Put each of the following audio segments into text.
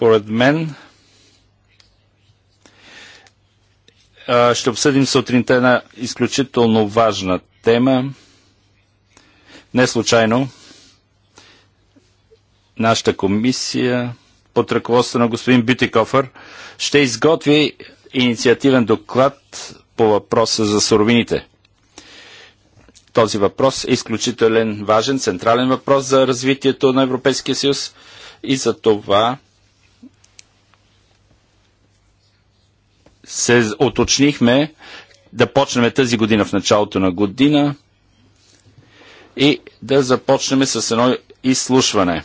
Според мен ще обсъдим сутринта една изключително важна тема. Не случайно нашата комисия под ръководство на господин Бютикофър ще изготви инициативен доклад по въпроса за суровините. Този въпрос е изключителен важен, централен въпрос за развитието на Европейския съюз и за това се оточнихме да почнем тази година в началото на година и да започнем с едно изслушване.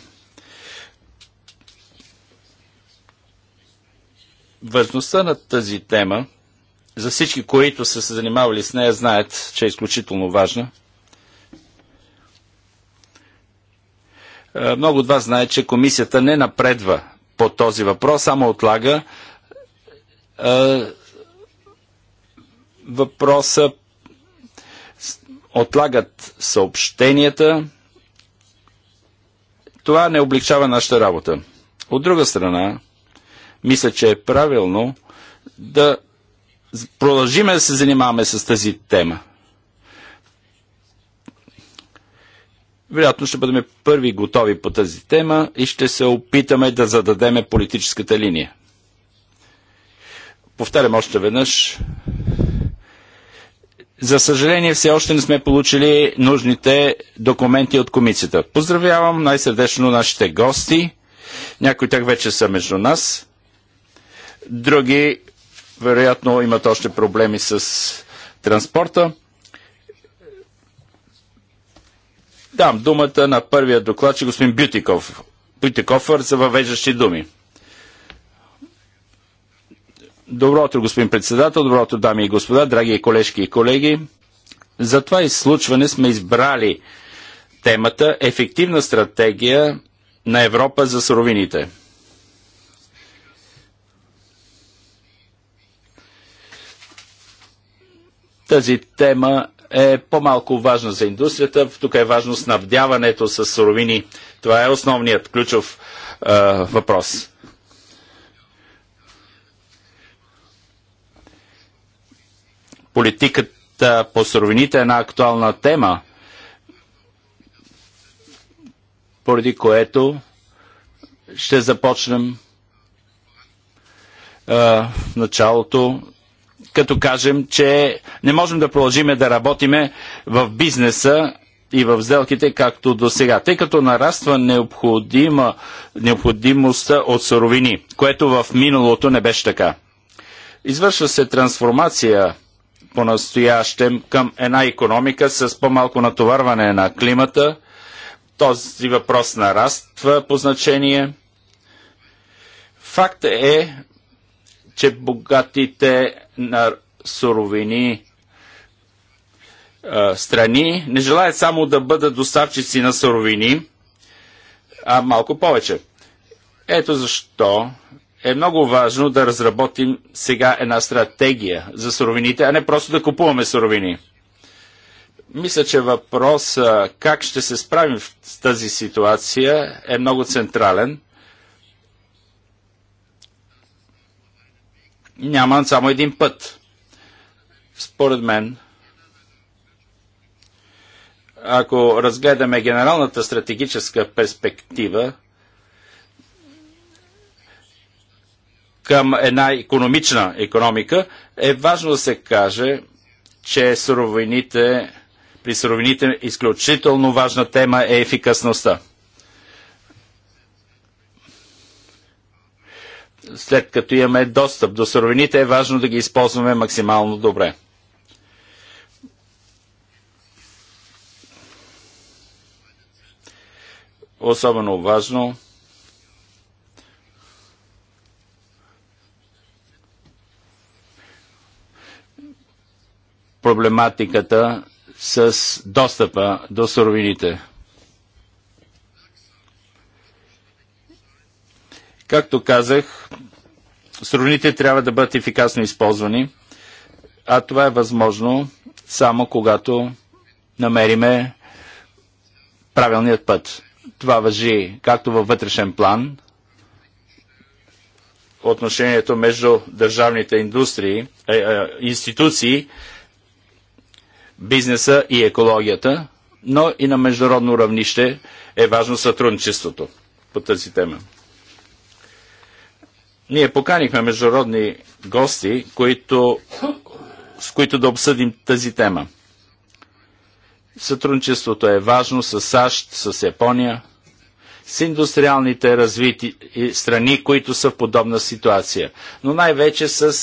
Важността на тази тема, за всички, които са се занимавали с нея, знаят, че е изключително важна. Е, много от вас знаят, че комисията не напредва по този въпрос, само отлага въпроса, отлагат съобщенията. Това не облегчава нашата работа. От друга страна, мисля, че е правилно да продължиме да се занимаваме с тази тема. Вероятно ще бъдем първи готови по тази тема и ще се опитаме да зададеме политическата линия повтарям още веднъж, за съжаление все още не сме получили нужните документи от комисията. Поздравявам най-сърдечно нашите гости. Някои тях вече са между нас. Други, вероятно, имат още проблеми с транспорта. Дам думата на първия докладчик господин Бютиков. Бютиков за въвеждащи думи. Добро утро, господин председател, добро утро, дами и господа, драги колежки и колеги. За това изслучване сме избрали темата Ефективна стратегия на Европа за суровините. Тази тема е по-малко важна за индустрията. Тук е важно снабдяването с суровини. Това е основният ключов е, въпрос. Политиката по суровините е една актуална тема, поради което ще започнем а, в началото, като кажем, че не можем да продължиме да работиме в бизнеса и в сделките, както до сега, тъй като нараства необходима, необходимостта от суровини, което в миналото не беше така. Извършва се трансформация по-настоящем към една економика с по-малко натоварване на климата. Този въпрос нараства по значение. Факт е, че богатите на суровини страни не желаят само да бъдат доставчици на суровини, а малко повече. Ето защо е много важно да разработим сега една стратегия за суровините, а не просто да купуваме суровини. Мисля, че въпрос как ще се справим в тази ситуация е много централен. Няма само един път. Според мен, ако разгледаме генералната стратегическа перспектива, към една економична економика, е важно да се каже, че суровините, при суровините изключително важна тема е ефикасността. След като имаме достъп до суровините, е важно да ги използваме максимално добре. Особено важно проблематиката с достъпа до суровините. Както казах, суровините трябва да бъдат ефикасно използвани, а това е възможно само когато намериме правилният път. Това въжи както във вътрешен план, отношението между държавните индустрии, е, е, институции бизнеса и екологията, но и на международно равнище е важно сътрудничеството по тази тема. Ние поканихме международни гости, които, с които да обсъдим тази тема. Сътрудничеството е важно с САЩ, с Япония – с индустриалните развити страни, които са в подобна ситуация, но най-вече с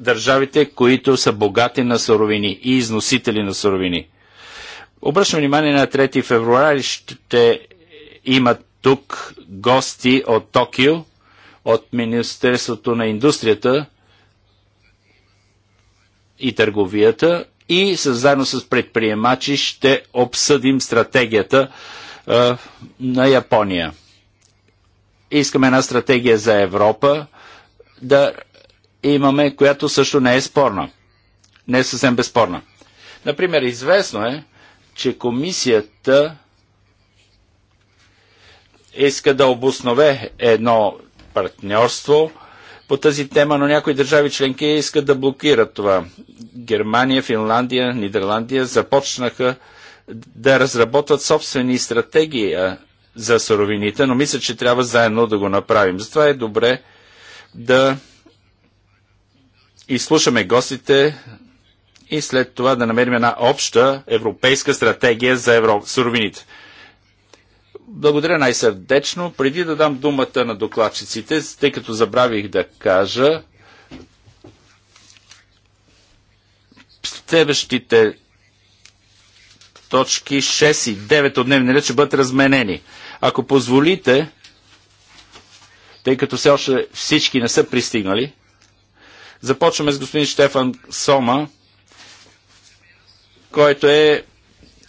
държавите, които са богати на суровини и износители на суровини. Обръщам внимание на 3 февруари ще има тук гости от Токио, от Министерството на индустрията и търговията и заедно с предприемачи ще обсъдим стратегията на Япония. Искаме една стратегия за Европа да имаме, която също не е спорна. Не е съвсем безспорна. Например, известно е, че комисията иска да обоснове едно партньорство по тази тема, но някои държави членки искат да блокират това. Германия, Финландия, Нидерландия започнаха да разработват собствени стратегии за суровините, но мисля, че трябва заедно да го направим. Затова е добре да изслушаме гостите и след това да намерим една обща европейска стратегия за евро... суровините. Благодаря най-сърдечно. Преди да дам думата на докладчиците, тъй като забравих да кажа, следващите точки 6 и 9 от дневния ред ще бъдат разменени. Ако позволите, тъй като все още всички не са пристигнали, започваме с господин Штефан Сома, който е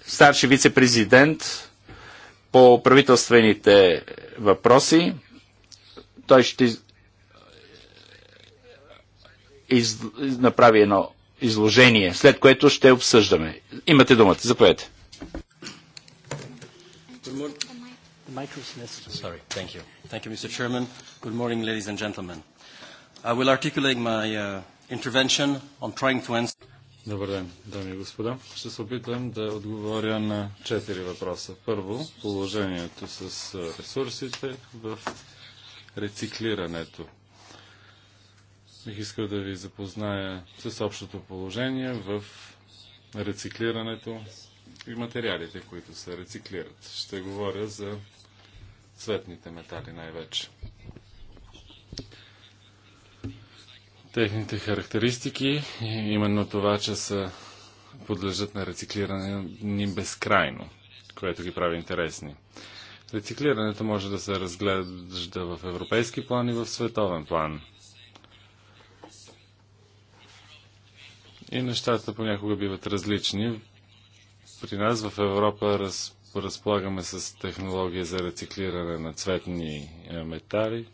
старши вице-президент по правителствените въпроси. Той ще из... направи едно изложение, след което ще обсъждаме. Имате думата. Заповядайте. Добър ден, дами и господа. Ще се опитам да отговоря на четири въпроса. Първо, положението с ресурсите в рециклирането Бих искал да ви запозная с общото положение в рециклирането и материалите, които се рециклират. Ще говоря за цветните метали най-вече. Техните характеристики, именно това, че са подлежат на рециклиране ни безкрайно, което ги прави интересни. Рециклирането може да се разглежда в европейски план и в световен план – И нещата понякога биват различни. При нас в Европа раз, разполагаме с технология за рециклиране на цветни е, метали.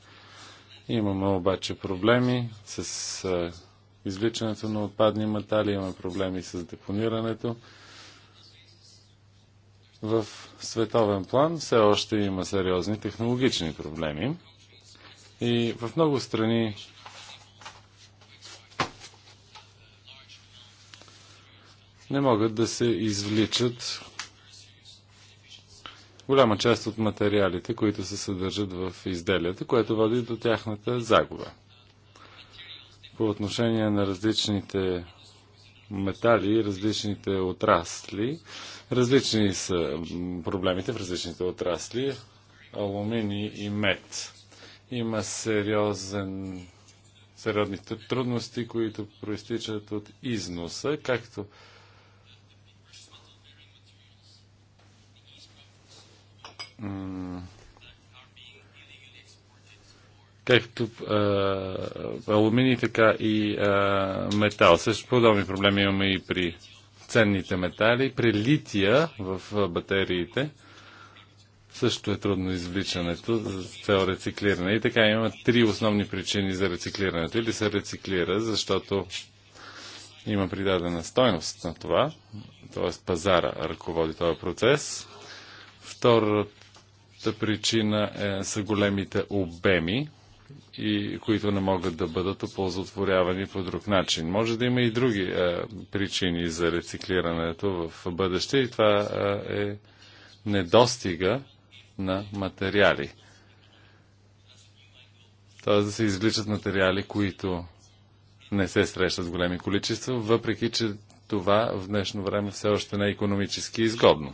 Имаме обаче проблеми с е, извличането на отпадни метали, имаме проблеми с депонирането. В световен план все още има сериозни технологични проблеми. И в много страни не могат да се извличат голяма част от материалите, които се съдържат в изделията, което води до тяхната загуба. По отношение на различните метали, различните отрасли, различни са проблемите в различните отрасли, алумини и мед. Има сериозен, сериозните трудности, които проистичат от износа, както както а, алуминий, така и а, метал. Също подобни проблеми имаме и при ценните метали. При лития в батериите също е трудно извличането за цел рециклиране. И така има три основни причини за рециклирането. Или се рециклира, защото има придадена стойност на това, т.е. пазара ръководи този процес. Второто Другата причина е, са големите обеми, и които не могат да бъдат оползотворявани по друг начин. Може да има и други е, причини за рециклирането в бъдеще и това е, е недостига на материали. Тоест да се извличат материали, които не се срещат в големи количества, въпреки че това в днешно време все още не е економически изгодно.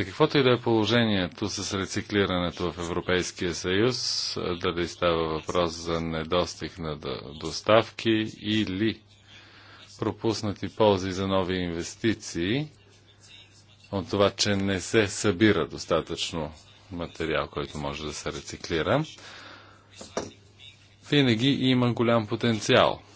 Та е, каквото и да е положението с рециклирането в Европейския съюз, е, дали става въпрос за недостиг на доставки или пропуснати ползи за нови инвестиции от това, че не се събира достатъчно материал, който може да се рециклира, винаги има голям потенциал –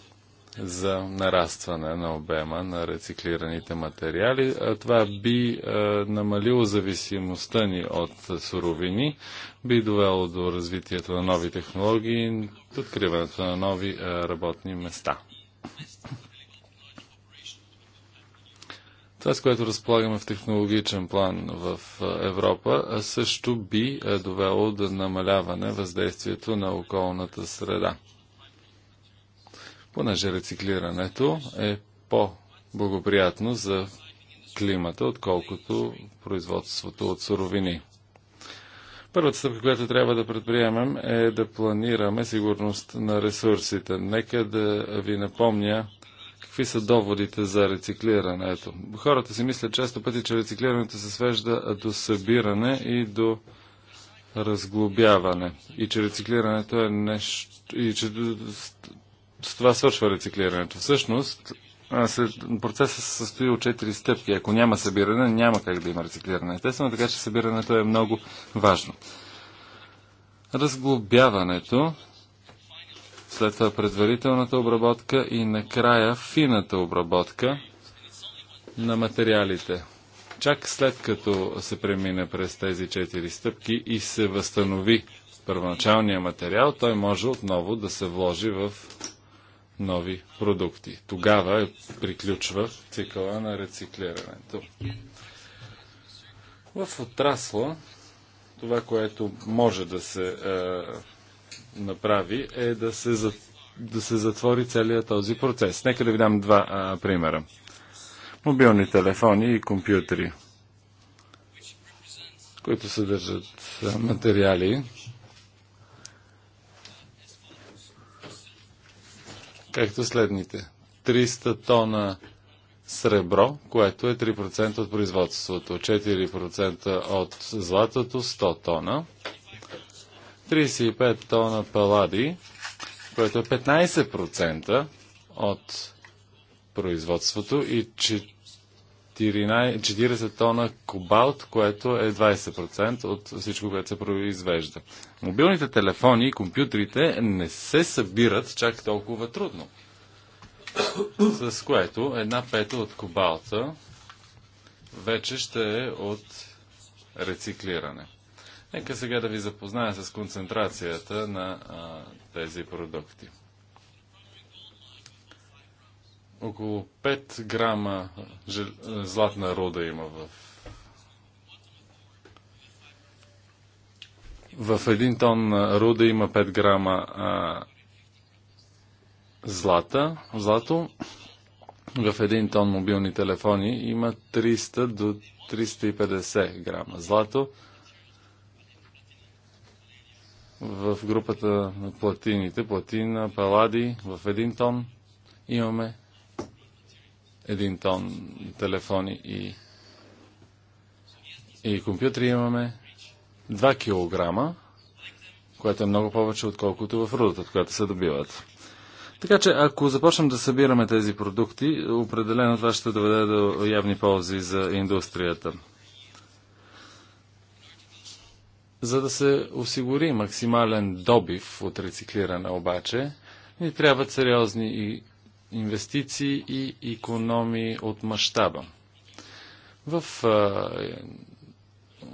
за нарастване на обема на рециклираните материали. Това би намалило зависимостта ни от суровини, би довело до развитието на нови технологии, и откриването на нови работни места. Това, с което разполагаме в технологичен план в Европа, също би довело до намаляване въздействието на околната среда понеже рециклирането е по-благоприятно за климата, отколкото производството от суровини. Първата стъпка, която трябва да предприемем е да планираме сигурност на ресурсите. Нека да ви напомня какви са доводите за рециклирането. Хората си мислят често пъти, че рециклирането се свежда до събиране и до разглобяване. И че рециклирането е нещо... И че с това свършва рециклирането. Всъщност, процесът се състои от четири стъпки. Ако няма събиране, няма как да има рециклиране. Естествено, така че събирането е много важно. Разглобяването, след това предварителната обработка и накрая фината обработка на материалите. Чак след като се премине през тези четири стъпки и се възстанови първоначалния материал, той може отново да се вложи в нови продукти. Тогава е приключва цикъла на рециклирането. В отрасла това, което може да се е, направи, е да се, за, да се затвори целият този процес. Нека да ви дам два а, е, примера. Мобилни телефони и компютри, които съдържат е, материали, както следните. 300 тона сребро, което е 3% от производството, 4% от златото, 100 тона, 35 тона палади, което е 15% от производството и 4 40 тона кобалт, което е 20% от всичко, което се произвежда. Мобилните телефони и компютрите не се събират чак толкова трудно. С което една пета от кобалта вече ще е от рециклиране. Нека сега да ви запозная с концентрацията на а, тези продукти. Около 5 грама златна руда има в В един тон руда има 5 грама а, злата, злато. В един тон мобилни телефони има 300 до 350 грама злато. В групата на платините, платина, палади, в един тон имаме един тон телефони и, и компютри имаме 2 кг, което е много повече, отколкото в рудата, от която се добиват. Така че, ако започнем да събираме тези продукти, определено това ще доведе до явни ползи за индустрията. За да се осигури максимален добив от рециклиране обаче, ни трябват сериозни и инвестиции и економии от мащаба. В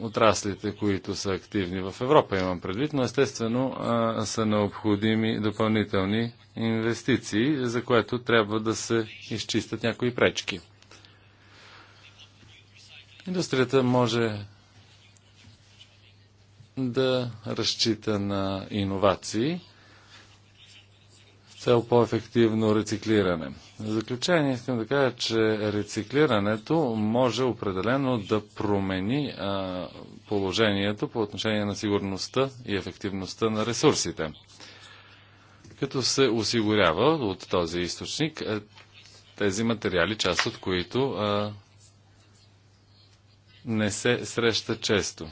отраслите, които са активни в Европа, имам предвид, но естествено а, са необходими допълнителни инвестиции, за което трябва да се изчистят някои пречки. Индустрията може да разчита на иновации, цел по-ефективно рециклиране. В заключение искам да кажа, че рециклирането може определено да промени положението по отношение на сигурността и ефективността на ресурсите. Като се осигурява от този източник тези материали, част от които не се среща често.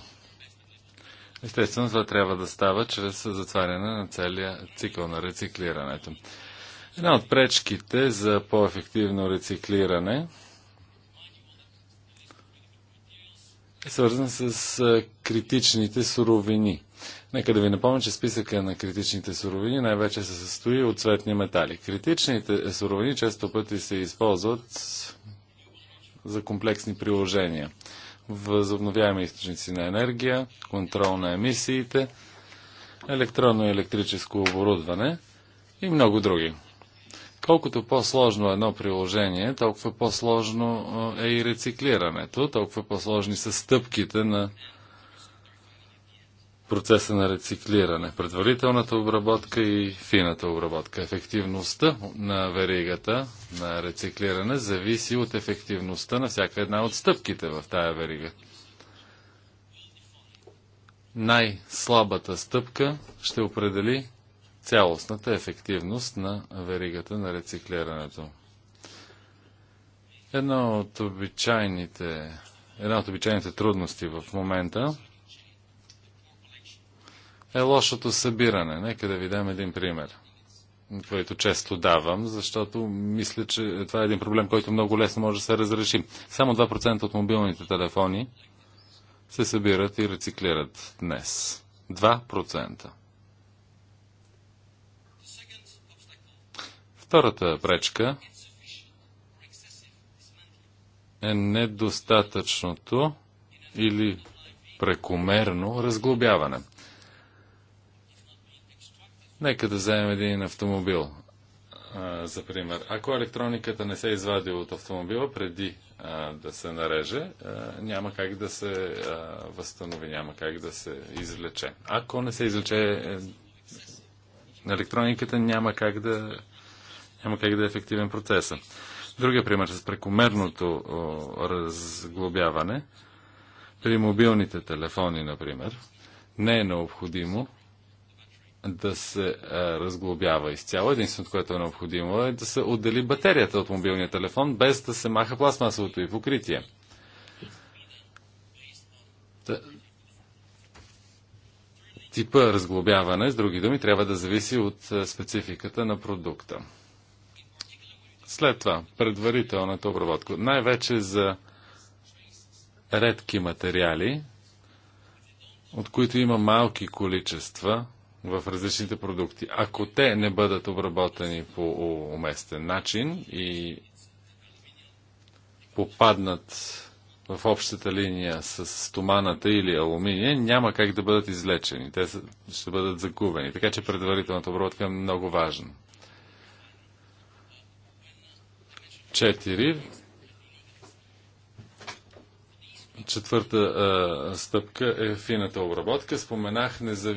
Естествено, това трябва да става чрез затваряне на целия цикъл на рециклирането. Една от пречките за по-ефективно рециклиране е свързан с критичните суровини. Нека да ви напомня, че списъка на критичните суровини най-вече се състои от цветни метали. Критичните суровини често пъти се използват за комплексни приложения възобновяеми източници на енергия, контрол на емисиите, електронно и електрическо оборудване и много други. Колкото по-сложно е едно приложение, толкова по-сложно е и рециклирането, толкова по-сложни са стъпките на процеса на рециклиране, предварителната обработка и фината обработка. Ефективността на веригата на рециклиране зависи от ефективността на всяка една от стъпките в тая верига. Най-слабата стъпка ще определи цялостната ефективност на веригата на рециклирането. Едно от обичайните, една от обичайните трудности в момента е лошото събиране. Нека да ви дам един пример, който често давам, защото мисля, че това е един проблем, който много лесно може да се разреши. Само 2% от мобилните телефони се събират и рециклират днес. 2%. Втората пречка е недостатъчното или прекомерно разглобяване. Нека да вземем един автомобил, за пример. Ако електрониката не се извади от автомобила преди да се нареже, няма как да се възстанови, няма как да се извлече. Ако не се извлече е, електрониката, няма как да, няма как да е ефективен процеса. Другия пример с прекомерното разглобяване при мобилните телефони, например, не е необходимо да се а, разглобява изцяло. Единственото, което е необходимо е да се отдели батерията от мобилния телефон, без да се маха пластмасовото и покритие. Та... Типа разглобяване, с други думи, трябва да зависи от спецификата на продукта. След това, предварителната обработка. Най-вече за редки материали, от които има малки количества – в различните продукти. Ако те не бъдат обработени по уместен начин и попаднат в общата линия с стоманата или алуминия, няма как да бъдат излечени. Те ще бъдат загубени. Така че предварителната обработка е много важна. Четири. Четвърта а, стъпка е фината обработка. Споменах незав...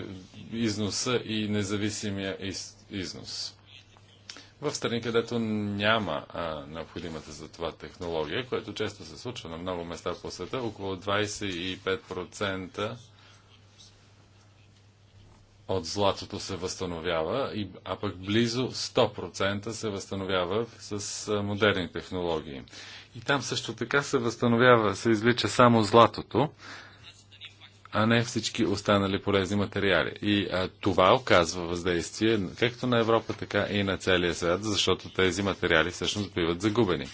износа и независимия из... износ. В страни, където няма а, необходимата за това технология, което често се случва на много места по света, около 25% от златото се възстановява, а пък близо 100% се възстановява с модерни технологии. И там също така се възстановява, се излича само златото, а не всички останали полезни материали. И а, това оказва въздействие както на Европа, така и на целия свят, защото тези материали всъщност биват загубени.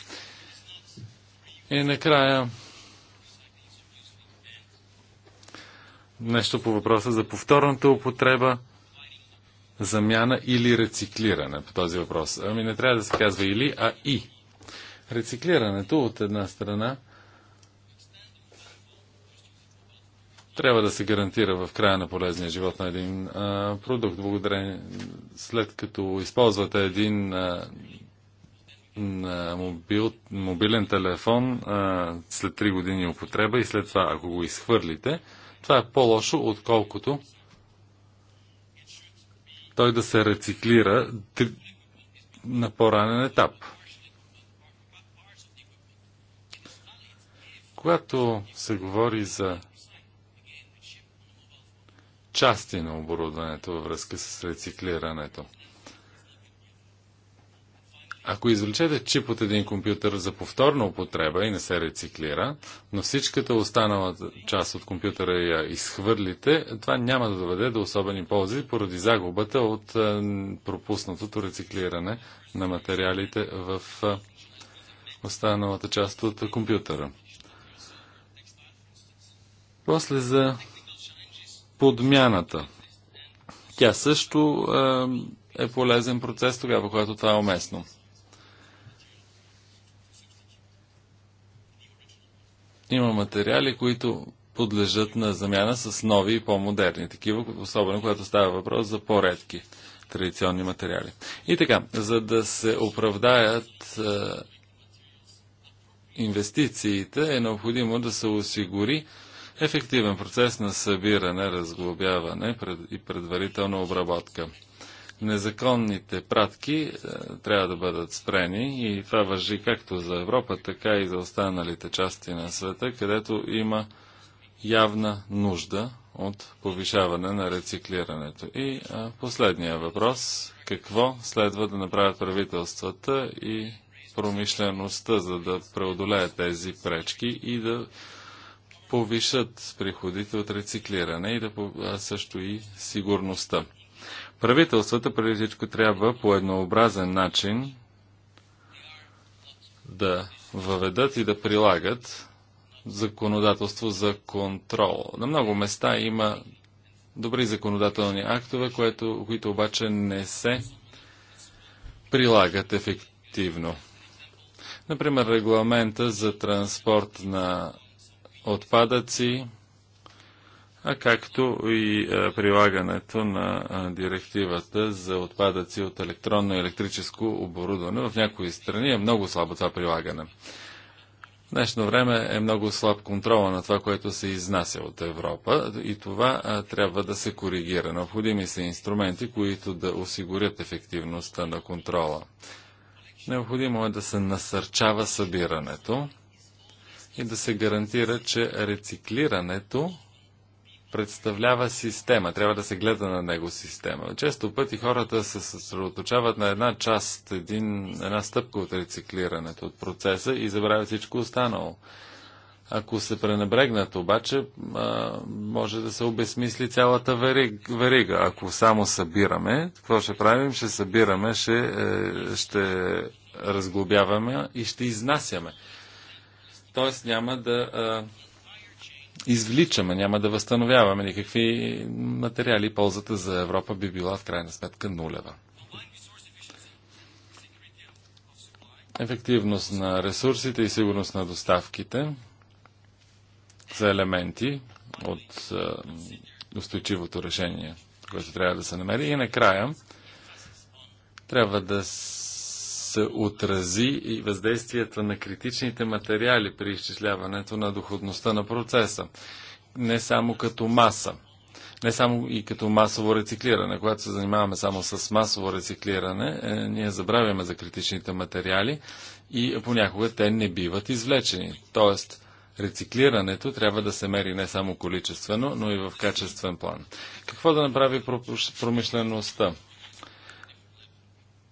И накрая нещо по въпроса за повторната употреба, замяна или рециклиране по този въпрос. Ами не трябва да се казва или, а и. Рециклирането от една страна трябва да се гарантира в края на полезния живот на един а, продукт. Благодарение, след като използвате един а, на мобил, мобилен телефон а, след 3 години употреба и след това, ако го изхвърлите, това е по-лошо, отколкото той да се рециклира на по-ранен етап. Когато се говори за части на оборудването във връзка с рециклирането, ако извлечете чип от един компютър за повторна употреба и не се рециклира, но всичката останала част от компютъра я изхвърлите, това няма да доведе до особени ползи поради загубата от е, пропуснатото рециклиране на материалите в е, останалата част от компютъра. После за подмяната. Тя също е, е полезен процес тогава, когато това е уместно. Има материали, които подлежат на замяна с нови и по-модерни такива, особено когато става въпрос за по-редки традиционни материали. И така, за да се оправдаят е, инвестициите, е необходимо да се осигури ефективен процес на събиране, разглобяване и предварителна обработка. Незаконните пратки е, трябва да бъдат спрени и това въжи както за Европа, така и за останалите части на света, където има явна нужда от повишаване на рециклирането. И е, последния въпрос. Какво следва да направят правителствата и промишлеността, за да преодолеят тези пречки и да повишат приходите от рециклиране и да, също и сигурността? Правителствата преди всичко трябва по еднообразен начин да въведат и да прилагат законодателство за контрол. На много места има добри законодателни актове, което, които обаче не се прилагат ефективно. Например, регламента за транспорт на отпадъци, а както и прилагането на директивата за отпадъци от електронно и електрическо оборудване. В някои страни е много слабо това прилагане. В днешно време е много слаб контрола на това, което се изнася от Европа и това трябва да се коригира. Необходими са инструменти, които да осигурят ефективността на контрола. Необходимо е да се насърчава събирането и да се гарантира, че рециклирането представлява система. Трябва да се гледа на него система. Често пъти хората се съсредоточават на една част, един, една стъпка от рециклирането, от процеса и забравят всичко останало. Ако се пренебрегнат обаче, може да се обесмисли цялата верига. Ако само събираме, какво ще правим? Ще събираме, ще, е, ще разглобяваме и ще изнасяме. Тоест няма да извличаме, няма да възстановяваме никакви материали. Ползата за Европа би била в крайна сметка нулева. Ефективност на ресурсите и сигурност на доставките за елементи от устойчивото решение, което трябва да се намери. И накрая трябва да се отрази и въздействията на критичните материали при изчисляването на доходността на процеса. Не само като маса не само и като масово рециклиране. Когато се занимаваме само с масово рециклиране, е, ние забравяме за критичните материали и понякога те не биват извлечени. Тоест, рециклирането трябва да се мери не само количествено, но и в качествен план. Какво да направи промишлеността?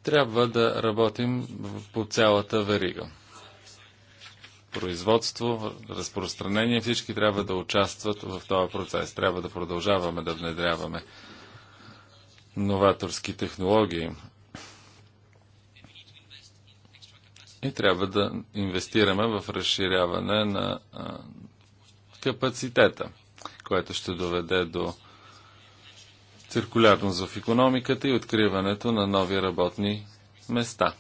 Трябва да работим по цялата верига. Производство, разпространение, всички трябва да участват в този процес. Трябва да продължаваме да внедряваме новаторски технологии. И трябва да инвестираме в разширяване на капацитета, което ще доведе до циркулярност в економиката и откриването на нови работни места.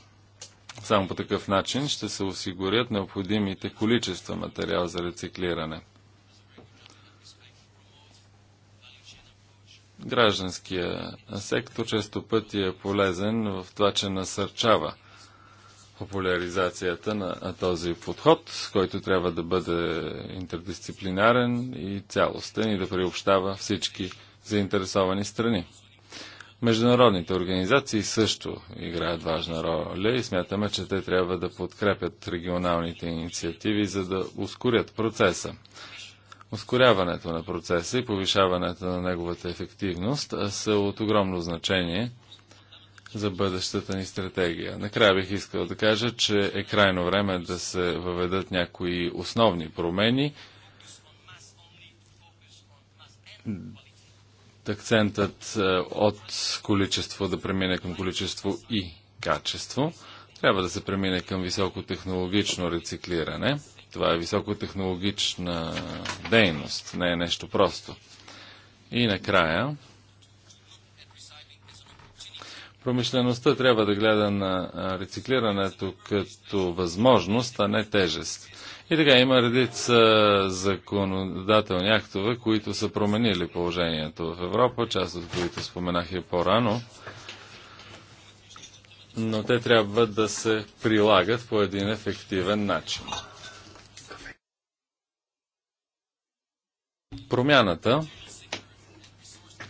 Само по такъв начин ще се осигурят необходимите количества материал за рециклиране. Гражданския сектор често пъти е полезен в това, че насърчава популяризацията на този подход, който трябва да бъде интердисциплинарен и цялостен и да приобщава всички заинтересовани страни. Международните организации също играят важна роля и смятаме, че те трябва да подкрепят регионалните инициативи, за да ускорят процеса. Ускоряването на процеса и повишаването на неговата ефективност са от огромно значение за бъдещата ни стратегия. Накрая бих искал да кажа, че е крайно време да се въведат някои основни промени, акцентът е, от количество да премине към количество и качество. Трябва да се премине към високотехнологично рециклиране. Това е високотехнологична дейност, не е нещо просто. И накрая, промишлеността трябва да гледа на рециклирането като възможност, а не тежест. И така има редица законодателни актове, които са променили положението в Европа, част от които споменах и по-рано но те трябва да се прилагат по един ефективен начин. Промяната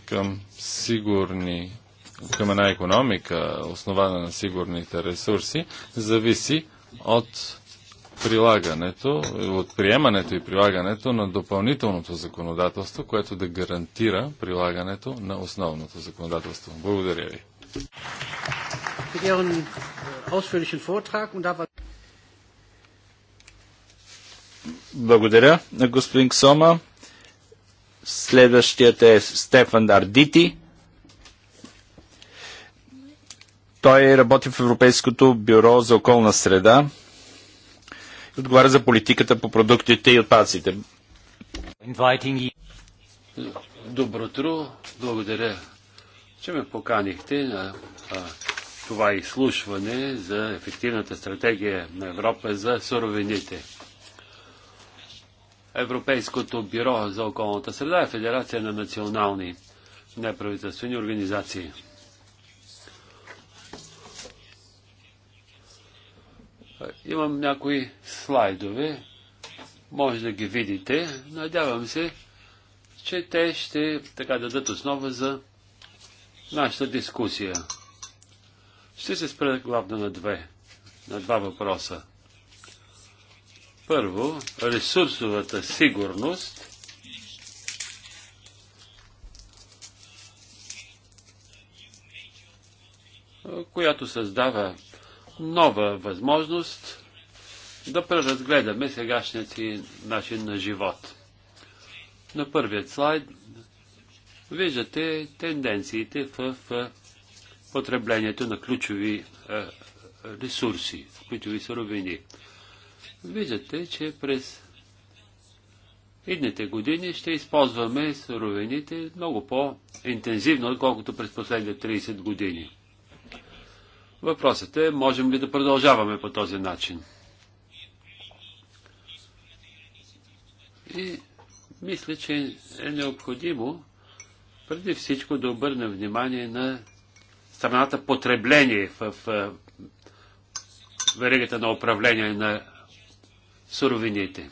към сигурни, към една економика, основана на сигурните ресурси, зависи от прилагането, от приемането и прилагането на допълнителното законодателство, което да гарантира прилагането на основното законодателство. Благодаря ви. Благодаря на господин Ксома. Следващият е Стефан Ардити. Той работи в Европейското бюро за околна среда отговаря за политиката по продуктите и отпадците. Добротро, благодаря, че ме поканихте на а, това изслушване за ефективната стратегия на Европа за суровините. Европейското бюро за околната среда е федерация на национални неправителствени организации. Имам някои слайдове, може да ги видите. Надявам се, че те ще така дадат основа за нашата дискусия. Ще се спра главно на две, на два въпроса. Първо, ресурсовата сигурност. която създава нова възможност да преразгледаме сегашният си начин на живот. На първият слайд виждате тенденциите в потреблението на ключови е, ресурси, ключови суровини. Виждате, че през идните години ще използваме суровините много по-интензивно, отколкото през последните 30 години. Въпросът е, можем ли да продължаваме по този начин? И мисля, че е необходимо преди всичко да обърнем внимание на страната потребление в, в веригата на управление на суровините.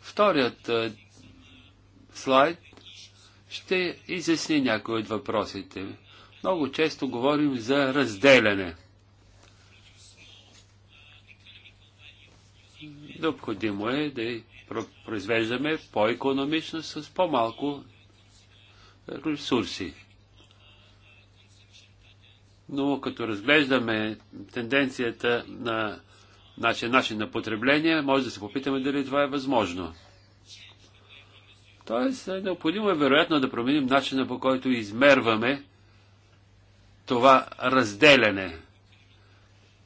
Вторият е, слайд ще изясни някои от въпросите. Много често говорим за разделяне. Необходимо е да произвеждаме по-економично с по-малко е, ресурси. Но като разглеждаме тенденцията на нашия начин на потребление, може да се попитаме дали това е възможно. Тоест, е, необходимо е вероятно да променим начина по който измерваме това разделяне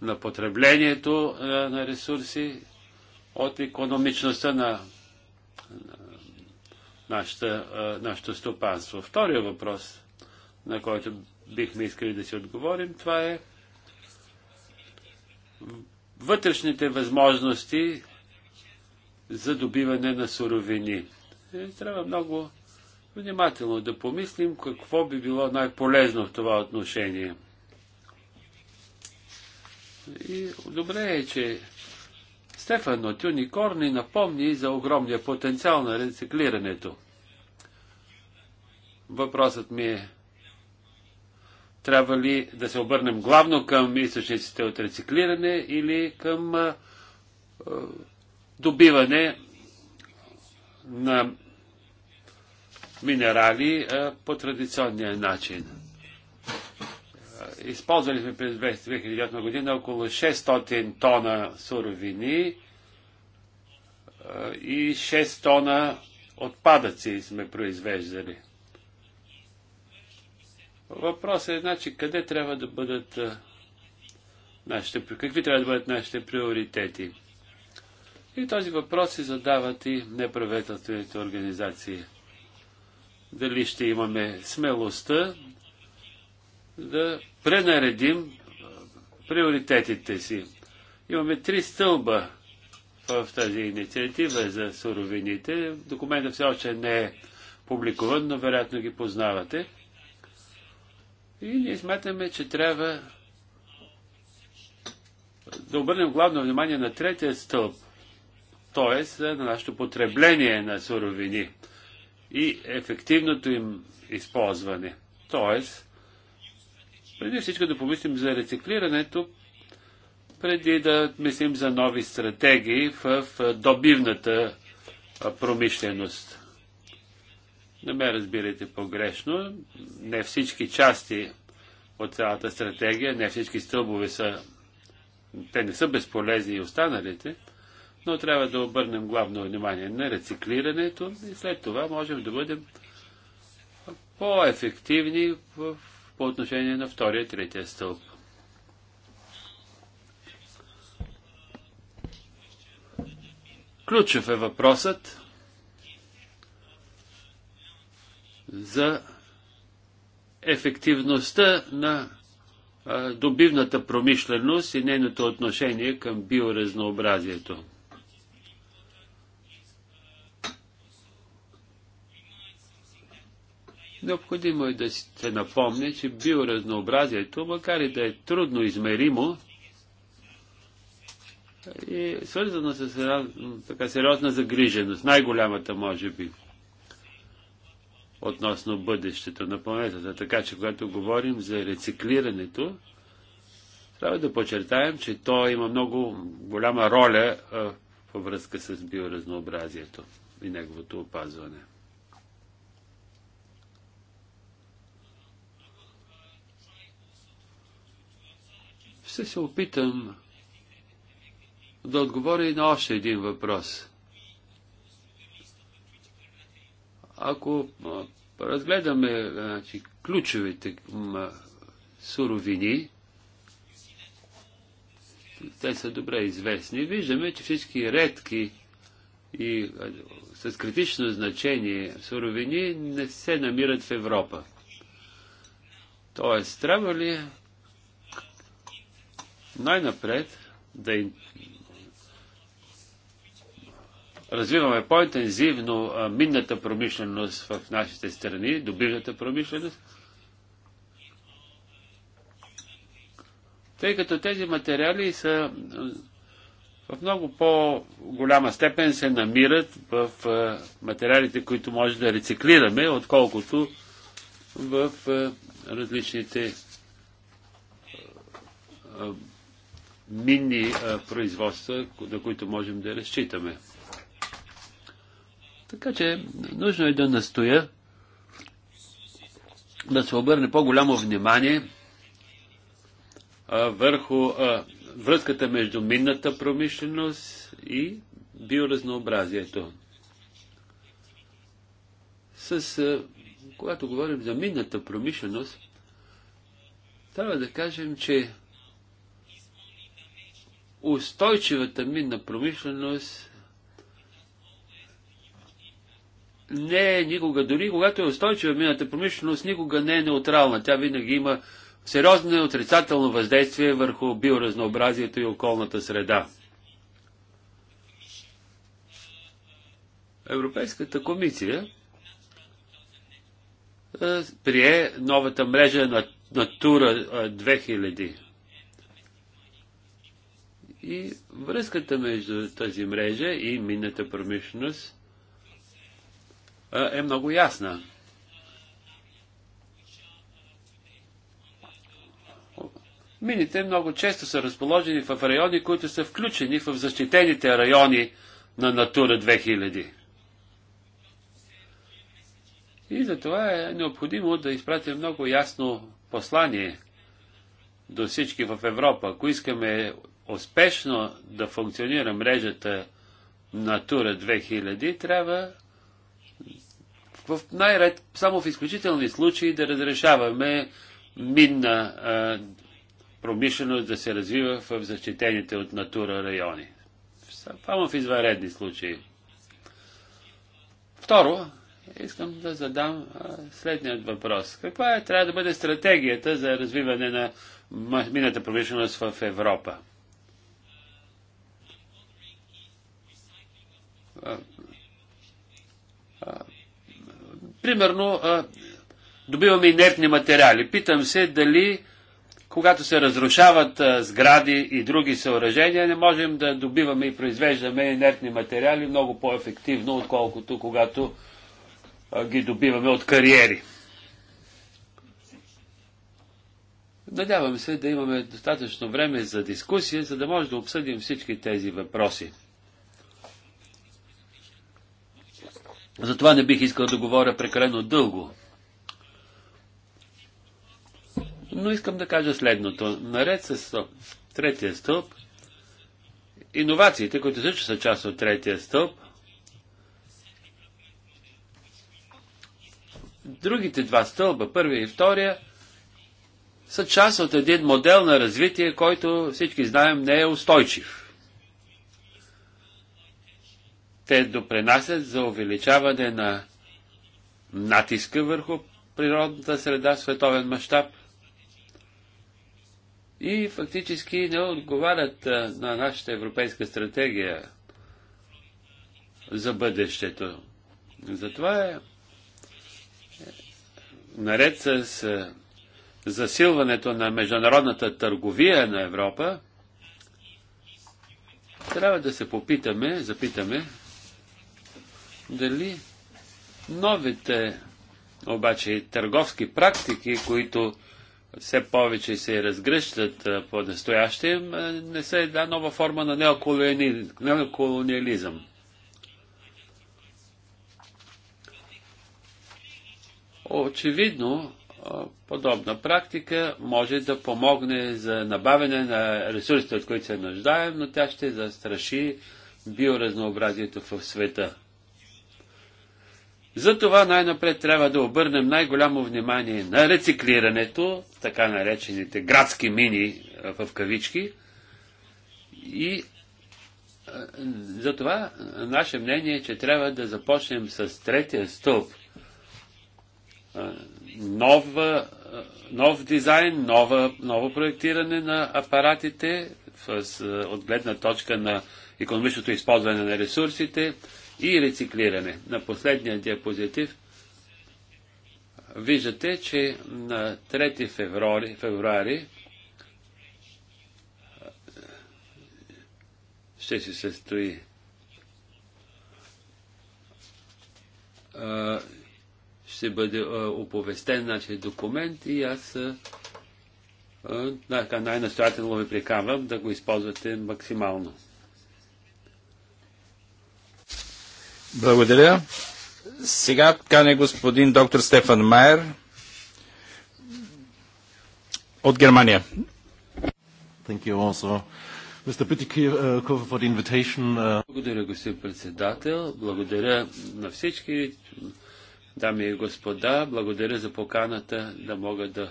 на потреблението е, на ресурси от економичността на нашата, е, нашето стопанство. Втория въпрос, на който бихме искали да си отговорим, това е вътрешните възможности за добиване на суровини. И е, трябва много внимателно е да помислим какво би било най-полезно в това отношение. И добре е, че от Юникор ни напомни за огромния потенциал на рециклирането. Въпросът ми е, трябва ли да се обърнем главно към източниците от рециклиране или към а, а, добиване на минерали е, по традиционния начин. Е, използвали сме през 2008 година около 600 тона суровини е, и 6 тона отпадъци сме произвеждали. Въпросът е, значи, къде трябва да бъдат нашите, какви трябва да бъдат нашите приоритети. И този въпрос се задават и неправителствените организации дали ще имаме смелостта да пренаредим приоритетите си. Имаме три стълба в тази инициатива за суровините. Документът все още не е публикуван, но вероятно ги познавате. И ние смятаме, че трябва да обърнем главно внимание на третия стълб, т.е. на нашето потребление на суровини – и ефективното им използване. Тоест, преди всичко да помислим за рециклирането, преди да мислим за нови стратегии в добивната промишленост. Не ме разбирайте погрешно. Не всички части от цялата стратегия, не всички стълбове са. Те не са безполезни и останалите но трябва да обърнем главно внимание на рециклирането и след това можем да бъдем по-ефективни по отношение на втория и третия стълб. Ключов е въпросът за ефективността на добивната промишленост и нейното отношение към биоразнообразието. Необходимо е да се напомня, че биоразнообразието, макар и да е трудно измеримо, е свързано с така сериозна загриженост, най-голямата може би, относно бъдещето на планетата. Така че, когато говорим за рециклирането, трябва да подчертаем, че то има много голяма роля във връзка с биоразнообразието и неговото опазване. Ще се опитам да отговоря и на още един въпрос. Ако разгледаме значи, ключовите суровини, те са добре известни, виждаме, че всички редки и с критично значение суровини не се намират в Европа. Тоест, трябва ли най-напред да развиваме по-интензивно минната промишленост в нашите страни, добивната промишленост, тъй като тези материали са в много по-голяма степен се намират в материалите, които може да рециклираме, отколкото в различните минни производства, на които можем да разчитаме. Така че нужно е да настоя да се обърне по-голямо внимание върху връзката между минната промишленост и биоразнообразието. С, когато говорим за минната промишленост, трябва да кажем, че устойчивата минна промишленост не е никога, дори когато е устойчива минната промишленост, никога не е неутрална. Тя винаги има сериозно и отрицателно въздействие върху биоразнообразието и околната среда. Европейската комисия е, прие новата мрежа на Натура 2000. И връзката между тази мрежа и минната промишленост е много ясна. Мините много често са разположени в райони, които са включени в защитените райони на Натура 2000. И затова е необходимо да изпратим много ясно послание до всички в Европа. Ако искаме успешно да функционира мрежата Натура 2000, трябва в най-ред, само в изключителни случаи да разрешаваме минна промишленост да се развива в защитените от натура райони. Само в извънредни случаи. Второ, искам да задам следният въпрос. Каква е, трябва да бъде стратегията за развиване на мината промишленост в Европа? примерно, добиваме инертни материали. Питам се дали когато се разрушават сгради и други съоръжения, не можем да добиваме и произвеждаме инертни материали много по-ефективно, отколкото когато ги добиваме от кариери. Надявам се да имаме достатъчно време за дискусия, за да може да обсъдим всички тези въпроси. Затова не бих искал да говоря прекалено дълго. Но искам да кажа следното. Наред с третия стълб, иновациите, които също са част от третия стълб, другите два стълба, първия и втория, са част от един модел на развитие, който всички знаем не е устойчив. Те допренасят за увеличаване на натиска върху природната среда в световен мащаб и фактически не отговарят на нашата европейска стратегия за бъдещето. Затова е, е наред с е, засилването на международната търговия на Европа, трябва да се попитаме, запитаме, дали новите обаче търговски практики, които все повече се разгръщат по настоящем, не са една нова форма на неоколониализъм. Очевидно, подобна практика може да помогне за набавяне на ресурсите, от които се нуждаем, но тя ще застраши биоразнообразието в света. Затова най-напред трябва да обърнем най-голямо внимание на рециклирането, така наречените градски мини в кавички. И затова наше мнение е, че трябва да започнем с третия стълб. Нов, нов дизайн, нова, ново проектиране на апаратите с, от гледна точка на економичното използване на ресурсите, и рециклиране. На последния диапозитив виждате, че на 3 февруари, февруари ще се състои ще бъде оповестен значи, документ и аз най-настоятелно ви приканвам да го използвате максимално. Благодаря. Сега кане господин доктор Стефан Майер от Германия. Uh, Благодаря, господин председател. Благодаря на всички, дами и господа. Благодаря за поканата да мога да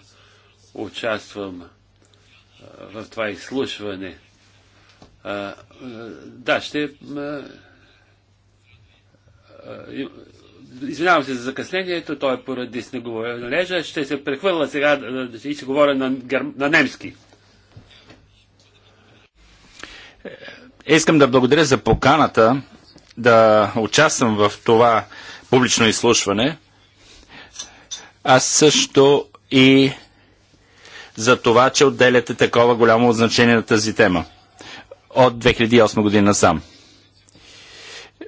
участвам в това изслушване. Да, ще е, извинявам се за закъснението, той е поради належа. Ще се прехвърля сега е, и ще говоря на, на немски. Е, искам да благодаря за поканата да участвам в това публично изслушване. Аз също и за това, че отделяте такова голямо значение на тази тема от 2008 година сам.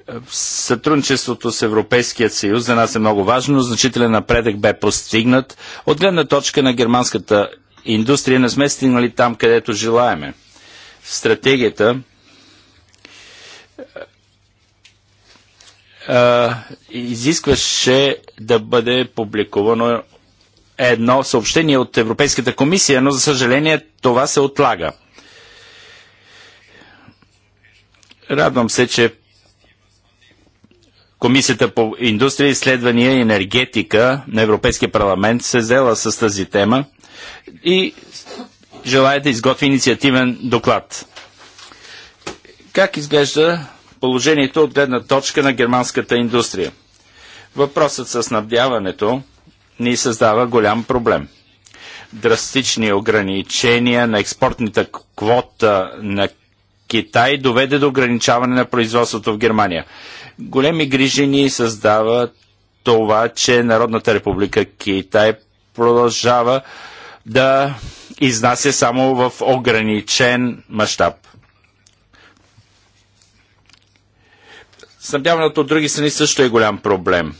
Е, сътрудничеството с Европейския съюз за нас е много важно. Значителен напредък бе постигнат. От гледна точка на германската индустрия не сме стигнали там, където желаеме. стратегията а, е, е, изискваше да бъде публикувано едно съобщение от Европейската комисия, но за съжаление това се отлага. Радвам се, че Комисията по индустрия, изследвания и енергетика на Европейския парламент се взела с тази тема и желая да изготви инициативен доклад. Как изглежда положението от гледна точка на германската индустрия? Въпросът с снабдяването ни създава голям проблем. Драстични ограничения на експортната квота на Китай доведе до ограничаване на производството в Германия. Големи грижи ни създава това, че Народната република Китай продължава да изнася само в ограничен мащаб. Снабдяването от други страни също е голям проблем.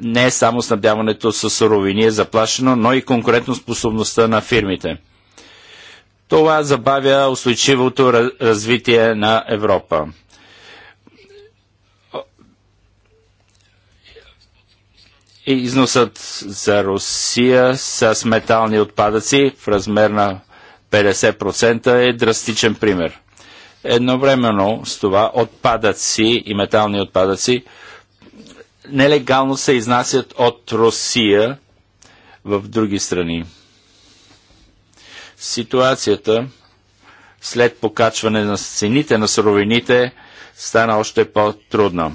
Не е само снабдяването с суровини е заплашено, но и конкурентоспособността на фирмите – това забавя устойчивото развитие на Европа. износът за Русия с метални отпадъци в размер на 50% е драстичен пример. Едновременно с това отпадъци и метални отпадъци нелегално се изнасят от Русия в други страни. Ситуацията след покачване на цените на суровините стана още по-трудна.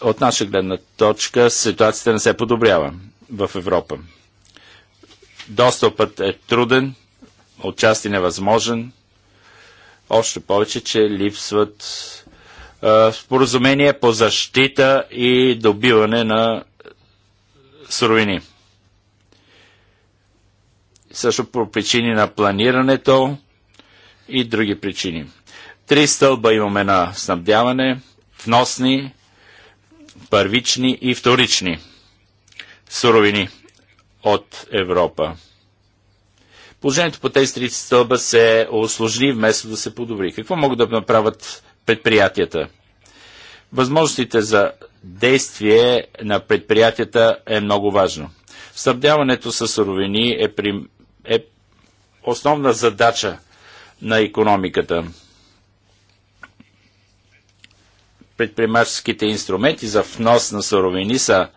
От наша гледна точка ситуацията не се подобрява в Европа. Достъпът е труден, отчасти невъзможен, още повече, че липсват е, споразумения по защита и добиване на суровини също по причини на планирането и други причини. Три стълба имаме на снабдяване, вносни, първични и вторични суровини от Европа. Положението по тези три стълба се осложни вместо да се подобри. Какво могат да направят предприятията? Възможностите за действие на предприятията е много важно. Снабдяването с суровини е при основна задача на економиката. Предприемаческите инструменти за внос на суровини са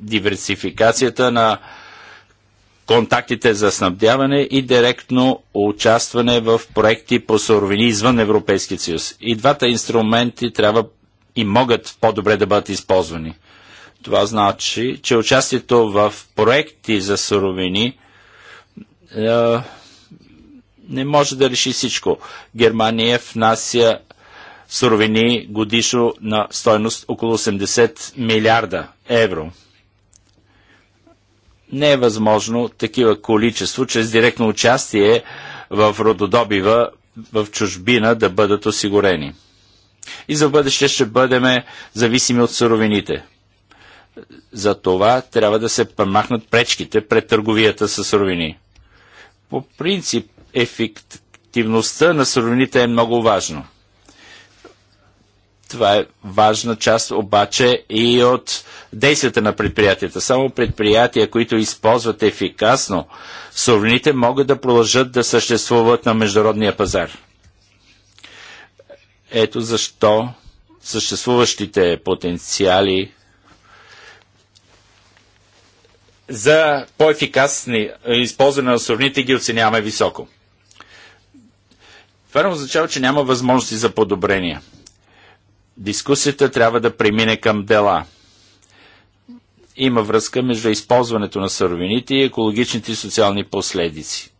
диверсификацията на контактите за снабдяване и директно участване в проекти по суровини извън Европейския съюз. И двата инструменти трябва и могат по-добре да бъдат използвани. Това значи, че участието в проекти за суровини – е, не може да реши всичко. Германия внася суровини годишно на стойност около 80 милиарда евро. Не е възможно такива количество чрез директно участие в рододобива в чужбина да бъдат осигурени. И за бъдеще ще бъдем зависими от суровините. За това трябва да се премахнат пречките пред търговията с суровини. По принцип, ефективността на суровините е много важно. Това е важна част обаче и от действията на предприятията. Само предприятия, които използват ефикасно суровините, могат да продължат да съществуват на международния пазар. Ето защо съществуващите потенциали за по-ефикасни е, използване на суровините ги оценяваме високо. Това не означава, че няма възможности за подобрения. Дискусията трябва да премине към дела. Има връзка между използването на суровините и екологичните и социални последици.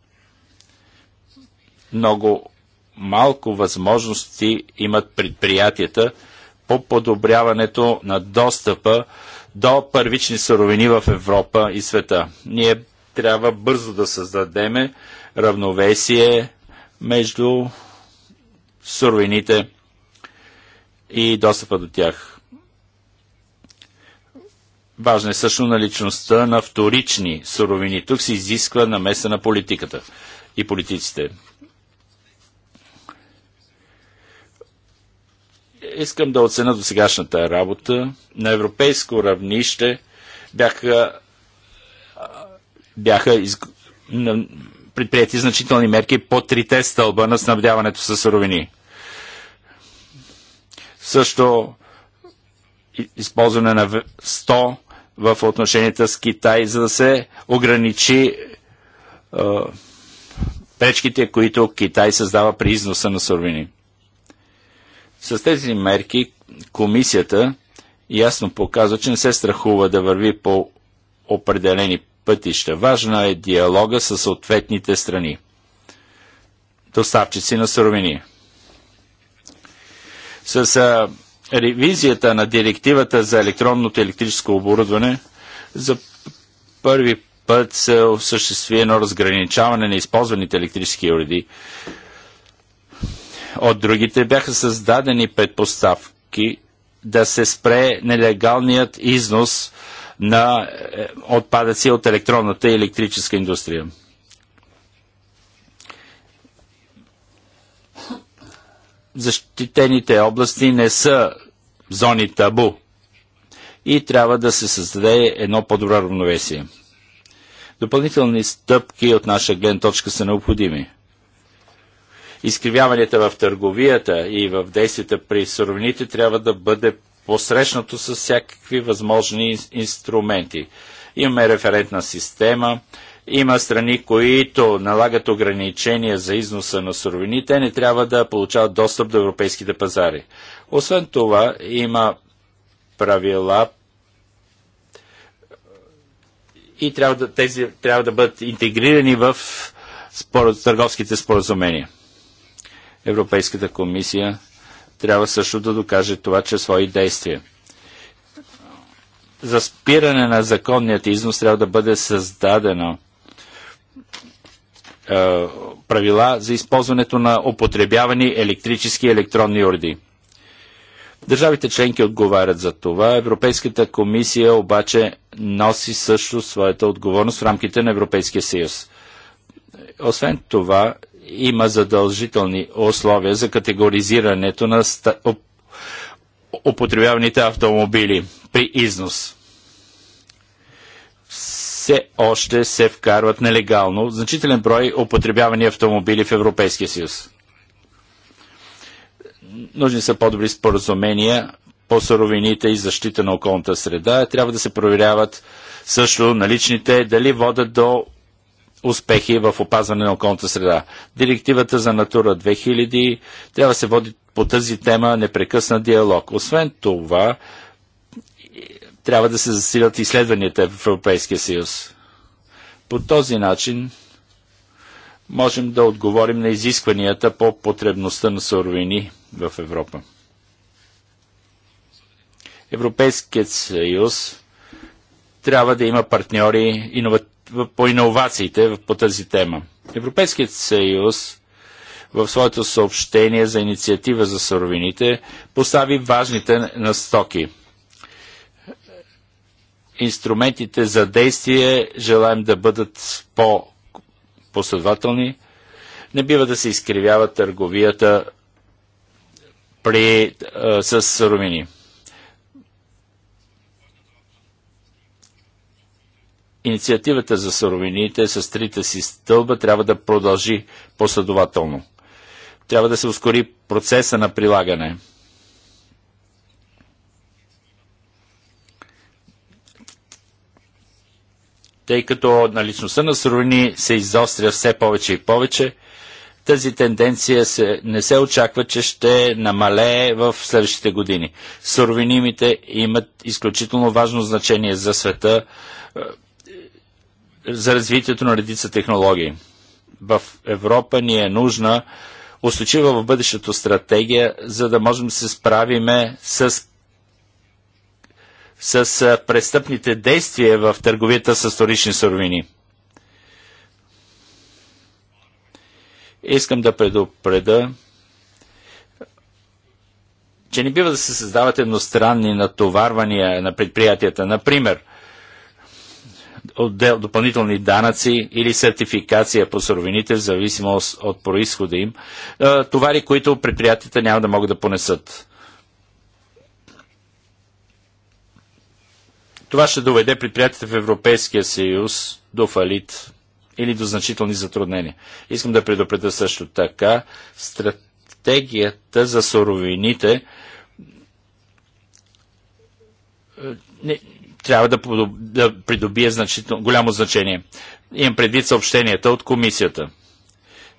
Много малко възможности имат предприятията по подобряването на достъпа до първични суровини в Европа и света. Ние трябва бързо да създадеме равновесие между суровините и достъпа до тях. Важна е също наличността на вторични суровини. Тук се изисква намеса на политиката и политиците. искам да оценя до сегашната работа. На европейско равнище бяха, бяха из, предприяти значителни мерки по трите стълба на снабдяването с суровини. Също използване на 100 в отношенията с Китай, за да се ограничи е, пречките, които Китай създава при износа на суровини. С тези мерки комисията ясно показва, че не се страхува да върви по определени пътища. Важна е диалога с съответните страни. Доставчици на суровини. С а, ревизията на директивата за електронното електрическо оборудване за първи път се осъществи едно разграничаване на използваните електрически уреди от другите бяха създадени предпоставки да се спре нелегалният износ на е, отпадъци от електронната и електрическа индустрия. Защитените области не са зони табу и трябва да се създаде едно по-добро равновесие. Допълнителни стъпки от наша гледна точка са необходими – изкривяванията в търговията и в действията при суровините трябва да бъде посрещнато с всякакви възможни инструменти. Имаме референтна система, има страни, които налагат ограничения за износа на суровини, те не трябва да получават достъп до европейските пазари. Освен това, има правила и трябва да, тези трябва да бъдат интегрирани в спор, търговските споразумения. Европейската комисия трябва също да докаже това, че свои действия. За спиране на законният износ трябва да бъде създадено е, правила за използването на употребявани електрически и електронни уреди. Държавите членки отговарят за това. Европейската комисия обаче носи също своята отговорност в рамките на Европейския съюз. Освен това, има задължителни условия за категоризирането на ста... употребяваните автомобили при износ. Все още се вкарват нелегално значителен брой употребявани автомобили в Европейския съюз. Нужни са по-добри споразумения по суровините и защита на околната среда. Трябва да се проверяват също наличните дали водят до успехи в опазване на околната среда. Директивата за Натура 2000 трябва да се води по тази тема непрекъснат диалог. Освен това, трябва да се засилят изследванията в Европейския съюз. По този начин можем да отговорим на изискванията по потребността на суровини в Европа. Европейският съюз трябва да има партньори, иновативни по иновациите по тази тема. Европейският съюз в своето съобщение за инициатива за суровините постави важните настоки. Инструментите за действие желаем да бъдат по-последователни. Не бива да се изкривява търговията при, а, с суровини. Инициативата за суровините с трите си стълба трябва да продължи последователно. Трябва да се ускори процеса на прилагане. Тъй като наличността на суровини се изостря все повече и повече, тази тенденция се, не се очаква, че ще намалее в следващите години. Суровинимите имат изключително важно значение за света за развитието на редица технологии. В Европа ни е нужна устойчива в бъдещето стратегия, за да можем да се справиме с с престъпните действия в търговията с вторични суровини. Искам да предупреда, че не бива да се създават едностранни натоварвания на предприятията. Например, отдел, допълнителни данъци или сертификация по суровините в зависимост от происхода им, товари, които предприятията няма да могат да понесат. Това ще доведе предприятията в Европейския съюз до фалит или до значителни затруднения. Искам да предупредя също така стратегията за суровините трябва да, да придобие голямо значение. Имам предвид съобщенията от комисията.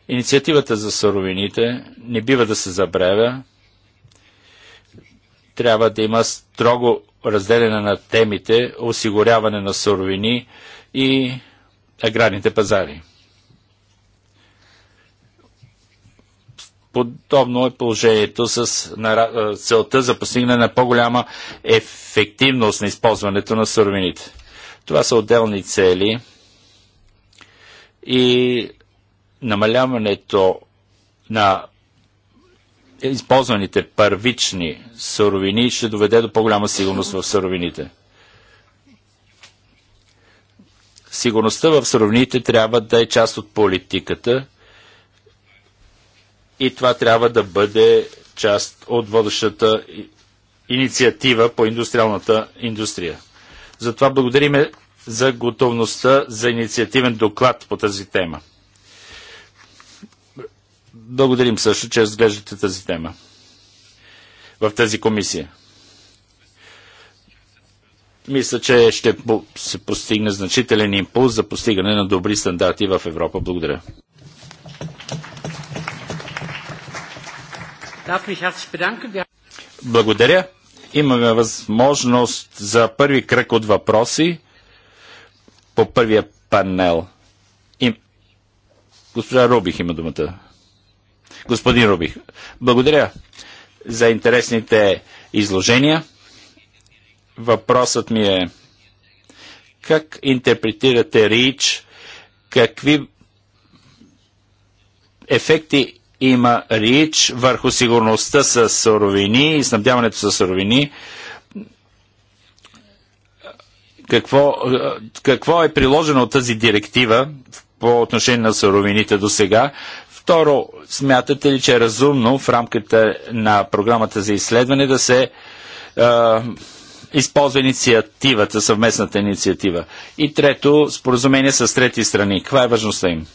Инициативата за суровините не бива да се забравя. Трябва да има строго разделяне на темите, осигуряване на суровини и аграрните пазари. Подобно е положението с целта за постигане на по-голяма ефективност на използването на суровините. Това са отделни цели и намаляването на използваните първични суровини ще доведе до по-голяма сигурност в суровините. Сигурността в суровините трябва да е част от политиката – и това трябва да бъде част от водещата инициатива по индустриалната индустрия. Затова благодариме за готовността за инициативен доклад по тази тема. Благодарим също, че разглеждате тази тема в тази комисия. Мисля, че ще се постигне значителен импулс за постигане на добри стандарти в Европа. Благодаря. Благодаря. Имаме възможност за първи кръг от въпроси по първия панел. И... Госпожа Рубих има думата. Господин Рубих, благодаря за интересните изложения. Въпросът ми е как интерпретирате РИЧ, какви ефекти има рич върху сигурността с суровини и снабдяването с суровини. Какво, какво е приложено от тази директива по отношение на суровините до сега? Второ, смятате ли, че е разумно в рамката на програмата за изследване да се е, използва инициативата, съвместната инициатива? И трето, споразумение с трети страни. Каква е важността им?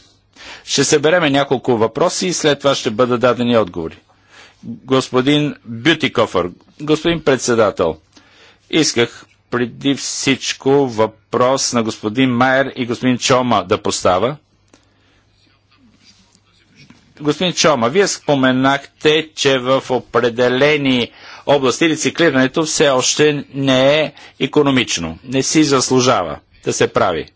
Ще събереме няколко въпроси и след това ще бъдат дадени отговори. Господин Бютикофър, господин председател, исках преди всичко въпрос на господин Майер и господин Чома да поставя. Господин Чома, вие споменахте, че в определени области рециклирането все още не е економично. Не си заслужава да се прави.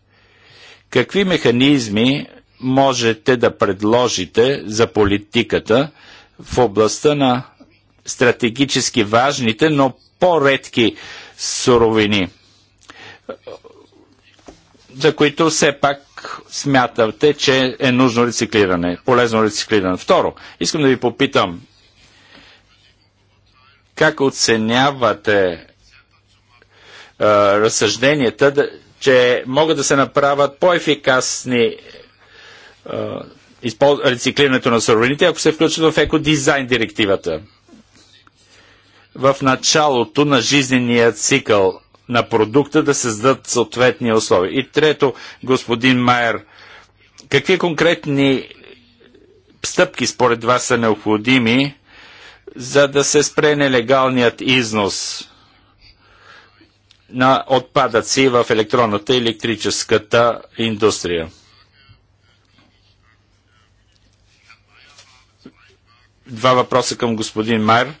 Какви механизми можете да предложите за политиката в областта на стратегически важните, но по-редки суровини, за които все пак смятате, че е нужно рециклиране, полезно рециклиране. Второ, искам да ви попитам, как оценявате а, разсъжденията, че могат да се направят по-ефикасни рециклирането на суровините, ако се включат в екодизайн директивата. В началото на жизнения цикъл на продукта да създадат съответни условия. И трето, господин Майер, какви конкретни стъпки според вас са необходими, за да се спре нелегалният износ на отпадъци в електронната и електрическата индустрия? два въпроса към господин Майер.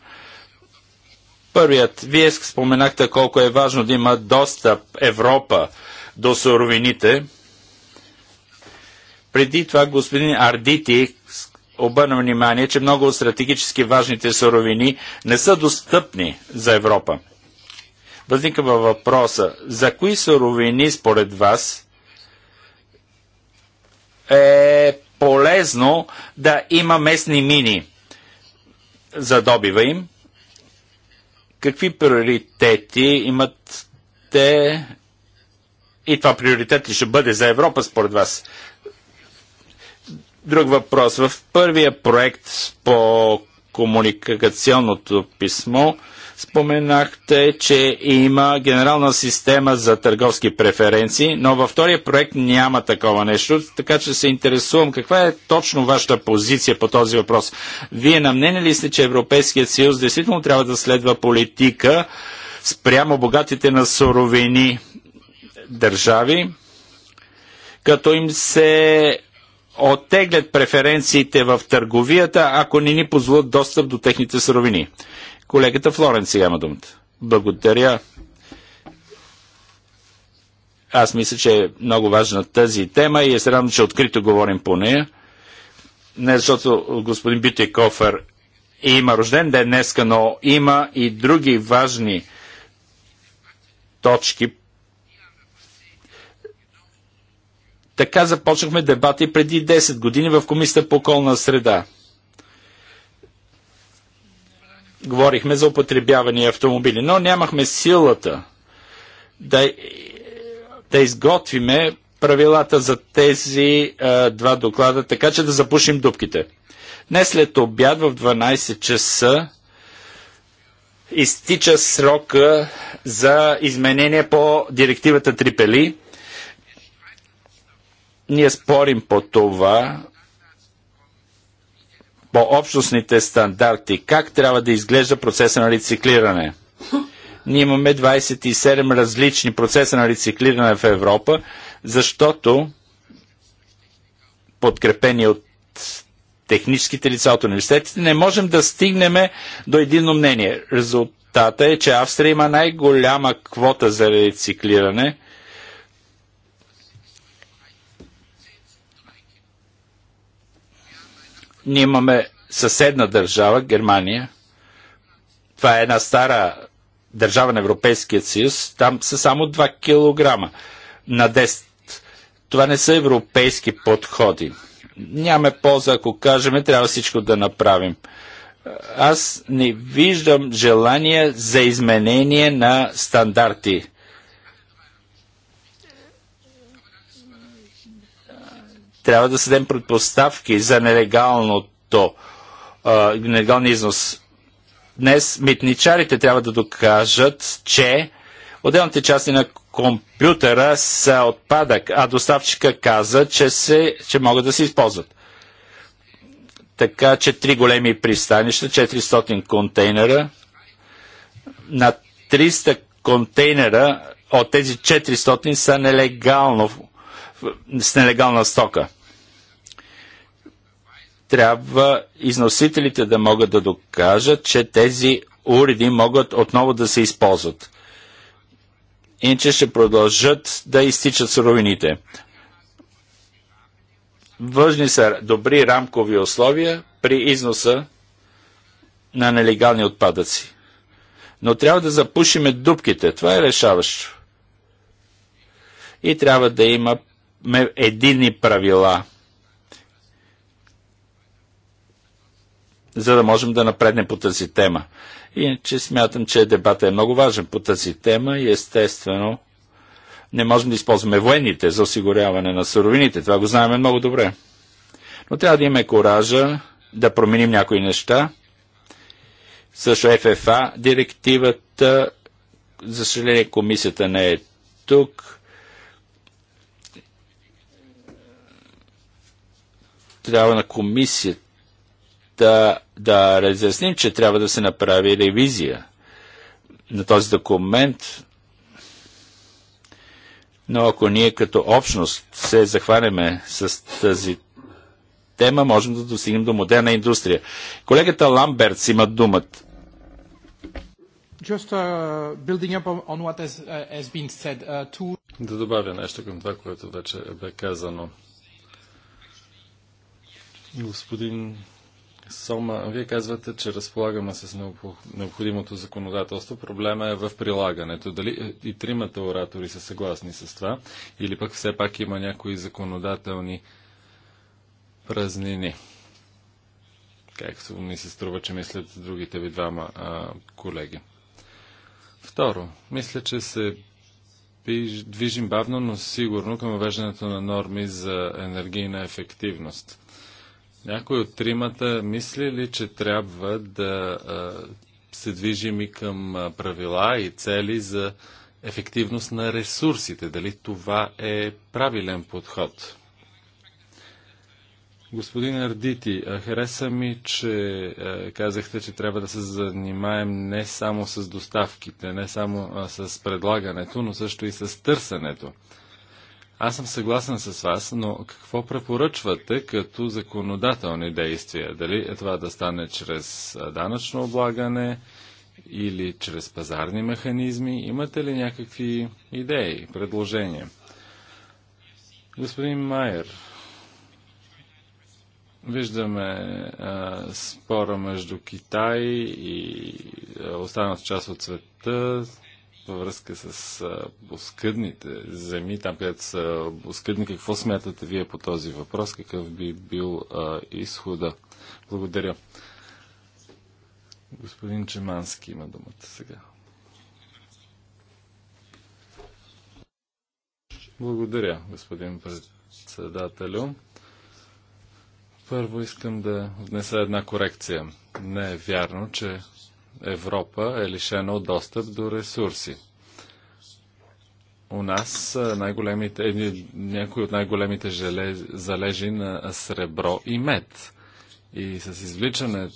Първият, вие споменахте колко е важно да има достъп Европа до суровините. Преди това господин Ардити обърна внимание, че много от стратегически важните суровини не са достъпни за Европа. Възниква въпроса, за кои суровини според вас е полезно да има местни мини? за добива им. Какви приоритети имат те и това приоритет ли ще бъде за Европа според вас? Друг въпрос. В първия проект по комуникационното писмо Споменахте, че има генерална система за търговски преференции, но във втория проект няма такова нещо, така че се интересувам каква е точно вашата позиция по този въпрос. Вие на мнение ли сте, че Европейският съюз действително трябва да следва политика спрямо богатите на суровини държави, като им се оттеглят преференциите в търговията, ако не ни позволят достъп до техните суровини. Колегата Флорен сега има думата. Благодаря. Аз мисля, че е много важна тази тема и е срамно, че открито говорим по нея. Не защото господин Бютикофер има рожден ден днеска, но има и други важни точки. Така започнахме дебати преди 10 години в Комисията по околна среда – говорихме за употребявани автомобили, но нямахме силата да, да изготвиме правилата за тези а, два доклада, така че да запушим дупките. Днес след обяд в 12 часа изтича срока за изменение по директивата Трипели. Ние спорим по това, по общностните стандарти. Как трябва да изглежда процеса на рециклиране? Ние имаме 27 различни процеса на рециклиране в Европа, защото подкрепени от техническите лица от университетите, не можем да стигнем до единно мнение. Резултата е, че Австрия има най-голяма квота за рециклиране Ние имаме съседна държава, Германия. Това е една стара държава на Европейския съюз. Там са само 2 кг на 10. Това не са европейски подходи. Нямаме полза, ако кажем, трябва всичко да направим. Аз не виждам желание за изменение на стандарти. Трябва да съдем предпоставки за нелегалното, а, нелегалния износ. Днес митничарите трябва да докажат, че отделните части на компютъра са отпадък, а доставчика каза, че, се, че могат да се използват. Така че три големи пристанища, 400 контейнера, на 300 контейнера от тези 400 са нелегално с нелегална стока. Трябва износителите да могат да докажат, че тези уреди могат отново да се използват. Иначе ще продължат да изтичат суровините. Въжни са добри рамкови условия при износа на нелегални отпадъци. Но трябва да запушиме дубките. Това е решаващо. И трябва да има единни правила, за да можем да напреднем по тази тема. Иначе смятам, че дебата е много важен по тази тема и естествено не можем да използваме военните за осигуряване на суровините. Това го знаем много добре. Но трябва да имаме коража да променим някои неща. Също ФФА директивата, за съжаление комисията не е тук. трябва на комисията да, да разясним, че трябва да се направи ревизия на този документ, но ако ние като общност се захванеме с тази тема, можем да достигнем до модерна индустрия. Колегата Ламбертс има думат. Just, uh, has, uh, has said, uh, to... Да добавя нещо към това, което вече бе казано. Господин Сома, вие казвате, че разполагаме с необходимото законодателство. Проблема е в прилагането. Дали е, и тримата оратори са съгласни с това, или пък все пак има някои законодателни празнини? Както ми се струва, че мислят другите ви двама а, колеги. Второ, мисля, че се движим бавно, но сигурно към въвеждането на норми за енергийна ефективност – някой от тримата мисли ли, че трябва да се движим и към правила и цели за ефективност на ресурсите? Дали това е правилен подход? Господин Ардити, хареса ми, че казахте, че трябва да се занимаем не само с доставките, не само с предлагането, но също и с търсенето. Аз съм съгласен с вас, но какво препоръчвате като законодателни действия? Дали е това да стане чрез данъчно облагане или чрез пазарни механизми? Имате ли някакви идеи, предложения? Господин Майер, виждаме а, спора между Китай и останалата част от света във връзка с оскъдните земи, там където са оскъдни, какво смятате вие по този въпрос? Какъв би бил а, изхода? Благодаря. Господин Чемански има думата сега. Благодаря, господин председателю. Първо искам да внеса една корекция. Не е вярно, че Европа е лишена от достъп до ресурси. У нас най-големите, някои от най-големите залежи на сребро и мед. И с извличане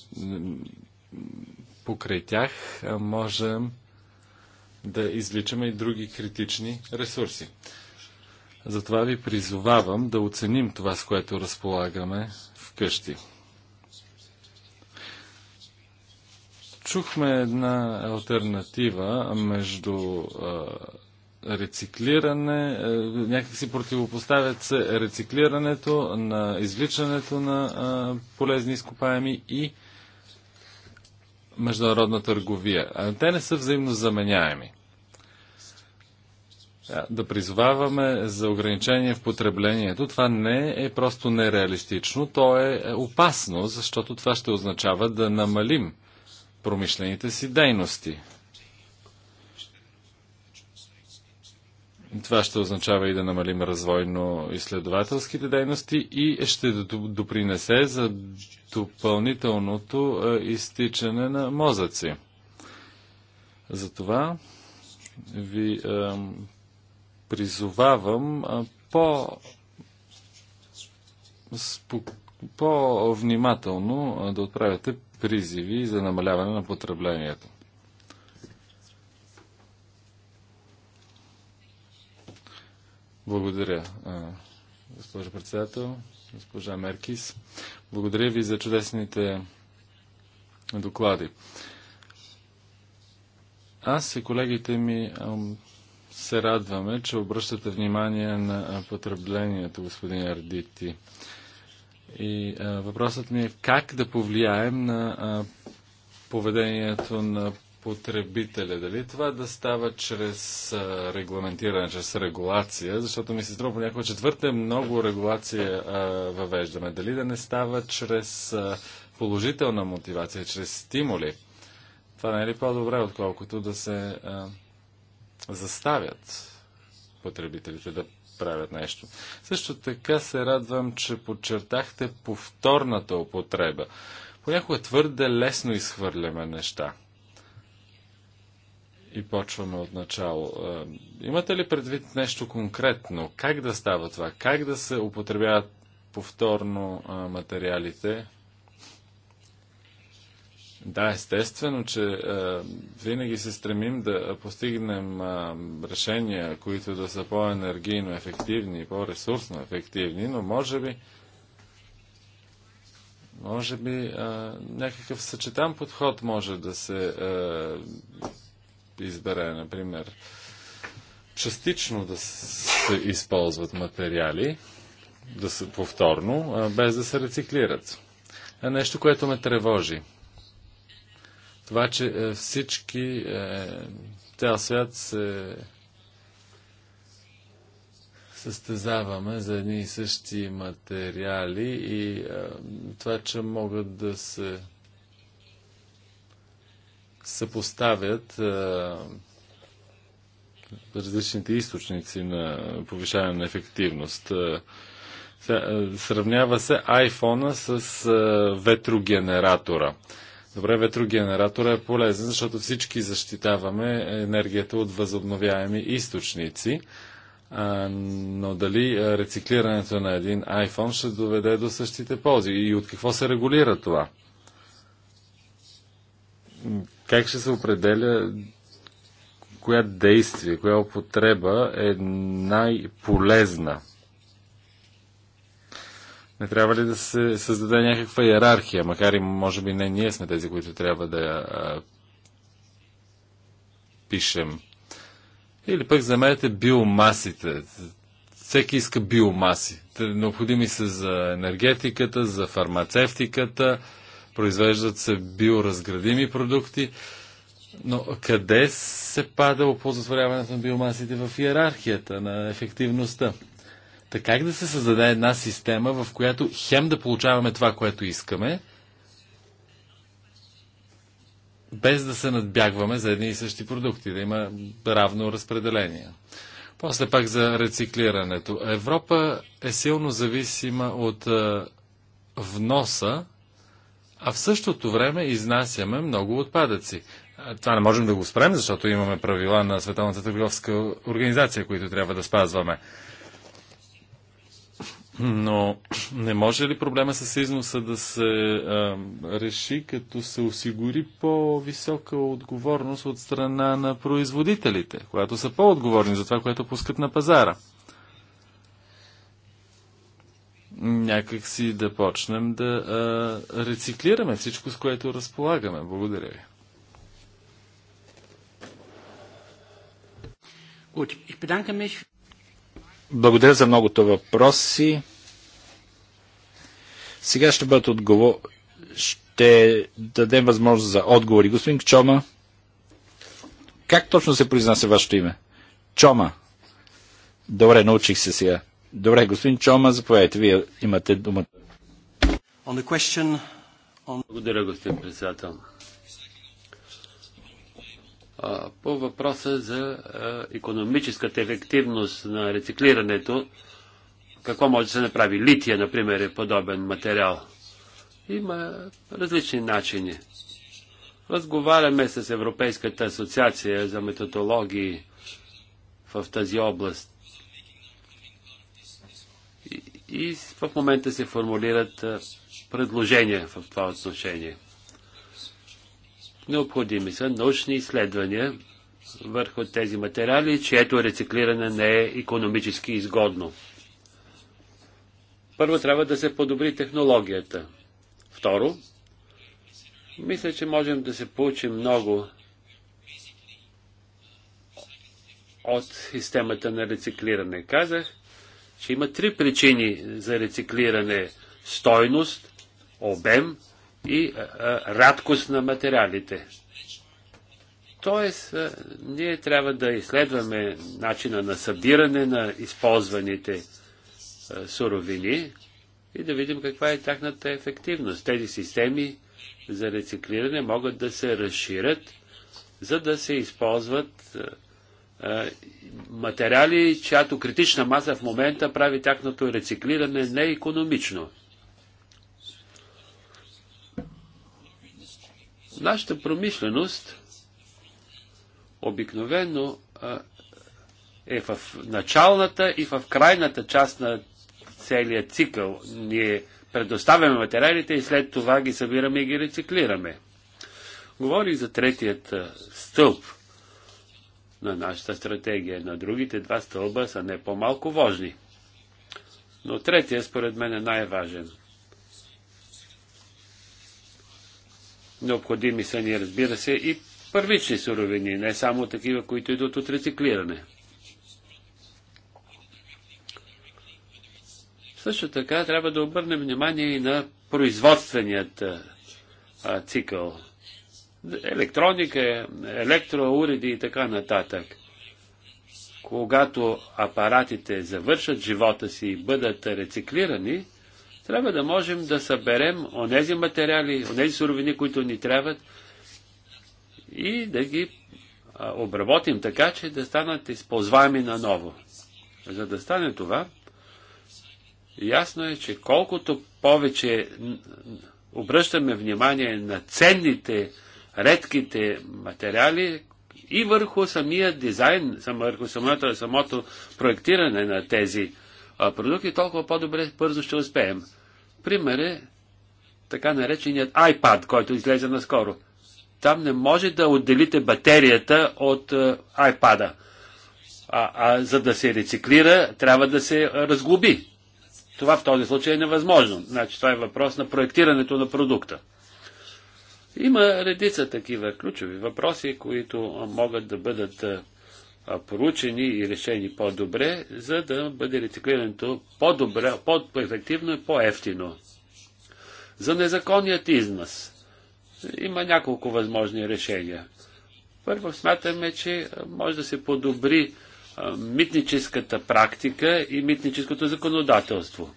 покрай тях можем да извличаме и други критични ресурси. Затова ви призовавам да оценим това, с което разполагаме вкъщи. чухме една альтернатива между рециклиране, някакси противопоставят се рециклирането на извличането на полезни изкопаеми и международна търговия. Те не са взаимно заменяеми. Да призоваваме за ограничение в потреблението, това не е просто нереалистично, то е опасно, защото това ще означава да намалим промишлените си дейности. Това ще означава и да намалим развойно-изследователските дейности и ще допринесе за допълнителното изтичане на мозъци. Затова ви е, призовавам по по-внимателно да отправяте призиви за намаляване на потреблението. Благодаря, госпожо председател, госпожа Меркис. Благодаря ви за чудесните доклади. Аз и колегите ми се радваме, че обръщате внимание на потреблението, господин Ардити. И а, въпросът ми е как да повлияем на а, поведението на потребителя. Дали това да става чрез а, регламентиране, чрез регулация, защото ми се струва понякога четвърта много регулация а, въвеждаме. Дали да не става чрез а, положителна мотивация, чрез стимули. Това не е ли по-добре, отколкото да се а, заставят потребителите да правят нещо. Също така се радвам, че подчертахте повторната употреба. Понякога е твърде лесно изхвърляме неща и почваме от начало. Е, имате ли предвид нещо конкретно? Как да става това? Как да се употребяват повторно е, материалите да, естествено, че е, винаги се стремим да постигнем е, решения, които да са по-енергийно ефективни, по-ресурсно ефективни, но може би, може би е, някакъв съчетан подход може да се е, избере, например, частично да се използват материали, да са повторно, е, без да се рециклират. Е нещо, което ме тревожи това, че е, всички, е, цял свят се състезаваме за едни и същи материали и е, това, че могат да се съпоставят е, различните източници на повишаване на ефективност. Сравнява се iPhone с ветрогенератора. Добре, ветрогенератора е полезен, защото всички защитаваме енергията от възобновяеми източници. А, но дали рециклирането на един iPhone ще доведе до същите ползи и от какво се регулира това? Как ще се определя коя действие, коя употреба е най-полезна не трябва ли да се създаде някаква иерархия, макар и може би не ние сме тези, които трябва да а, пишем. Или пък замерете биомасите. Всеки иска биомаси. Необходими са за енергетиката, за фармацевтиката, произвеждат се биоразградими продукти. Но къде се пада оползотворяването на биомасите в иерархията на ефективността? Така как да се създаде една система, в която хем да получаваме това, което искаме, без да се надбягваме за едни и същи продукти, да има равно разпределение. После пак за рециклирането. Европа е силно зависима от вноса, а в същото време изнасяме много отпадъци. Това не можем да го спрем, защото имаме правила на Световната търговска организация, които трябва да спазваме. Но не може ли проблема с износа да се а, реши, като се осигури по-висока отговорност от страна на производителите, които са по-отговорни за това, което пускат на пазара? Някак си да почнем да а, рециклираме всичко, с което разполагаме. Благодаря ви. Good. ich bedanke mich. Благодаря за многото въпроси. Сега ще бъдат отговор... Ще дадем възможност за отговори. Господин Чома, как точно се произнася вашето име? Чома. Добре, научих се сега. Добре, господин Чома, заповядайте. Вие имате думата. On... Благодаря, господин председател. По въпроса за економическата ефективност на рециклирането, какво може да се направи? Лития, например, е подобен материал. Има различни начини. Разговаряме с Европейската асоциация за методологии в тази област. И, и в момента се формулират предложения в това отношение. Необходими са научни изследвания върху тези материали, чието рециклиране не е економически изгодно. Първо трябва да се подобри технологията. Второ, мисля, че можем да се получим много от системата на рециклиране. Казах, че има три причини за рециклиране. Стойност, обем и радкост на материалите. Тоест, ние трябва да изследваме начина на събиране на използваните суровини и да видим каква е тяхната ефективност. Тези системи за рециклиране могат да се разширят, за да се използват материали, чиято критична маса в момента прави тяхното рециклиране неекономично. Нашата промишленост обикновено е в началната и в крайната част на целият цикъл. Ние предоставяме материалите и след това ги събираме и ги рециклираме. Говори за третият стълб на нашата стратегия. На другите два стълба са не по-малко важни. Но третия според мен е най-важен – Необходими са ни, разбира се, и първични суровини, не само такива, които идват от рециклиране. Също така трябва да обърнем внимание и на производственият а, цикъл. Електроника, електроуреди и така нататък. Когато апаратите завършат живота си и бъдат рециклирани, трябва да можем да съберем онези материали, онези суровини, които ни трябват и да ги обработим така, че да станат използваеми наново. За да стане това, ясно е, че колкото повече обръщаме внимание на ценните, редките материали и върху самия дизайн, върху самото, самото проектиране на тези продукти, толкова по-добре бързо ще успеем. Пример е така нареченият iPad, който излезе наскоро. Там не може да отделите батерията от е, iPad-а. А, а за да се рециклира, трябва да се разглоби. Това в този случай е невъзможно. Значи това е въпрос на проектирането на продукта. Има редица такива ключови въпроси, които могат да бъдат е, поручени и решени по-добре, за да бъде рециклирането по-добре, по-ефективно и по-ефтино. За незаконният износ има няколко възможни решения. Първо смятаме, че може да се подобри митническата практика и митническото законодателство.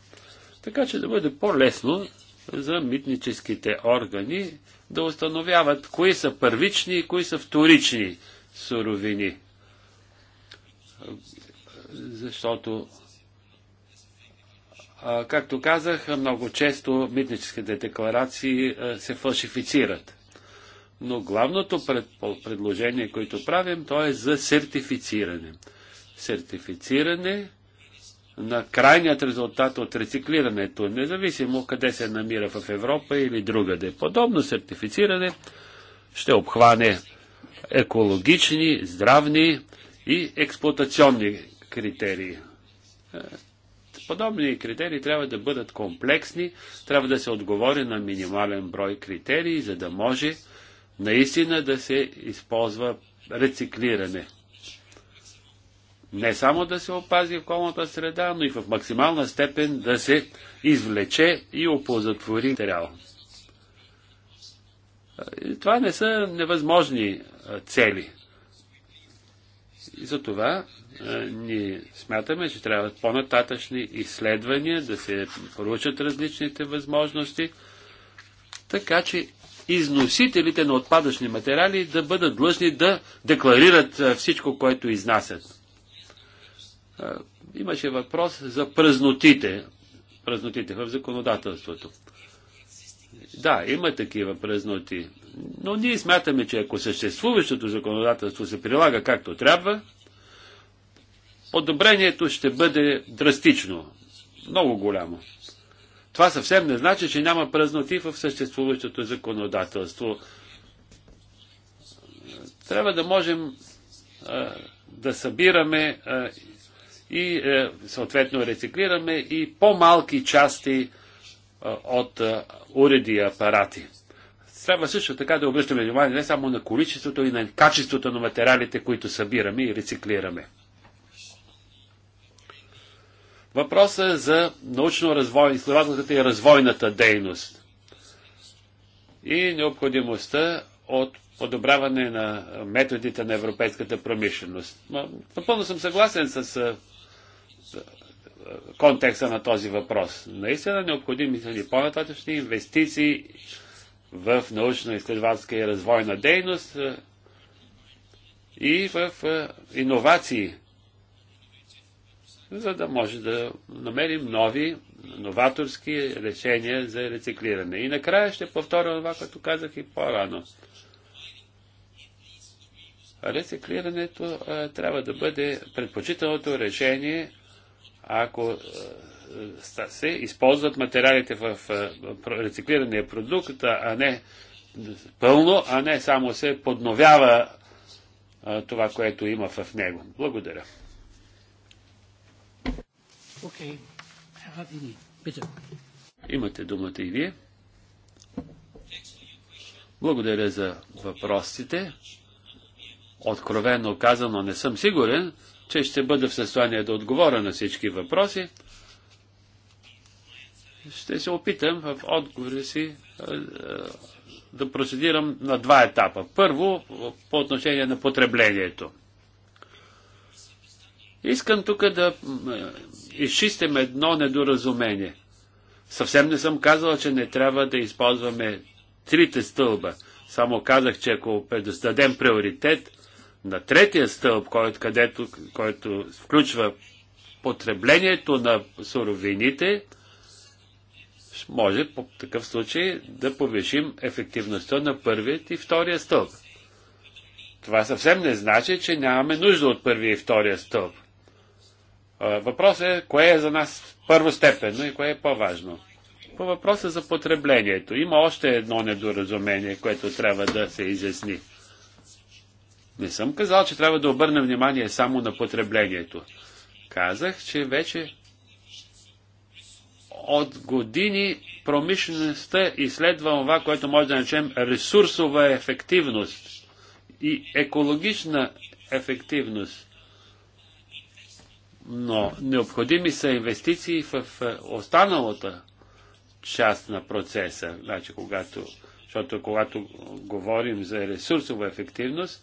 Така че да бъде по-лесно за митническите органи да установяват кои са първични и кои са вторични суровини защото, както казах, много често митническите декларации се фалшифицират. Но главното предложение, което правим, то е за сертифициране. Сертифициране на крайният резултат от рециклирането, независимо къде се намира в Европа или другаде. Подобно сертифициране ще обхване екологични, здравни, и експлуатационни критерии. Е, подобни критерии трябва да бъдат комплексни, трябва да се отговори на минимален брой критерии, за да може наистина да се използва рециклиране. Не само да се опази околната среда, но и в максимална степен да се извлече и оползотвори материал. Е, това не са невъзможни е, цели. И за това а, ние смятаме, че трябва по-нататъчни изследвания, да се поручат различните възможности, така че износителите на отпадъчни материали да бъдат длъжни да декларират всичко, което изнасят. А, имаше въпрос за празнотите, празнотите в законодателството. Да, има такива празноти. Но ние смятаме, че ако съществуващото законодателство се прилага както трябва, подобрението ще бъде драстично, много голямо. Това съвсем не значи, че няма празноти в съществуващото законодателство. Трябва да можем а, да събираме а, и а, е, съответно рециклираме и по-малки части а, от а, уреди и апарати. Трябва също така да обръщаме внимание не само на количеството и на качеството на материалите, които събираме и рециклираме. Въпросът е за научно-развой, изследователската и развойната дейност и необходимостта от подобряване на методите на европейската промишленост. Напълно съм съгласен с контекста на този въпрос. Наистина необходими са ни по-нататъчни инвестиции в научно-изследователска и развойна дейност и в иновации, за да може да намерим нови, новаторски решения за рециклиране. И накрая ще повторя това, като казах и по-рано. Рециклирането трябва да бъде предпочитаното решение, ако е, се използват материалите в е, рециклирания продукт, а не пълно, а не само се подновява е, това, което има в него. Благодаря. Имате думата и вие. Благодаря за въпросите. Откровено казано не съм сигурен, че ще бъда в състояние да отговоря на всички въпроси, ще се опитам в отговора си е, е, да процедирам на два етапа. Първо, по отношение на потреблението. Искам тук да е, изчистим едно недоразумение. Съвсем не съм казал, че не трябва да използваме трите стълба. Само казах, че ако предоставим приоритет на третия стълб, който, където, който включва потреблението на суровините, може по такъв случай да повишим ефективността на първият и втория стълб. Това съвсем не значи, че нямаме нужда от първия и втория стълб. Въпросът е, кое е за нас първостепенно и кое е по-важно. По въпроса за потреблението. Има още едно недоразумение, което трябва да се изясни. Не съм казал, че трябва да обърна внимание само на потреблението. Казах, че вече от години промишлеността изследва това, което може да начнем ресурсова ефективност и екологична ефективност. Но необходими са инвестиции в е, останалата част на процеса. Значи, когато, защото когато говорим за ресурсова ефективност,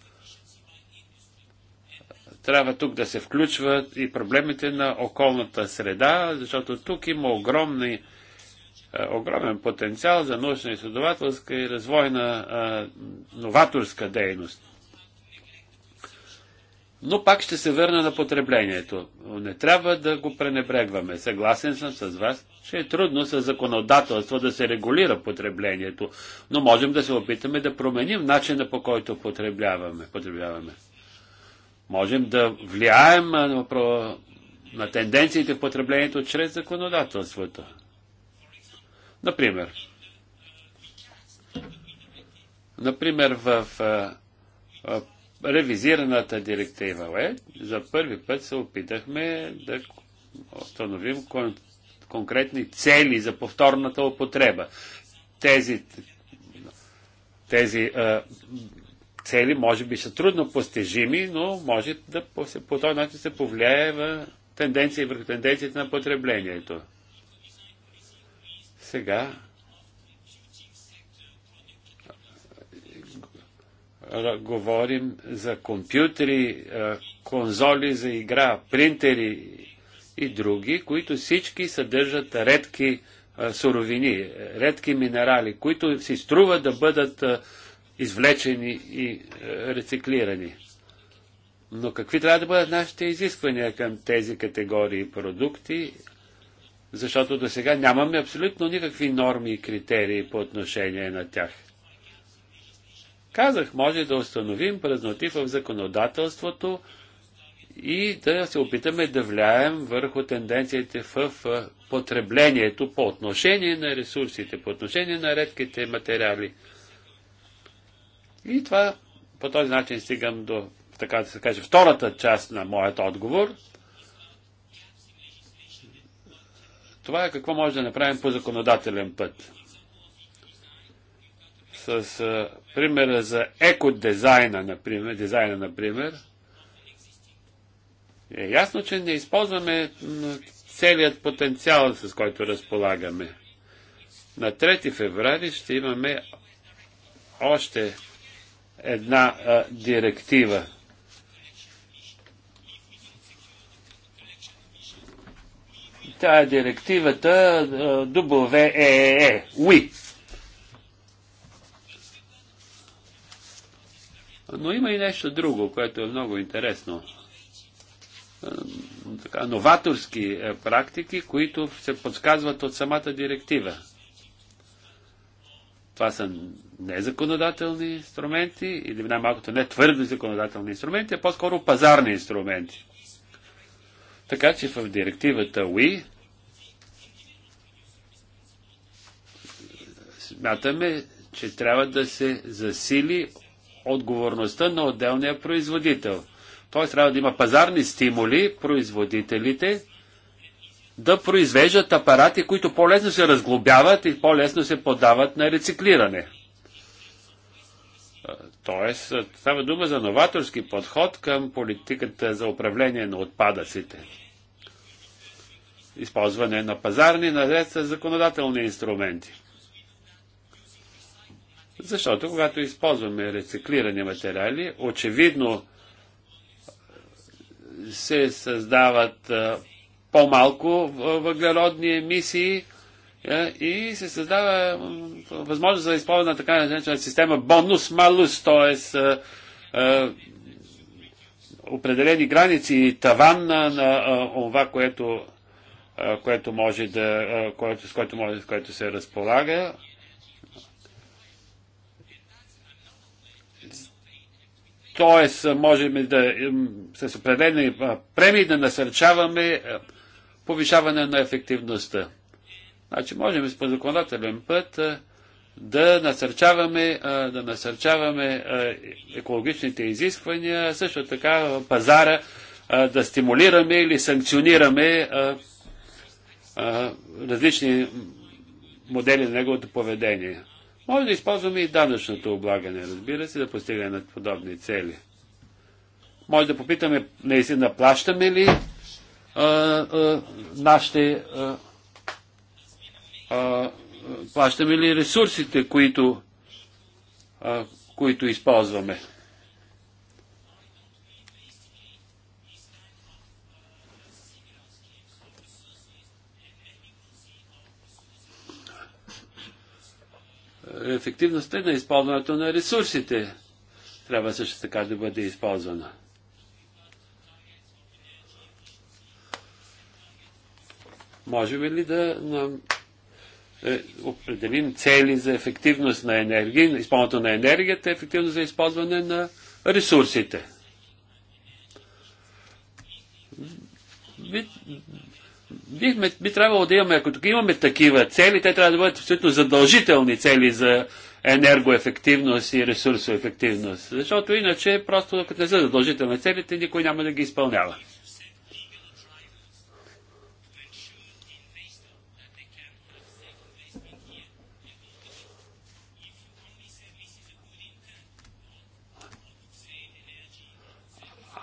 трябва тук да се включват и проблемите на околната среда, защото тук има огромни, е, огромен потенциал за научна изследователска и развойна е, новаторска дейност. Но пак ще се върна на потреблението. Не трябва да го пренебрегваме. Съгласен съм с вас, че е трудно с законодателство да се регулира потреблението, но можем да се опитаме да променим начина по който потребляваме. потребляваме. Можем да влияем на тенденциите в потреблението чрез законодателството. Например, например в ревизираната директива е, за първи път се опитахме да установим кон- конкретни цели за повторната употреба. Тези, тези а, цели може би са трудно постижими, но може да по, по този начин се повлияе в тенденции върху тенденцията на потреблението. Сега говорим за компютри, конзоли за игра, принтери и други, които всички съдържат редки суровини, редки минерали, които си струва да бъдат извлечени и е, рециклирани. Но какви трябва да бъдат нашите изисквания към тези категории продукти, защото до сега нямаме абсолютно никакви норми и критерии по отношение на тях. Казах, може да установим празноти в законодателството и да се опитаме да влияем върху тенденциите в е, потреблението по отношение на ресурсите, по отношение на редките материали. И това по този начин стигам до, така да се каже, втората част на моят отговор. Това е какво може да направим по законодателен път. С а, примера за екодизайна, например, дизайна, например, е ясно, че не използваме целият потенциал, с който разполагаме. На 3 феврари ще имаме още една а, директива. Та е директивата WEEE. Е, УИ. Но има и нещо друго, което е много интересно. Така, новаторски практики, които се подсказват от самата директива. Това са незаконодателни инструменти или най-малкото не твърдо законодателни инструменти, а по-скоро пазарни инструменти. Така че в директивата УИ смятаме, че трябва да се засили отговорността на отделния производител. Т.е. трябва да има пазарни стимули производителите да произвеждат апарати, които по-лесно се разглобяват и по-лесно се подават на рециклиране. Тоест, става дума за новаторски подход към политиката за управление на отпадъците. Използване на пазарни наред с законодателни инструменти. Защото когато използваме рециклирани материали, очевидно се създават по-малко въглеродни емисии е, и се създава възможност за да използване на така наречена система бонус-малус, т.е. Е, е, определени граници и таван на, на това, което, което може да, което, с което, може, с което се разполага. Тоест, можем да с определени премии да насърчаваме повишаване на ефективността. Значи можем с законодателен път да насърчаваме, да насърчаваме екологичните изисквания, също така пазара да стимулираме или санкционираме различни модели на неговото поведение. Може да използваме и данъчното облагане, разбира се, да постигнем подобни цели. Може да попитаме, наистина плащаме ли нашите плащаме ли ресурсите, които, а, които използваме. Ефективността на използването на ресурсите трябва също така да бъде използвана. Можем ли да е, определим цели за ефективност на енергия, използването на енергията, ефективност за използване на ресурсите? Би, би, би трябвало да имаме, ако имаме такива цели, те трябва да бъдат абсолютно задължителни цели за енергоефективност и ресурсоефективност. Защото иначе, просто като не са задължителни целите, никой няма да ги изпълнява.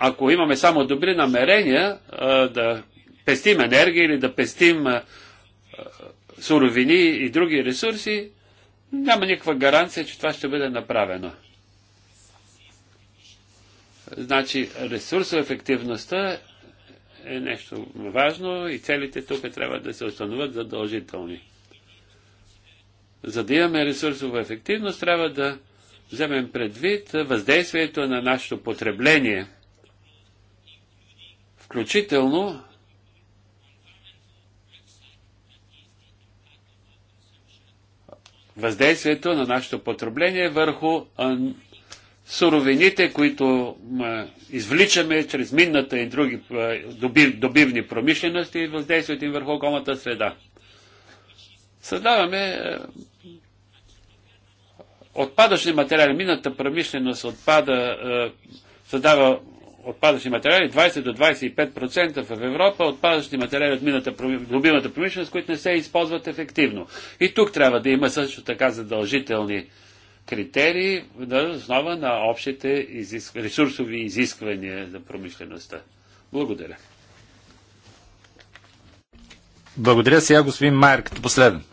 ако имаме само добри намерения да пестим енергия или да пестим суровини и други ресурси, няма никаква гаранция, че това ще бъде направено. Значи, ефективността е нещо важно и целите тук трябва да се установят задължителни. За да имаме ресурсова ефективност, трябва да вземем предвид въздействието на нашето потребление включително въздействието на нашето потребление върху суровините, които извличаме чрез минната и други добивни промишлености и въздействието им върху околната среда. Създаваме отпадъчни материали. Минната промишленост отпада, създава отпадъчни материали, 20 до 25% в Европа отпадъчни материали от мината, любимата промишленост, които не се използват ефективно. И тук трябва да има също така задължителни критерии на основа на общите изиск... ресурсови изисквания за промишлеността. Благодаря. Благодаря сега господин Майер като последен.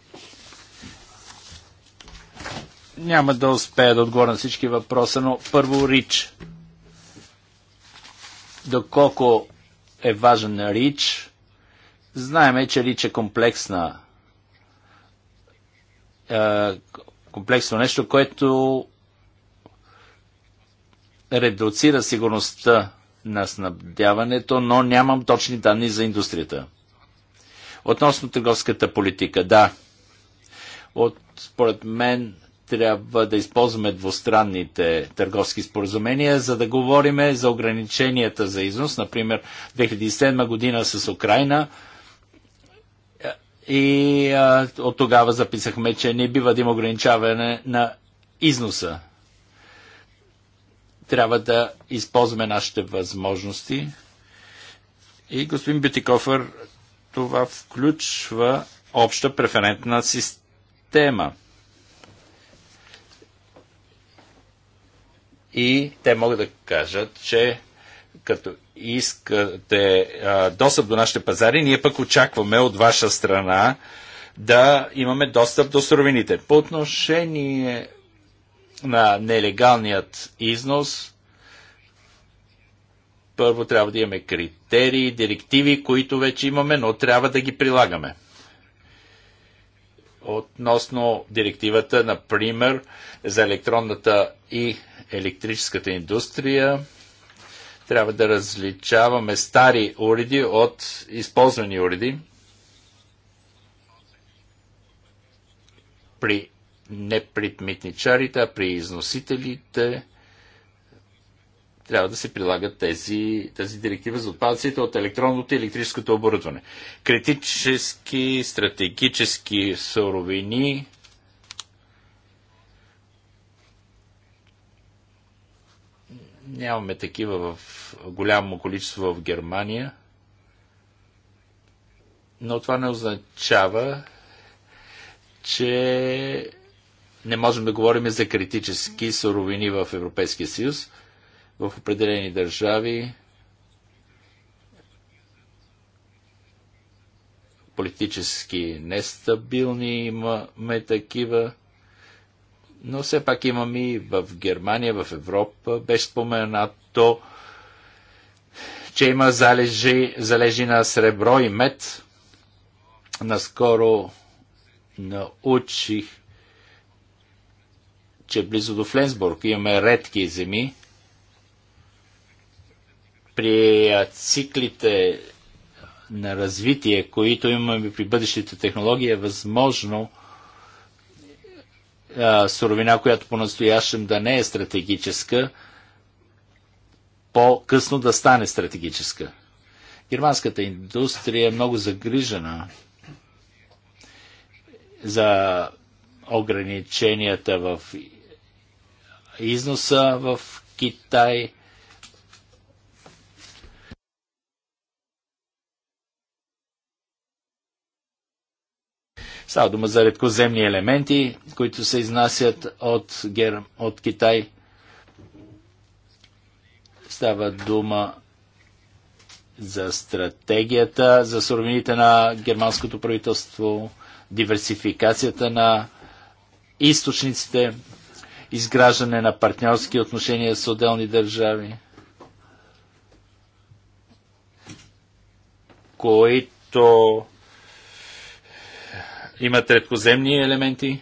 Няма да успея да отговоря на всички въпроса, но първо Рич доколко е важен РИЧ. Знаеме, че РИЧ е комплексна е, комплексно нещо, което редуцира сигурността на снабдяването, но нямам точни данни за индустрията. Относно търговската политика, да. От, според мен, трябва да използваме двустранните търговски споразумения, за да говорим за ограниченията за износ, например 2007 година с Украина. И а, от тогава записахме, че не бива да има ограничаване на износа. Трябва да използваме нашите възможности. И господин Бютикофър, това включва обща преферентна система – и те могат да кажат, че като искате а, достъп до нашите пазари, ние пък очакваме от ваша страна да имаме достъп до суровините. По отношение на нелегалният износ, първо трябва да имаме критерии, директиви, които вече имаме, но трябва да ги прилагаме. Относно директивата, например, за електронната и електрическата индустрия. Трябва да различаваме стари уреди от използвани уреди. При не при митничарите, а при износителите трябва да се прилагат тези, тази директива за отпадъците от електронното и електрическото оборудване. Критически, стратегически суровини, Нямаме такива в голямо количество в Германия, но това не означава, че не можем да говорим за критически суровини в Европейския съюз. В определени държави политически нестабилни имаме такива но все пак имаме и в Германия, в Европа, без споменато, че има залежи, залежи на сребро и мед. Наскоро научих, че близо до Фленсбург имаме редки земи. При циклите на развитие, които имаме при бъдещите технологии, е възможно – суровина, която по-настоящем да не е стратегическа, по-късно да стане стратегическа. Германската индустрия е много загрижена за ограниченията в износа в Китай – Става дума за редкоземни елементи, които се изнасят от, Гер... от Китай. Става дума за стратегията, за суровините на германското правителство, диверсификацията на източниците, изграждане на партньорски отношения с отделни държави, които имат редкоземни елементи,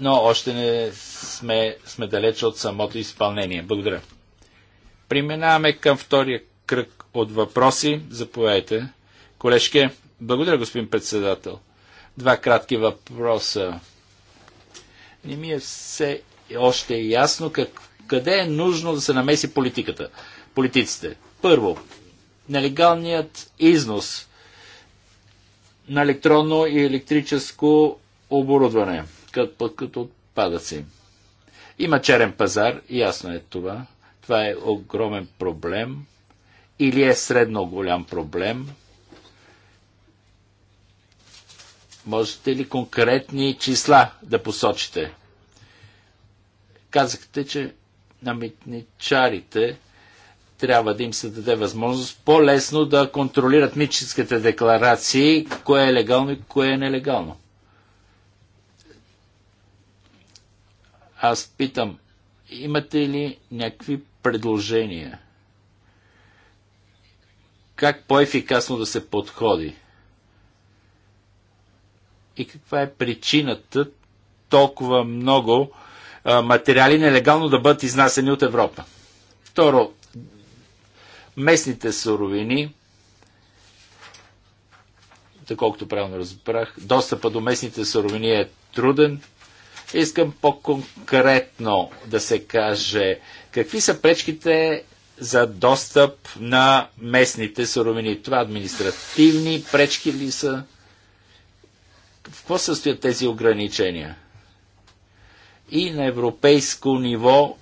но още не сме, сме далеч от самото изпълнение. Благодаря. Преминаваме към втория кръг от въпроси. Заповядайте. Колешке, благодаря, господин председател. Два кратки въпроса. Не ми е все още ясно как, къде е нужно да се намеси политиката, политиците. Първо, нелегалният износ на електронно и електрическо оборудване, като, като отпадъци. Има черен пазар, ясно е това. Това е огромен проблем или е средно голям проблем. Можете ли конкретни числа да посочите? Казахте, че на митничарите трябва да им се даде възможност по-лесно да контролират митническите декларации, кое е легално и кое е нелегално. Аз питам, имате ли някакви предложения? Как по-ефикасно да се подходи? И каква е причината толкова много материали нелегално да бъдат изнасени от Европа? Второ, местните суровини, доколкото правилно разбрах, достъпа до местните суровини е труден. Искам по-конкретно да се каже какви са пречките за достъп на местните суровини. Това административни пречки ли са? В какво състоят тези ограничения? И на европейско ниво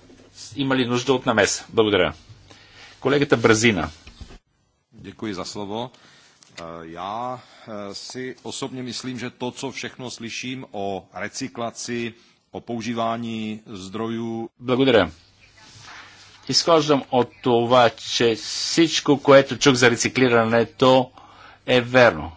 има ли нужда от намеса? Благодаря. Колегата Бразина. Děkuji za slovo. Eh, já eh, si osobně myslím, že to, co všechno slyším o recyklaci, o používání zdrojů... Благодаря. Изхождам от това, че всичко, което чух за рециклирането, е верно.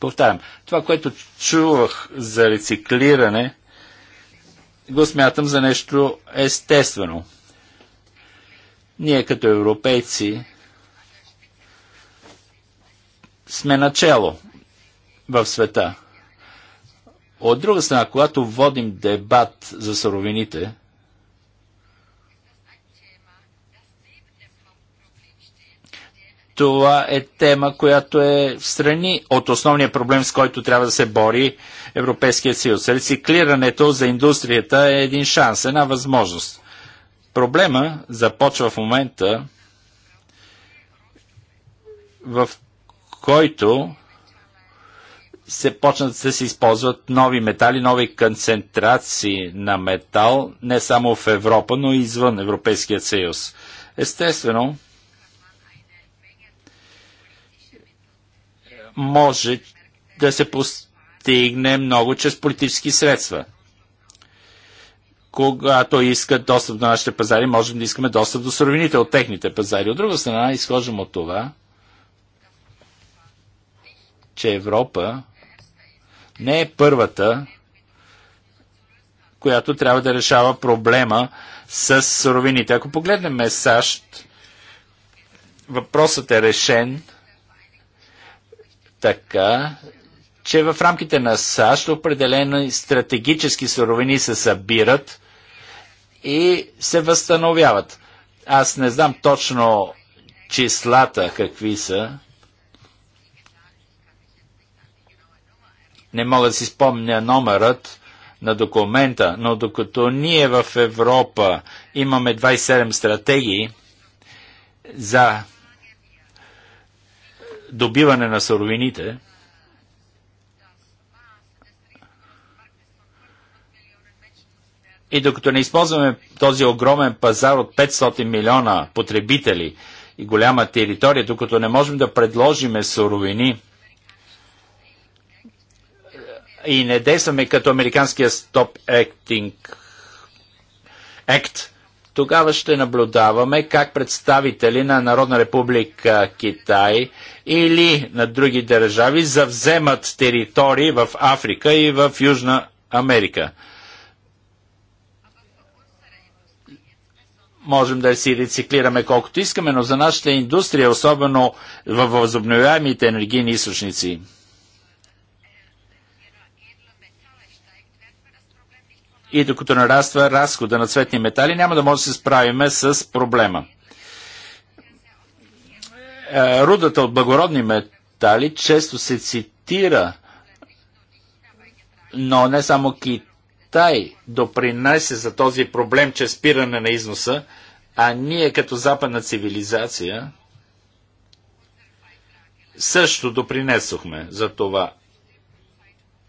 Повтарям, това, което чувах за рециклиране, го смятам за нещо естествено. Ние като европейци сме начало в света. От друга страна, когато водим дебат за суровините, това е тема, която е в страни от основния проблем, с който трябва да се бори Европейския съюз. Рециклирането за индустрията е един шанс, една възможност. Проблема започва в момента, в който се почнат да се използват нови метали, нови концентрации на метал, не само в Европа, но и извън Европейския съюз. Естествено, може да се постигне много чрез политически средства. Когато искат достъп до нашите пазари, можем да искаме достъп до суровините от техните пазари. От друга страна, изхождам от това, че Европа не е първата, която трябва да решава проблема с суровините. Ако погледнем САЩ, въпросът е решен – така, че в рамките на САЩ определени стратегически суровини се събират и се възстановяват. Аз не знам точно числата какви са. Не мога да си спомня номерът на документа, но докато ние в Европа имаме 27 стратегии за добиване на суровините, И докато не използваме този огромен пазар от 500 милиона потребители и голяма територия, докато не можем да предложиме суровини и не действаме като Американския Stop Acting Act, тогава ще наблюдаваме как представители на Народна република Китай или на други държави завземат територии в Африка и в Южна Америка. можем да си рециклираме колкото искаме, но за нашата е индустрия, особено във възобновяемите енергийни източници, и докато нараства разхода на цветни метали, няма да може да се справиме с проблема. Е, рудата от благородни метали често се цитира, но не само Китай допринася за този проблем че спиране на износа, а ние като западна цивилизация също допринесохме за това.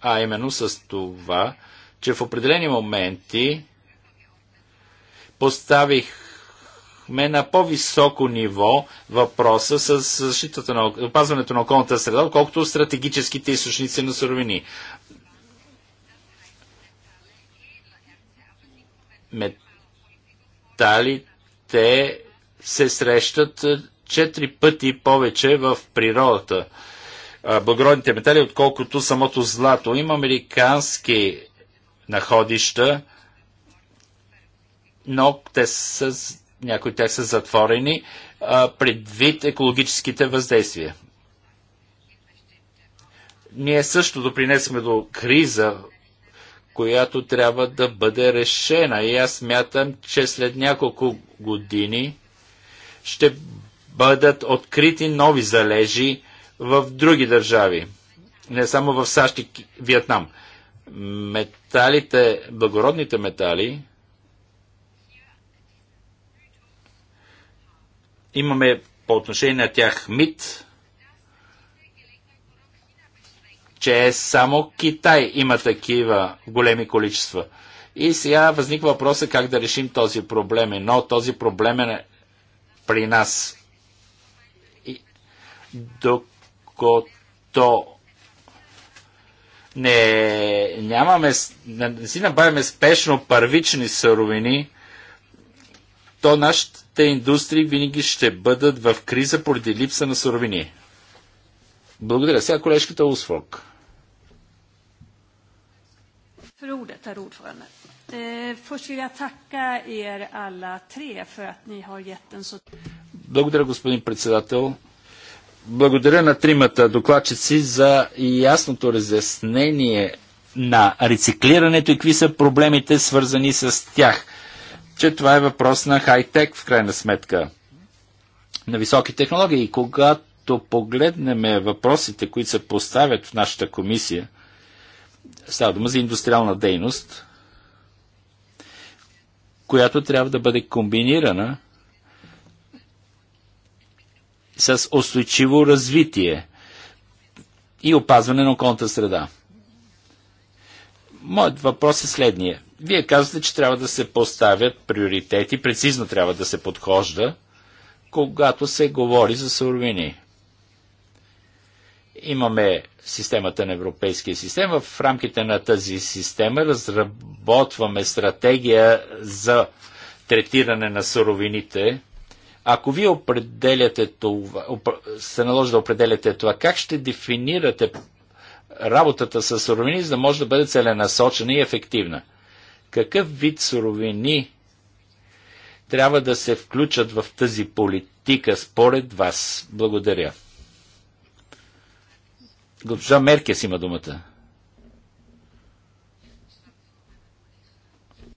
А именно с това, че в определени моменти поставихме на по-високо ниво въпроса с защитата на опазването на околната среда, отколкото стратегическите източници на суровини. Металите се срещат е, четири пъти повече в природата. Благородните метали, отколкото самото злато. Има американски находища, но те са, някои от тях са затворени а, предвид екологическите въздействия. Ние също допринесме до криза, която трябва да бъде решена. И аз мятам, че след няколко години ще бъдат открити нови залежи в други държави. Не само в САЩ и Виетнам. Металите, благородните метали, имаме по отношение на тях мит, че е само Китай има такива големи количества. И сега възниква въпроса как да решим този проблем, но този проблем е при нас. И докато не, нямаме, не си набавяме спешно първични суровини, то нашите индустрии винаги ще бъдат в криза поради липса на суровини. Благодаря. Сега колежката Усфок. Eh, er Благодаря, господин председател. Благодаря на тримата докладчици за ясното разяснение на рециклирането и какви са проблемите свързани с тях. Че това е въпрос на хай-тек в крайна сметка, на високи технологии. И когато погледнем въпросите, които се поставят в нашата комисия, става дума за индустриална дейност, която трябва да бъде комбинирана – с устойчиво развитие и опазване на околната среда. Моят въпрос е следния. Вие казвате, че трябва да се поставят приоритети, прецизно трябва да се подхожда, когато се говори за суровини. Имаме системата на Европейския систем, В рамките на тази система разработваме стратегия за третиране на суровините ако вие определяте това, се наложи да определяте това, как ще дефинирате работата с суровини, за да може да бъде целенасочена и ефективна? Какъв вид суровини трябва да се включат в тази политика според вас? Благодаря. Госпожа Меркес има думата.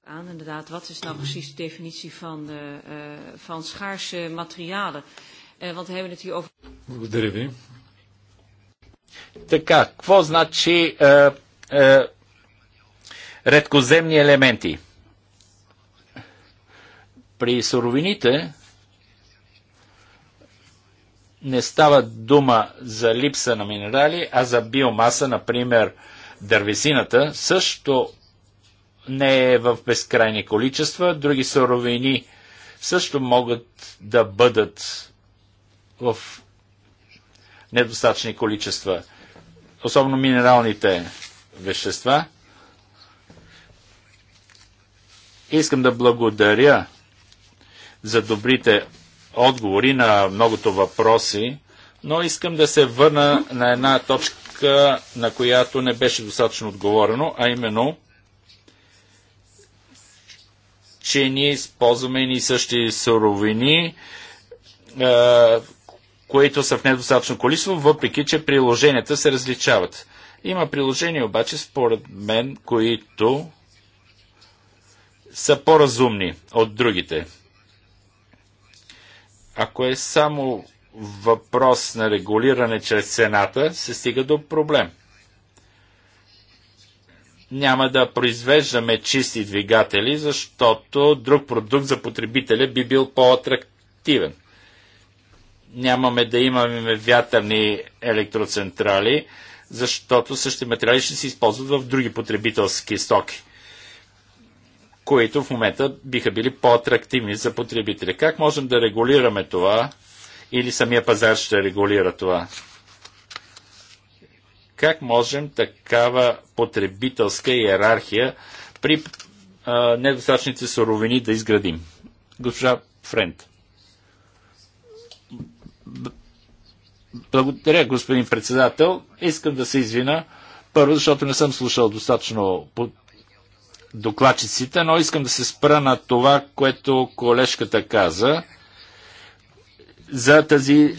aan, inderdaad, wat is nou precies de definitie van, de, uh, van schaarse materialen? Uh, want we hebben het hier over. Благодаря ви. Така, какво значи е, е, редкоземни елементи? При суровините не става дума за липса на минерали, а за биомаса, например дървесината, също не е в безкрайни количества. Други суровини също могат да бъдат в недостатъчни количества, особено минералните вещества. Искам да благодаря за добрите отговори на многото въпроси, но искам да се върна на една точка, на която не беше достатъчно отговорено, а именно че ние използваме и същи суровини, е, които са в недостатъчно количество, въпреки че приложенията се различават. Има приложения обаче, според мен, които са по-разумни от другите. Ако е само въпрос на регулиране чрез цената, се стига до проблем – няма да произвеждаме чисти двигатели, защото друг продукт за потребителя би бил по-атрактивен. Нямаме да имаме вятърни електроцентрали, защото същите материали ще се използват в други потребителски стоки, които в момента биха били по-атрактивни за потребителя. Как можем да регулираме това или самия пазар ще регулира това? Как можем такава потребителска иерархия при а, недостатъчните суровини да изградим? Госпожа Френд. Благодаря, господин председател. Искам да се извина. Първо, защото не съм слушал достатъчно докладчиците, но искам да се спра на това, което колежката каза за тази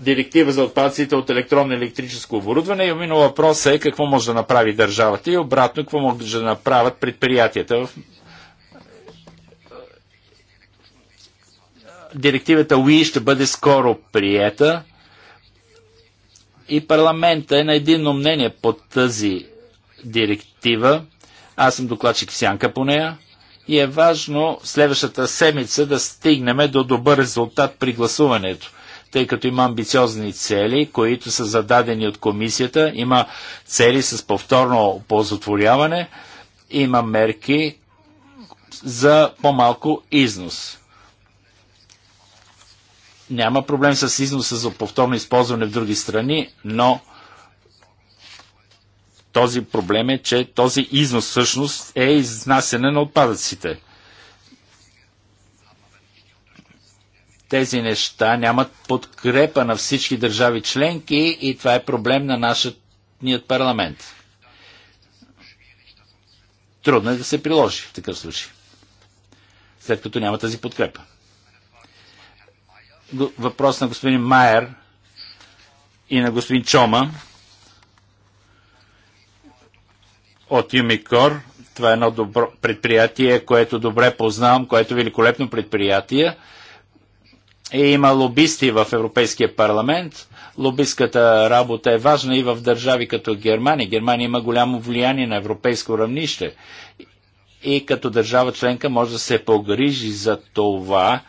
директива за отпадците от електронно електрическо оборудване. И умино въпрос е какво може да направи държавата и обратно какво може да направят предприятията директивата УИ ще бъде скоро приета и парламента е на единно мнение по тази директива. Аз съм докладчик в сянка по нея и е важно следващата седмица да стигнем до добър резултат при гласуването тъй като има амбициозни цели, които са зададени от комисията, има цели с повторно ползотворяване, има мерки за по-малко износ. Няма проблем с износа за повторно използване в други страни, но този проблем е, че този износ всъщност е изнасяне на отпадъците – тези неща нямат подкрепа на всички държави членки и това е проблем на нашият парламент. Трудно е да се приложи в такъв случай, след като няма тази подкрепа. Въпрос на господин Майер и на господин Чома от Юмикор. Това е едно добро предприятие, което добре познавам, което е великолепно предприятие. И е, има лобисти в Европейския парламент. Лобистката работа е важна и в държави като Германия. Германия има голямо влияние на европейско равнище. И като държава членка може да се погрижи за това.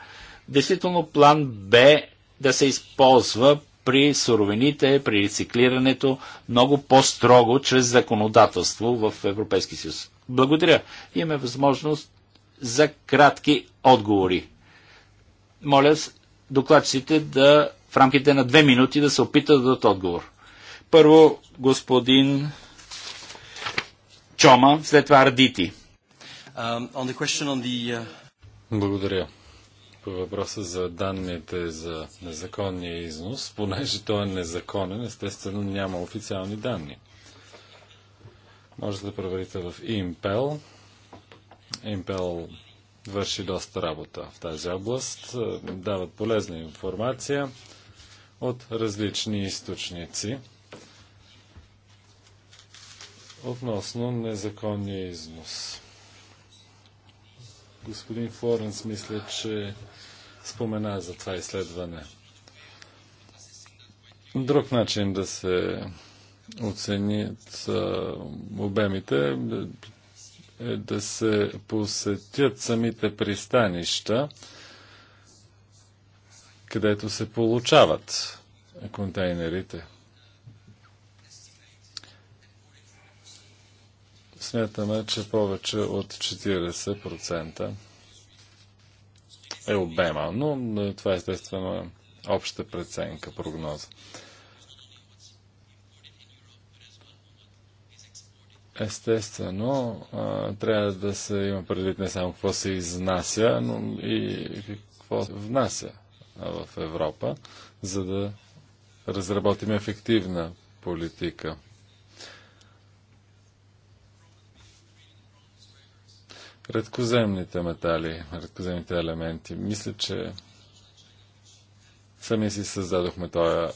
Действително план Б да се използва при суровините, при рециклирането много по-строго чрез законодателство в Европейски съюз. Благодаря. Имаме възможност за кратки отговори. Моля, докладчиците да в рамките на две минути да се опитат да дадат отговор. Първо господин Чома, след това Ардити. Um, the... Uh, Благодаря. По въпроса за данните за незаконния износ, понеже той е незаконен, естествено няма официални данни. Може да проверите в Impel. Impel върши доста работа в тази област. Е, дават полезна информация от различни източници относно незаконния износ. Господин Флоренс, мисля, че спомена за това изследване. Друг начин да се оценят е, обемите е да се посетят самите пристанища, където се получават контейнерите. Смятаме, че повече от 40% е обема, но това естествено е обща преценка, прогноза. Естествено, трябва да се има предвид не само какво се изнася, но и какво се внася в Европа, за да разработим ефективна политика. Редкоземните метали, редкоземните елементи. Мисля, че сами си създадохме този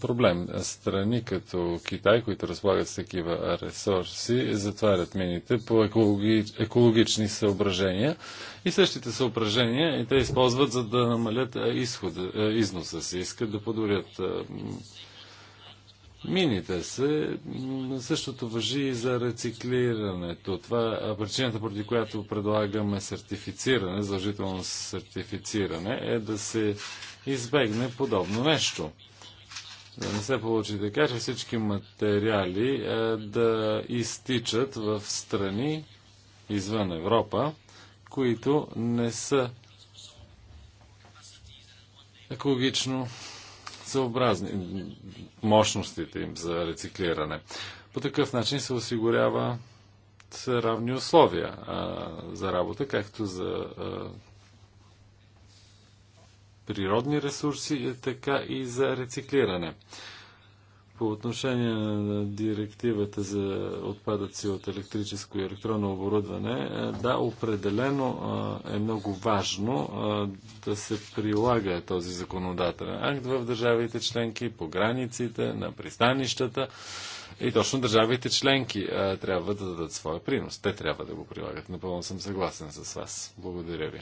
проблем. Страни като Китай, които разполагат с такива ресурси, затварят мините по екологи, екологични съображения и същите съображения и те използват за да намалят изход, износа си, искат да подобрят Мините се. Същото въжи и за рециклирането. Това е причината, поради която предлагаме сертифициране, задължително сертифициране, е да се избегне подобно нещо. Да не се получи така, че всички материали е, да изтичат в страни извън Европа, които не са екологично съобразни мощностите им за рециклиране. По такъв начин се осигурява равни условия а, за работа, както за а, природни ресурси, е така и за рециклиране. По отношение на директивата за отпадъци от електрическо и електронно оборудване, е, да, определено е, е много важно да се прилага този законодателен акт в държавите членки, по границите, на пристанищата. И точно държавите членки трябва да дадат своя принос. Те трябва да го прилагат. Напълно съм съгласен с вас. Благодаря ви.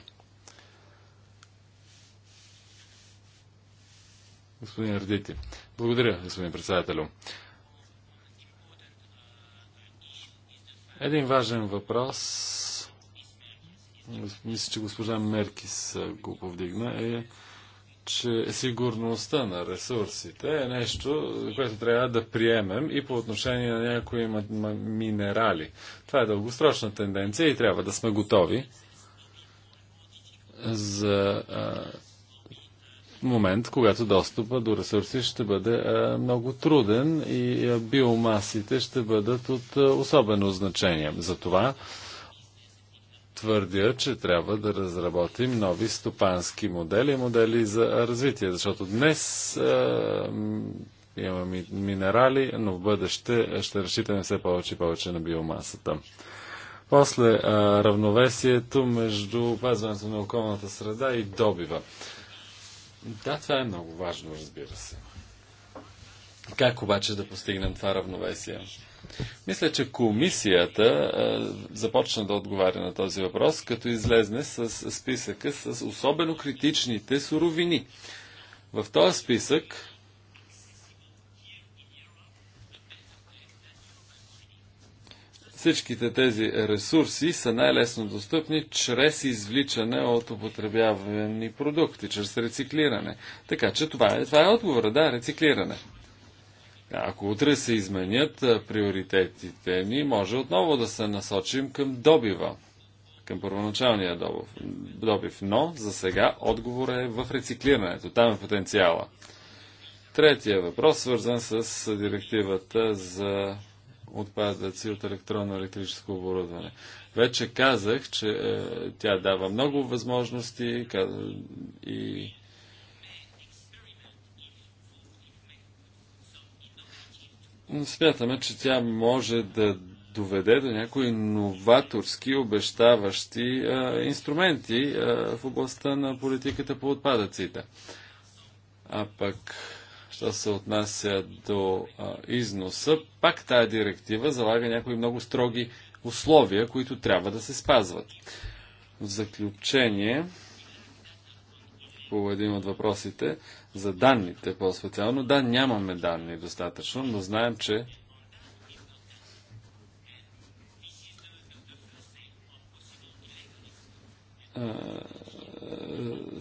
Господин Ардити. Благодаря, господин председателю. Един важен въпрос, мисля, че госпожа Меркис го повдигна, е, че сигурността на ресурсите е нещо, което трябва да приемем и по отношение на някои минерали. Това е дългосрочна тенденция и трябва да сме готови за момент, когато достъпа до ресурси ще бъде много труден и биомасите ще бъдат от особено значение. Затова твърдя, че трябва да разработим нови стопански модели, модели за развитие, защото днес имаме минерали, но в бъдеще ще разчитаме все повече и повече на биомасата. После равновесието между опазването на околната среда и добива. Да, това е много важно, разбира се. Как обаче да постигнем това равновесие? Мисля, че комисията а, започна да отговаря на този въпрос, като излезне с списъка с особено критичните суровини. В този списък Всичките тези ресурси са най-лесно достъпни чрез извличане от употребявани продукти, чрез рециклиране. Така че това е, това е отговора, да, рециклиране. Ако утре се изменят приоритетите ни, може отново да се насочим към добива, към първоначалния добив. добив. Но за сега отговор е в рециклирането. Там е потенциала. Третия въпрос, свързан с директивата за отпадъци от електронно-електрическо оборудване. Вече казах, че е, тя дава много възможности и смятаме, че тя може да доведе до някои новаторски, обещаващи е, инструменти е, в областта на политиката по отпадъците. А пък Що се отнася до а, износа, пак тая директива залага някои много строги условия, които трябва да се спазват. В заключение, по един от въпросите, за данните по-специално. Да, нямаме данни достатъчно, но знаем, че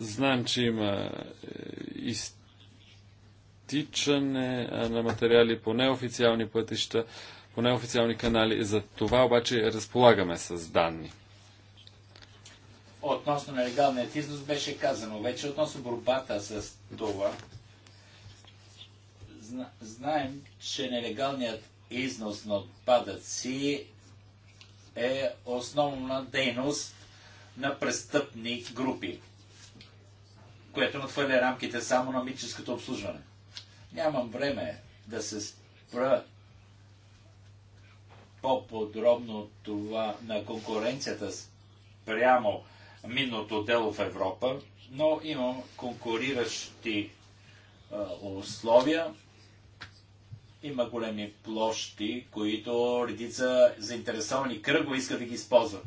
знаем, че има из изтичане на материали по неофициални пътища, по неофициални канали. За това обаче разполагаме с данни. Относно нелегалният износ беше казано. Вече относно борбата с това, зна, знаем, че нелегалният износ на отпадъци е основна дейност на престъпни групи, което надхвърля рамките само на митническото обслужване. Нямам време да се спра по-подробно това на конкуренцията прямо минното дело в Европа, но имам конкуриращи условия. Има големи площи, които редица заинтересовани кръго искат да ги използват.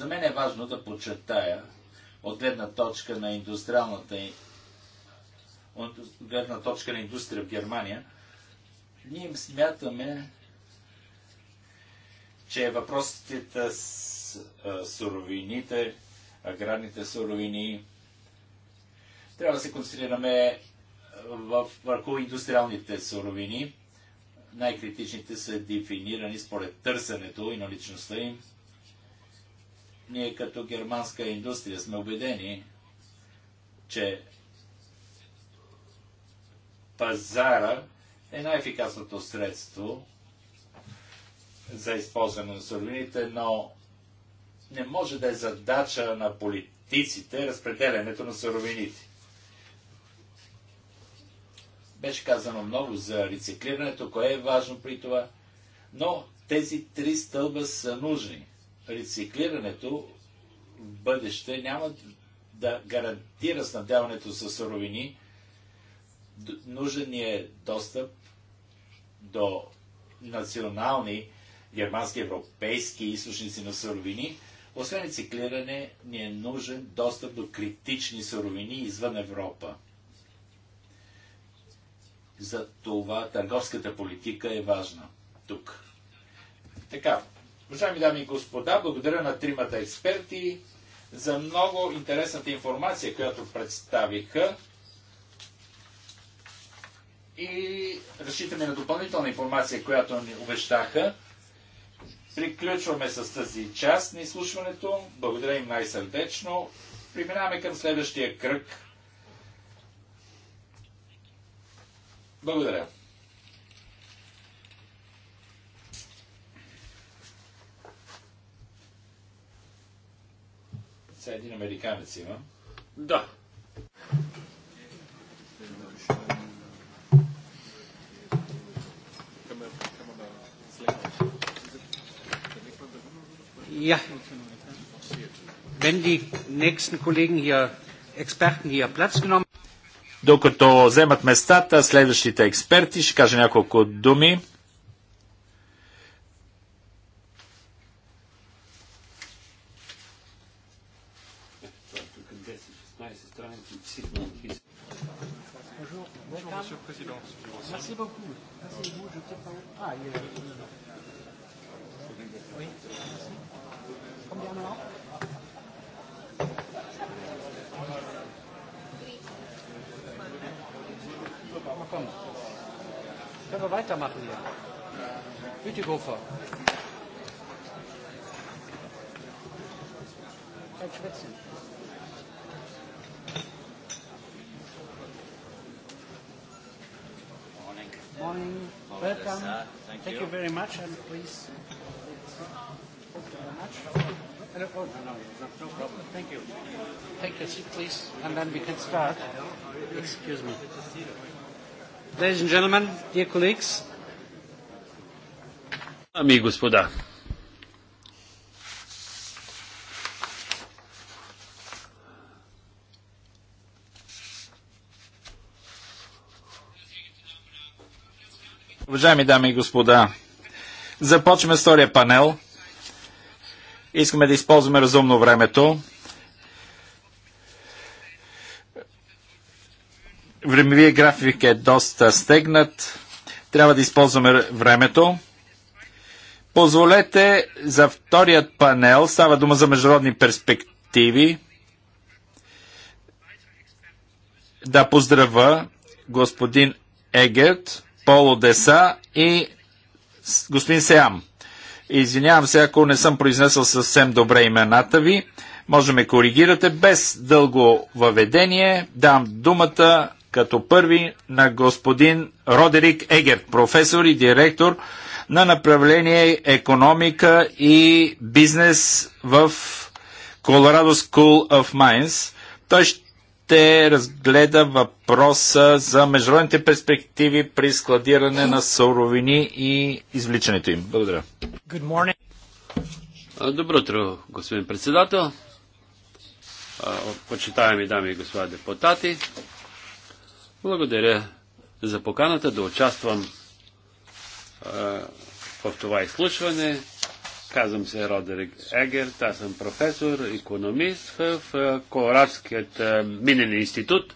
За мен е важно да подчертая от гледна точка на индустриалната от гледна точка на индустрия в Германия, ние им смятаме, че въпросите с суровините, аграрните суровини, трябва да се концентрираме върху индустриалните суровини. Най-критичните са дефинирани според търсенето и наличността им. Ние като германска индустрия сме убедени, че пазара е най-ефикасното средство за използване на суровините, но не може да е задача на политиците разпределянето на суровините. Беше казано много за рециклирането, кое е важно при това, но тези три стълба са нужни рециклирането в бъдеще няма да гарантира снабдяването с суровини. Нужен ни е достъп до национални германски европейски източници на суровини. Освен рециклиране, ни е нужен достъп до критични суровини извън Европа. За това търговската политика е важна тук. Така, Уважаеми дами и господа, благодаря на тримата експерти за много интересната информация, която представиха. И разчитаме на допълнителна информация, която ни обещаха. Приключваме с тази част на изслушването. Благодаря им най-сърдечно. Преминаваме към следващия кръг. Благодаря. лице, един американец има. Да. Ja, wenn die nächsten Kollegen hier, Experten hier Platz genommen Докато вземат местата, следващите експерти ще кажа няколко думи. weitermachen hier. Bütikofer. Morning. Morning. Welcome. Thank, Thank you. you very much and please. no, no, no problem. Thank you. Take a seat, please, and then we can start. Excuse me. Ladies and gentlemen, dear colleagues. Ами и господа. Уважаеми дами и господа, започваме втория панел. Искаме да използваме разумно времето. Времевия график е доста стегнат. Трябва да използваме времето. Позволете за вторият панел, става дума за международни перспективи, да поздравя господин Егерт, Пол Одеса и господин Сеам. Извинявам се, ако не съм произнесъл съвсем добре имената ви. Може ме коригирате без дълго въведение. Дам думата като първи на господин Родерик Егерт, професор и директор на направление економика и бизнес в Colorado School of Mines. Той ще разгледа въпроса за международните перспективи при складиране на суровини и извличането им. Благодаря. Добро утро, господин председател. Почитаеми дами и господа депутати. Благодаря за поканата да участвам а, в това изслушване. Казвам се Родерик Егер, аз съм професор, економист в, Колорадският минен институт.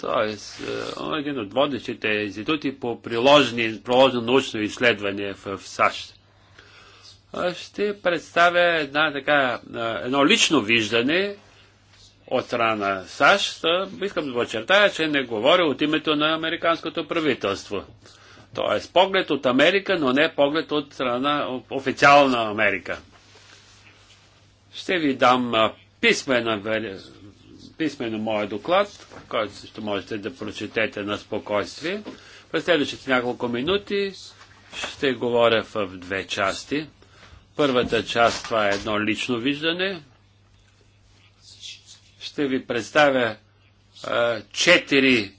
Тоест, е. един от водещите институти по приложени, приложено научно изследване в, в САЩ. Ще представя една, така, едно лично виждане от страна САЩ, искам да подчертая, че не говоря от името на американското правителство. Тоест поглед от Америка, но не поглед от страна официална Америка. Ще ви дам писмено, писмено моят доклад, който ще можете да прочетете на спокойствие. През следващите няколко минути ще говоря в две части. Първата част това е едно лично виждане, ще ви представя а, четири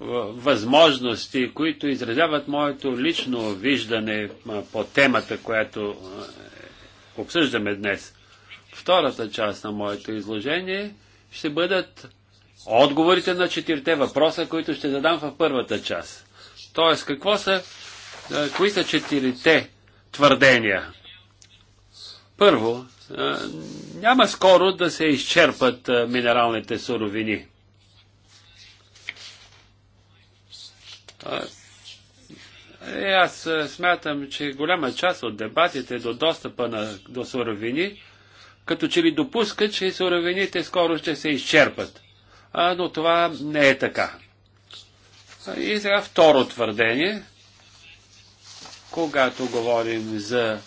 възможности, които изразяват моето лично виждане по темата, която обсъждаме днес. Втората част на моето изложение ще бъдат отговорите на четирите въпроса, които ще задам в първата част. Тоест, какво са, кои са четирите твърдения? Първо, няма скоро да се изчерпат минералните суровини. Е, аз смятам, че голяма част от дебатите до достъпа на, до суровини, като че ли допуска, че суровините скоро ще се изчерпат. А, но това не е така. И сега второ твърдение. Когато говорим за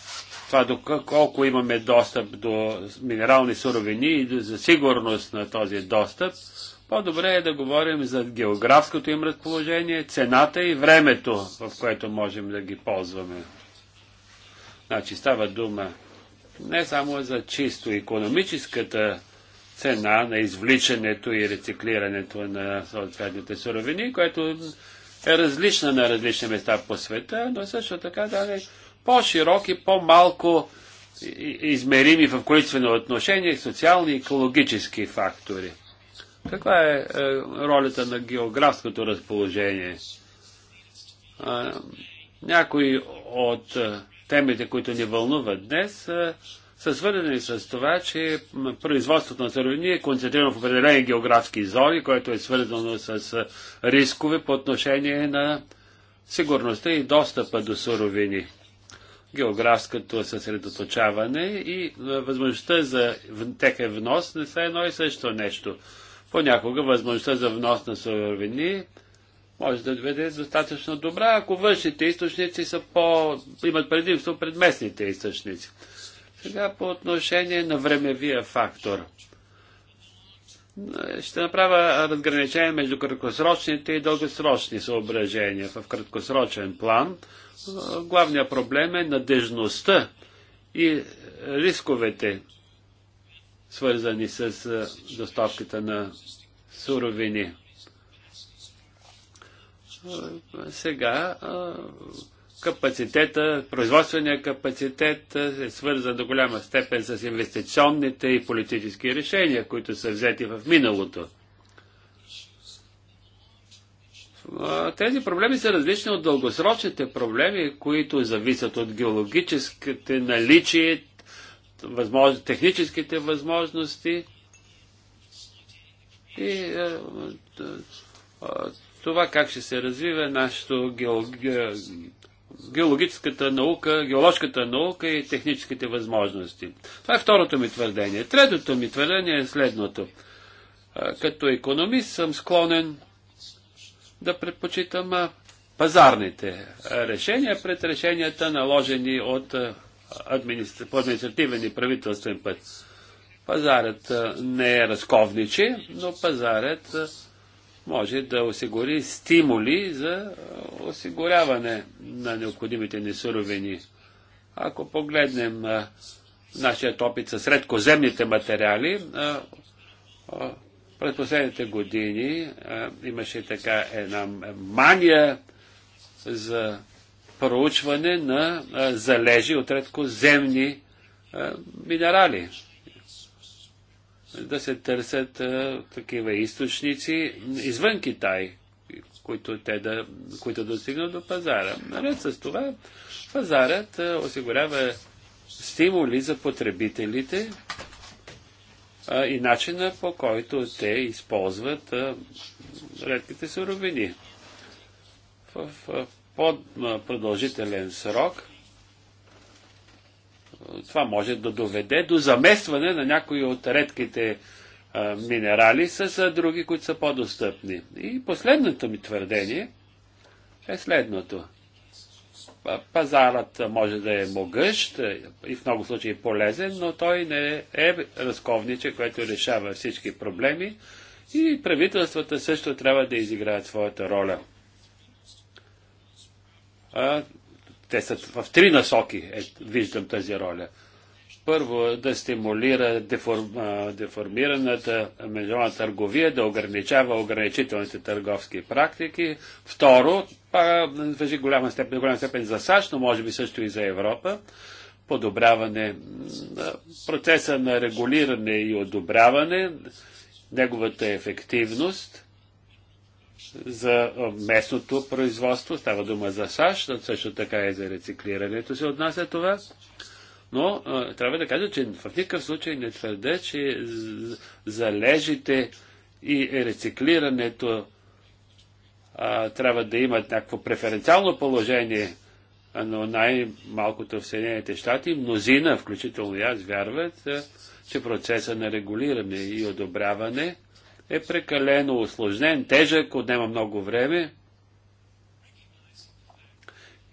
това доколко имаме достъп до минерални суровини и за сигурност на този достъп, по-добре е да говорим за географското им разположение, цената и времето, в което можем да ги ползваме. Значи става дума не само за чисто економическата цена на извличането и рециклирането на съответните суровини, което е различна на различни места по света, но също така дали по-широки, по-малко измерими в количествено отношение социални и екологически фактори. Каква е, е ролята на географското разположение? Е, някои от е, темите, които ни вълнуват днес, са свързани с това, че производството на суровини е концентрирано в определени географски зони, което е свързано с рискове по отношение на сигурността и достъпа до суровини географското съсредоточаване и е, възможността за текен внос не са едно и също нещо. Понякога възможността за внос на суровини може да доведе достатъчно добра, ако външните източници са по... имат предимство пред местните източници. Сега по отношение на времевия фактор. Ще направя разграничение между краткосрочните и дългосрочни съображения. В краткосрочен план – главният проблем е надежността и рисковете, свързани с доставката на суровини. Сега капацитета, производствения капацитет е свързан до голяма степен с инвестиционните и политически решения, които са взети в миналото. Тези проблеми са различни от дългосрочните проблеми, които зависят от геологическите наличие, възмож... техническите възможности. И е, е, е, това как ще се развива нашата геологическата наука, геоложката наука и техническите възможности. Това е второто ми твърдение. Третото ми твърдение е следното. Като економист съм склонен да предпочитам пазарните решения пред решенията, наложени от по административен и правителствен път. Пазарът не е разковничи, но пазарът може да осигури стимули за осигуряване на необходимите ни суровини. Ако погледнем нашия опит с редкоземните материали, през последните години а, имаше така една мания за проучване на а, залежи от земни а, минерали. Да се търсят а, такива източници извън Китай, които, те да, които достигнат до пазара. Наред с това, пазарът а, осигурява стимули за потребителите а, и начина по който те използват а, редките суровини. В, в по-продължителен срок това може да доведе до заместване на някои от редките а, минерали с а, други, които са по-достъпни. И последното ми твърдение е следното – Пазарът може да е могъщ и в много случаи полезен, но той не е разковниче, което решава всички проблеми и правителствата също трябва да изиграят своята роля. А, те са в три насоки, е, виждам тази роля. Първо, да стимулира деформ, а, деформираната международна търговия, да ограничава ограничителните търговски практики. Второ, въжи голяма степен, голяма степен за САЩ, но може би също и за Европа. Подобряване на процеса на регулиране и одобряване, неговата ефективност за местното производство, става дума за САЩ, но също така и за рециклирането се отнася това. Но а, трябва да кажа, че в никакъв случай не твърде, че залежите и рециклирането а, трябва да имат някакво преференциално положение, но най-малкото в Съединените щати, мнозина, включително и аз, вярват, че процеса на регулиране и одобряване е прекалено осложнен, тежък, отнема много време.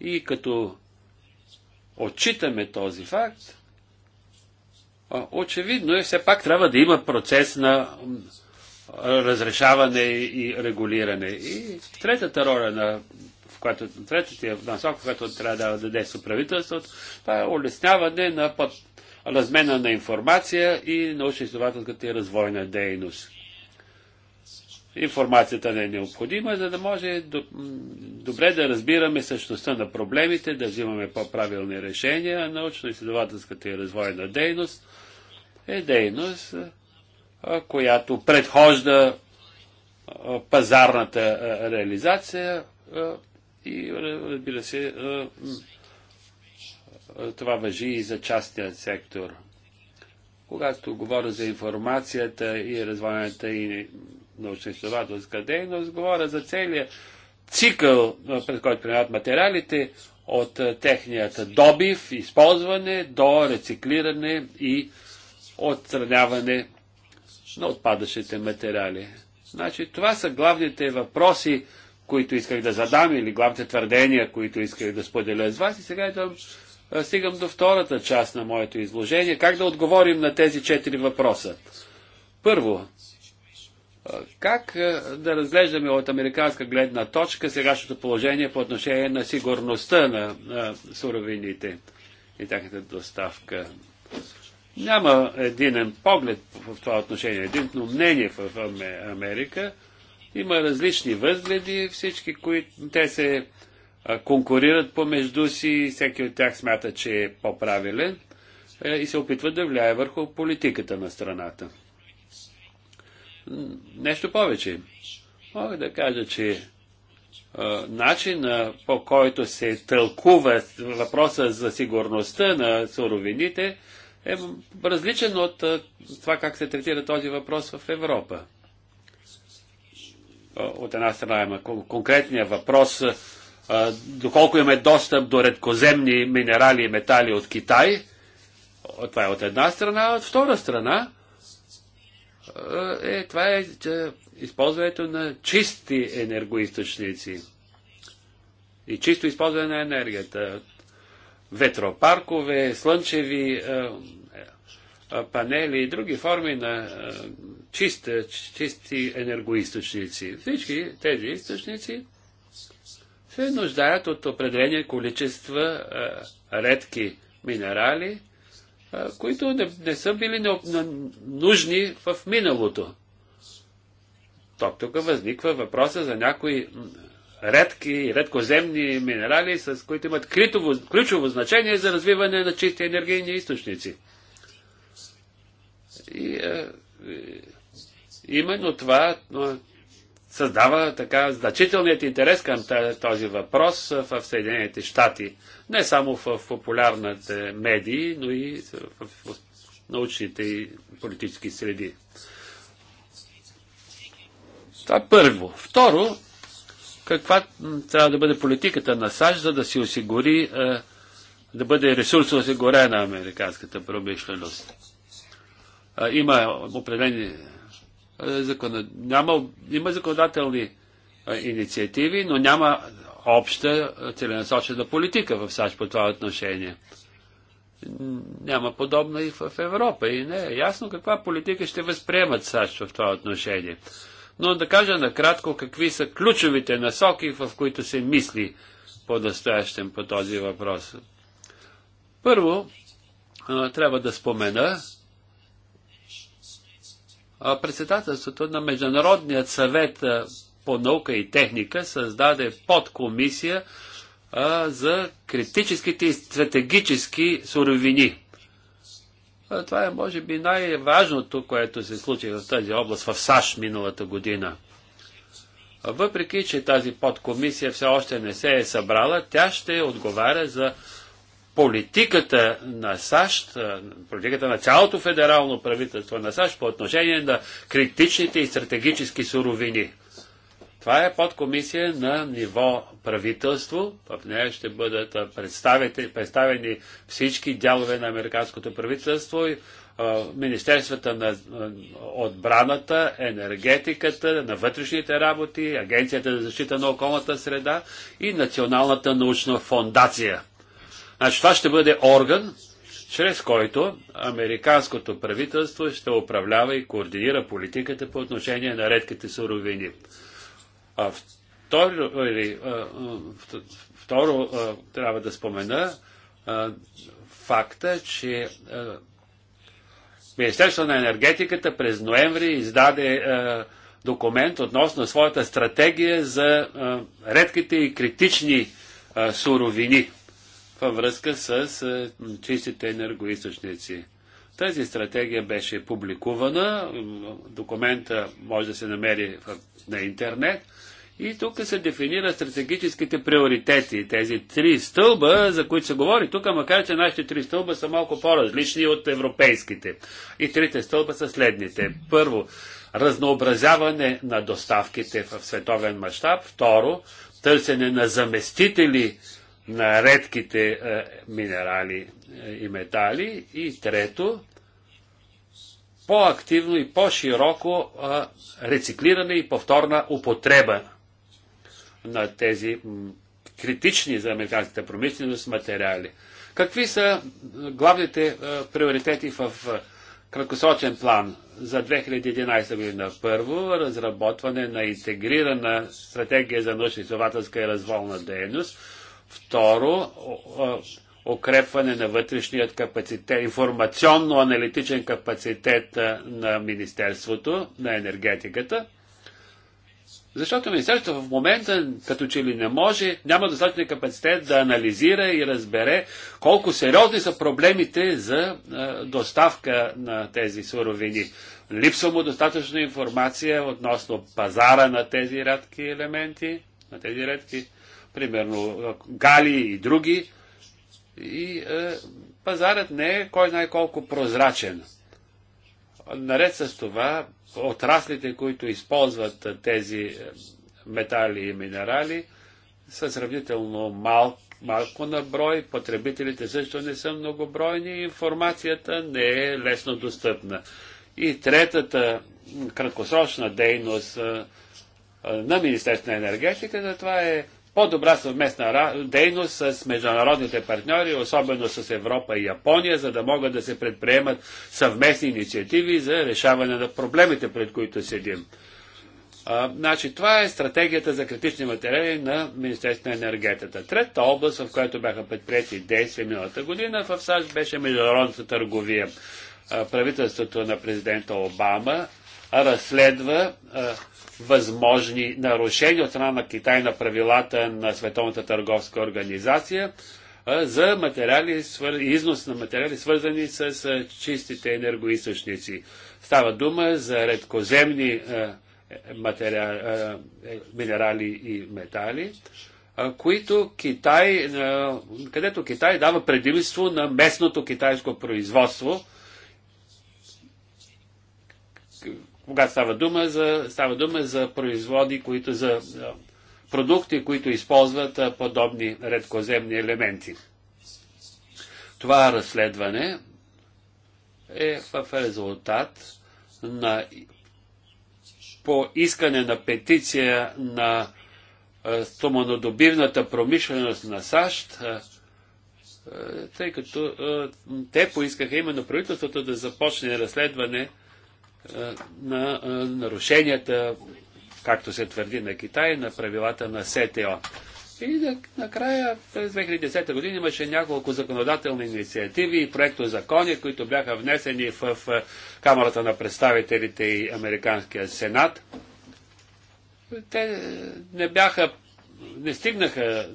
И като отчитаме този факт, очевидно е, все пак трябва да има процес на разрешаване и регулиране. И третата роля, на, в която, третата насока, която трябва да действа правителството, това е улесняване на под, размена на информация и научно-изследователската и развойна дейност. Информацията не е необходима, за да може добре да разбираме същността на проблемите, да взимаме по-правилни решения. Научно-изследователската и развойна дейност е дейност, която предхожда пазарната реализация и разбира се, това въжи и за частния сектор. Когато говоря за информацията и развойната и научно-изследователска дейност, говоря за целият цикъл, през който приемат материалите, от техният добив, използване до рециклиране и отстраняване на отпадащите материали. Значи, това са главните въпроси, които исках да задам или главните твърдения, които исках да споделя с вас. И сега идвам, стигам до втората част на моето изложение. Как да отговорим на тези четири въпроса? Първо, как да разглеждаме от американска гледна точка сегашното положение по отношение на сигурността на, на суровините и тяхната доставка? Няма един поглед в това отношение, единствено мнение в Америка. Има различни възгледи, всички, които те се конкурират помежду си, всеки от тях смята, че е по-правилен е, и се опитва да влияе върху политиката на страната. Нещо повече. Мога да кажа, че начина по който се тълкува въпроса за сигурността на суровините е различен от това как се третира този въпрос в Европа. От една страна има конкретния въпрос доколко имаме достъп до редкоземни минерали и метали от Китай. Това е от една страна. От втора страна е, това е използването на чисти енергоисточници и чисто използване на енергията. Ветропаркове, слънчеви панели и други форми на чиста, чисти енергоисточници. Всички тези източници се нуждаят от определени количества редки минерали, които не, не са били нужни в миналото. Ток тук възниква въпроса за някои редки, редкоземни минерали, с които имат ключово значение за развиване на чисти енергийни източници. Е, и, именно това е, създава така значителният интерес към този въпрос е, в Съединените щати. Не само в популярните медии, но и в научните и политически среди. Това е първо. Второ, каква трябва да бъде политиката на САЩ, за да си осигури, да бъде ресурсно осигурена американската промишленост а, има определени а, закон... няма, има законодателни а, инициативи, но няма обща целенасочена политика в САЩ по това отношение. Няма подобна и в Европа. И не е ясно каква политика ще възприемат САЩ в това отношение. Но да кажа накратко какви са ключовите насоки, в които се мисли по настоящен по този въпрос. Първо, трябва да спомена, председателството на Международният съвет по наука и техника създаде подкомисия за критическите и стратегически суровини. това е, може би, най-важното, което се случи в тази област в САЩ миналата година. въпреки, че тази подкомисия все още не се е събрала, тя ще отговаря за политиката на САЩ, политиката на цялото федерално правителство на САЩ по отношение на критичните и стратегически суровини. Това е подкомисия на ниво правителство. В нея ще бъдат представени всички дялове на американското правителство и Министерствата на отбраната, енергетиката, на вътрешните работи, Агенцията за защита на околната среда и Националната научна фондация. Значи това ще бъде орган, чрез който американското правителство ще управлява и координира политиката по отношение на редките суровини. А второ, или, а, второ а, трябва да спомена а, факта, че Министерството на енергетиката през ноември издаде а, документ относно своята стратегия за а, редките и критични а, суровини във връзка с е, чистите енергоисточници. Тази стратегия беше публикувана, документа може да се намери на интернет и тук се дефинират стратегическите приоритети, тези три стълба, за които се говори тук, макар че нашите три стълба са малко по-различни от европейските. И трите стълба са следните. Първо, разнообразяване на доставките в световен мащаб. Второ, търсене на заместители на редките е, минерали е, и метали. И трето, по-активно и по-широко е, рециклиране и повторна употреба на тези критични за американската промишленост материали. Какви са главните приоритети в а, краткосрочен план за 2011 година? Първо, разработване на интегрирана стратегия за научно-изследователска и разволна дейност – Второ, укрепване на вътрешният капацитет, информационно-аналитичен капацитет на Министерството на енергетиката. Защото Министерството в момента, като че ли не може, няма достатъчен капацитет да анализира и разбере колко сериозни са проблемите за доставка на тези суровини. Липсва му достатъчно информация относно пазара на тези рядки елементи, на тези редки примерно Гали и други. И е, пазарът не е кой знае колко прозрачен. Наред с това, отраслите, които използват тези е, метали и минерали, са сравнително малко, малко на брой, потребителите също не са многобройни, информацията не е лесно достъпна. И третата краткосрочна дейност е, е, на Министерството на енергетиката, това е по-добра съвместна дейност с международните партньори, особено с Европа и Япония, за да могат да се предприемат съвместни инициативи за решаване на проблемите, пред които седим. А, значи, това е стратегията за критични материали на Министерството на енергетиката. Трета област, в която бяха предприяти действия миналата година в САЩ, беше международната търговия. А, правителството на президента Обама разследва а, възможни нарушения от страна на Китай на правилата на Световната търговска организация за материали, износ на материали, свързани с чистите енергоисточници. Става дума за редкоземни материали, е, минерали и метали, които Китай, където Китай дава предимство на местното китайско производство, Когато става дума за, става дума за производи, които за продукти, които използват подобни редкоземни елементи. Това разследване е в резултат на по искане на петиция на стоманодобивната промишленост на САЩ, тъй като те поискаха именно правителството да започне разследване е, на е, нарушенията, както се твърди на Китай, на правилата на СТО. И накрая през 2010 година имаше няколко законодателни инициативи и закони, които бяха внесени в е, Камерата на представителите и Американския сенат. Те не бяха, не стигнаха,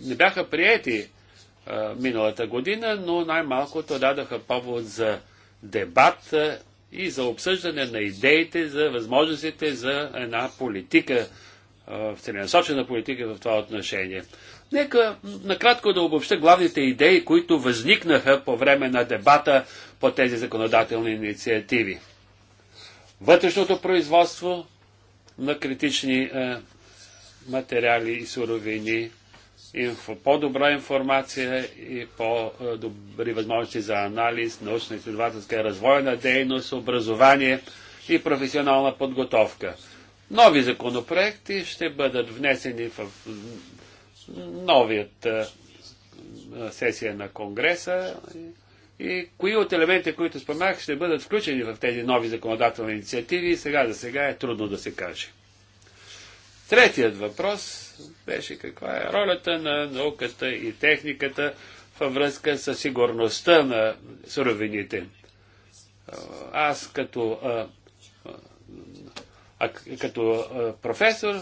не бяха приети миналата година, но най-малкото дадаха повод за дебат и за обсъждане на идеите, за възможностите за една политика, целенасочена политика в това отношение. Нека накратко да обобща главните идеи, които възникнаха по време на дебата по тези законодателни инициативи. Вътрешното производство на критични е, материали и суровини, инфо, по-добра информация и по-добри възможности за анализ, научно-изследователска развойна дейност, образование и професионална подготовка. Нови законопроекти ще бъдат внесени в новият е, сесия на Конгреса и кои от елементите, които споменах, ще бъдат включени в тези нови законодателни инициативи, сега за сега е трудно да се каже. Третият въпрос беше каква е ролята на науката и техниката във връзка с сигурността на суровините. Аз като, а, а, като а, професор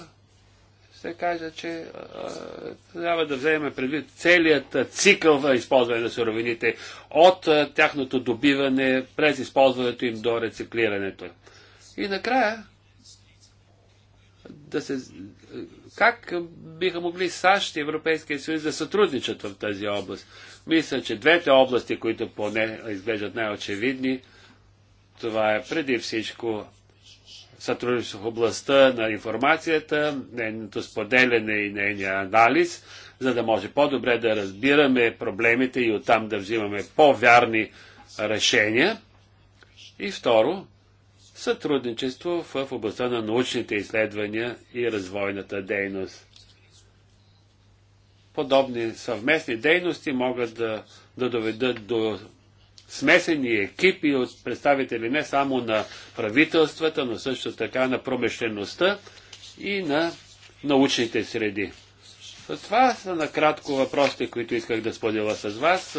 се кажа, че а, трябва да вземем предвид целият цикъл на използване на суровините от а, тяхното добиване през използването им до рециклирането. И накрая да се... Как биха могли САЩ и Европейския съюз да сътрудничат в тази област? Мисля, че двете области, които поне изглеждат най-очевидни, това е преди всичко сътрудничество в областта на информацията, нейното споделяне и нейния анализ, за да може по-добре да разбираме проблемите и оттам да взимаме по-вярни решения. И второ, сътрудничество в областта на научните изследвания и развойната дейност. Подобни съвместни дейности могат да, да доведат до смесени екипи от представители не само на правителствата, но също така на промишлеността и на научните среди. Това са накратко въпросите, които исках да споделя с вас.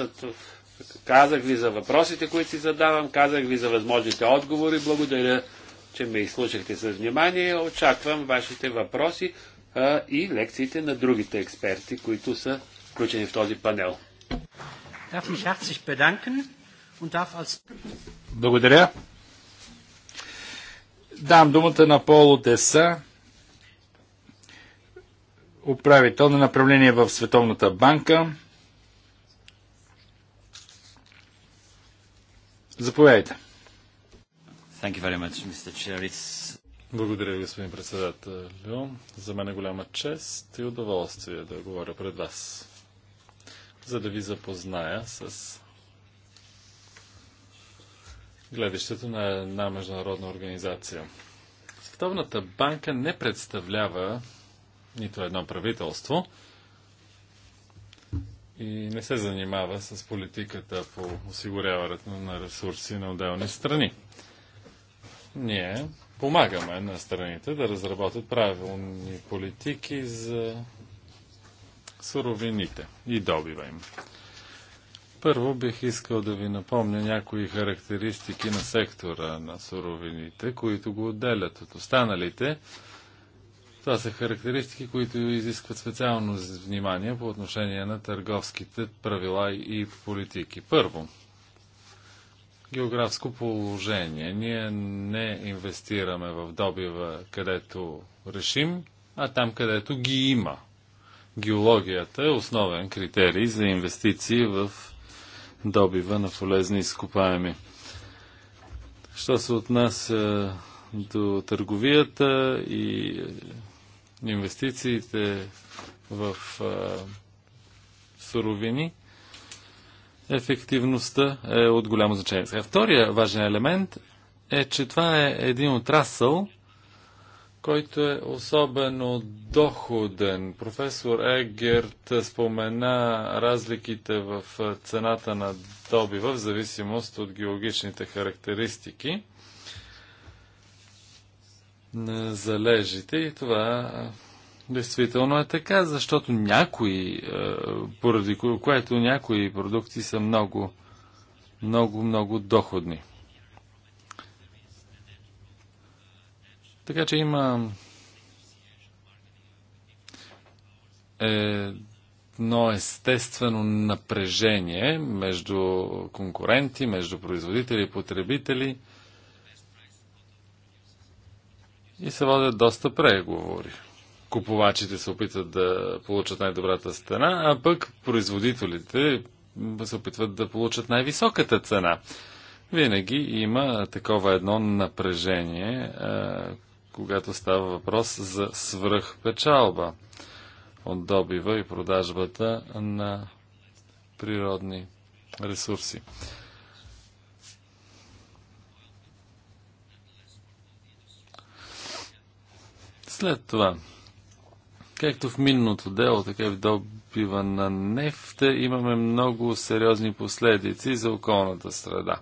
Казах ви за въпросите, които си задавам, казах ви за възможните отговори. Благодаря, че ме изслушахте с внимание. Очаквам вашите въпроси а, и лекциите на другите експерти, които са включени в този панел. Благодаря. Дам думата на Пол Одеса, управител на направление в Световната банка. Заповядайте. Much, Благодаря, господин председател. За мен е голяма чест и удоволствие да говоря пред вас, за да ви запозная с гледащето на една международна организация. Световната банка не представлява нито едно правителство – и не се занимава с политиката по осигуряването на ресурси на отделни страни. Ние помагаме на страните да разработят правилни политики за суровините и добива им. Първо бих искал да ви напомня някои характеристики на сектора на суровините, които го отделят от останалите това са характеристики, които изискват специално внимание по отношение на търговските правила и политики. Първо, географско положение. Ние не инвестираме в добива, където решим, а там, където ги има. Геологията е основен критерий за инвестиции в добива на полезни изкопаеми. Що се отнася до търговията и инвестициите в суровини, ефективността е от голямо значение. Сега, втория важен елемент е, че това е един отрасъл, който е особено доходен. Професор Егерт спомена разликите в цената на доби в зависимост от геологичните характеристики на залежите и това действително е така, защото някои, поради което някои продукти са много, много, много доходни. Така че има е, едно естествено напрежение между конкуренти, между производители и потребители – И се водят доста преговори. Купувачите се опитват да получат най-добрата стена, а пък производителите се опитват да получат най-високата цена. Винаги има такова едно напрежение, когато става въпрос за свръхпечалба от добива и продажбата на природни ресурси. След това, както в минното дело, така и в добива на нефта, имаме много сериозни последици за околната среда.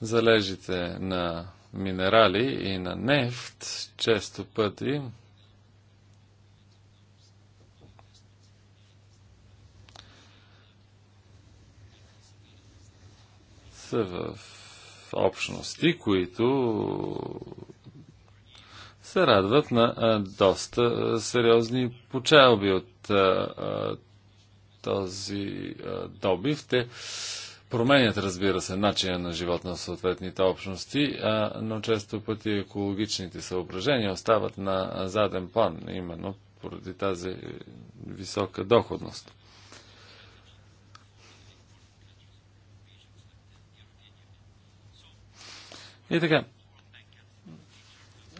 Залежите на минерали и на нефт често пъти са в общности, които се радват на доста сериозни почалби от този добив. Те променят, разбира се, начина на живот на съответните общности, но често пъти екологичните съображения остават на заден план, именно поради тази висока доходност. И така,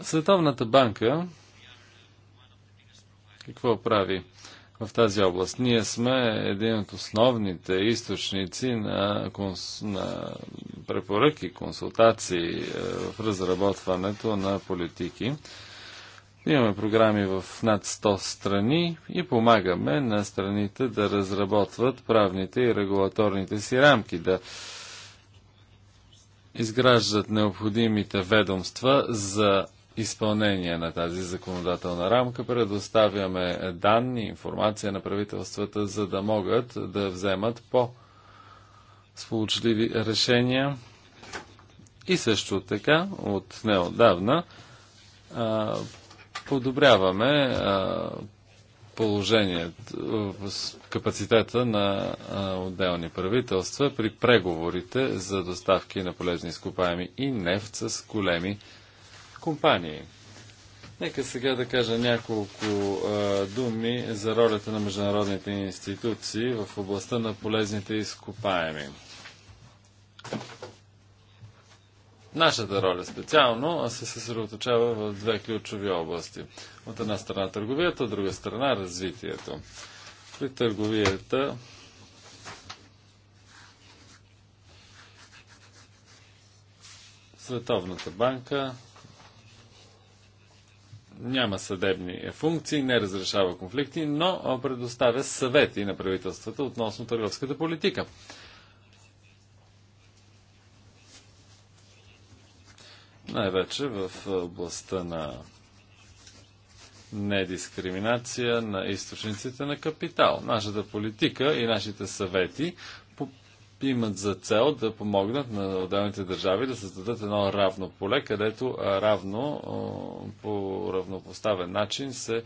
Световната банка какво прави в тази област? Ние сме един от основните източници на, конс... на препоръки, консултации е, в разработването на политики. Имаме програми в над 100 страни и помагаме на страните да разработват правните и регулаторните си рамки, да изграждат необходимите ведомства за изпълнение на тази законодателна рамка предоставяме данни, информация на правителствата, за да могат да вземат по сполучливи решения. И също така, от неодавна, подобряваме положението, капацитета на отделни правителства при преговорите за доставки на полезни изкопаеми и нефт с големи компании. Нека сега да кажа няколко а, думи за ролята на международните институции в областта на полезните изкопаеми. Нашата роля специално се съсредоточава в две ключови области. От една страна търговията, от друга страна развитието. При търговията Световната банка няма съдебни функции, не разрешава конфликти, но предоставя съвети на правителствата относно търговската политика. Най-вече в областта на недискриминация на източниците на капитал. Нашата политика и нашите съвети имат за цел да помогнат на отделните държави да създадат едно равно поле, където равно, по равнопоставен начин се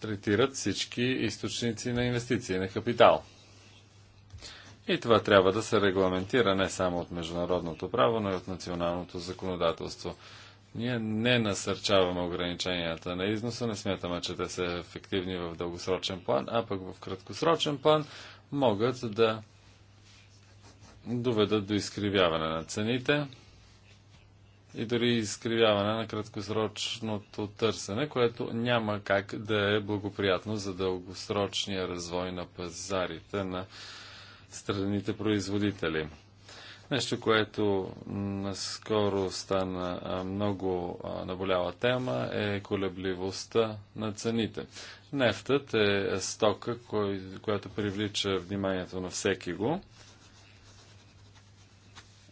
третират всички източници на инвестиции, на капитал. И това трябва да се регламентира не само от международното право, но и от националното законодателство. Ние не насърчаваме ограниченията на износа, не смятаме, че те са ефективни в дългосрочен план, а пък в краткосрочен план могат да доведат до изкривяване на цените и дори изкривяване на краткосрочното търсене, което няма как да е благоприятно за дългосрочния развой на пазарите на страните производители. Нещо, което наскоро стана много наболява тема е колебливостта на цените. Нефтът е стока, която привлича вниманието на всеки го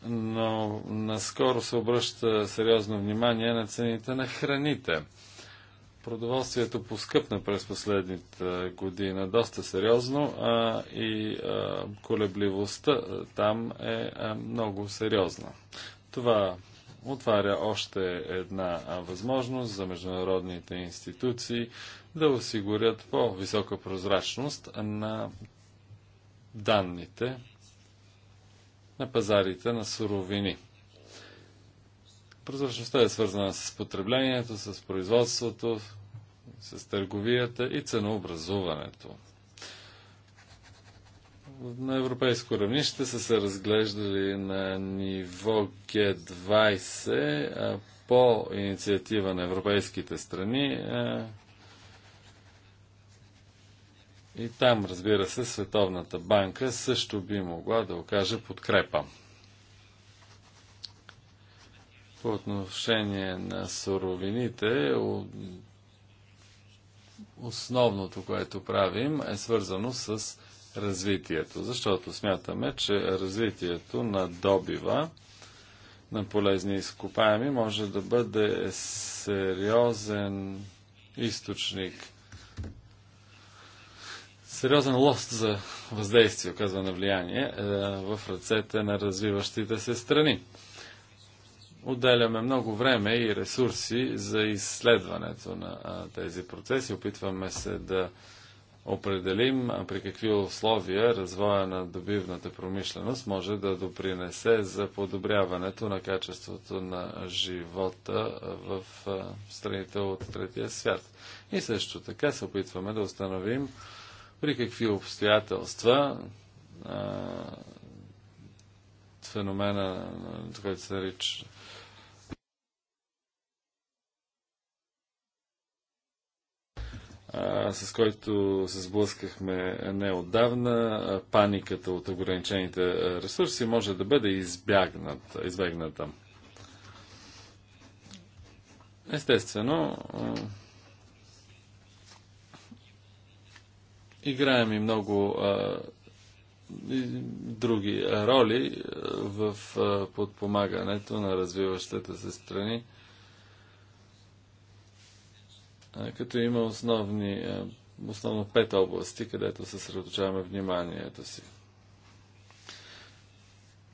но наскоро се обръща сериозно внимание на цените на храните. Продоволствието поскъпна през последните година доста сериозно а, и а, колебливостта там е а, много сериозна. Това отваря още една възможност за международните институции да осигурят по-висока прозрачност на данните на пазарите на суровини. Прозрачността е свързана с потреблението, с производството, с търговията и ценообразуването. На европейско равнище са се разглеждали на ниво Г20 по инициатива на европейските страни и там, разбира се, Световната банка също би могла да окаже подкрепа. По отношение на суровините, основното, което правим, е свързано с развитието, защото смятаме, че развитието на добива на полезни изкопаеми може да бъде сериозен източник сериозен лост за въздействие, оказва на влияние е, в ръцете на развиващите се страни. Отделяме много време и ресурси за изследването на тези процеси. Опитваме се да определим при какви условия развоя на добивната промишленост може да допринесе за подобряването на качеството на живота в страните от третия свят. И също така се опитваме да установим при какви обстоятелства а, феномена, който се нарича с който се сблъскахме неотдавна, паниката от ограничените ресурси може да бъде избягната, избегната. Естествено, Играем и много а, и други роли в а, подпомагането на развиващите се страни, а, като има основни, а, основно пет области, където съсредоточаваме вниманието си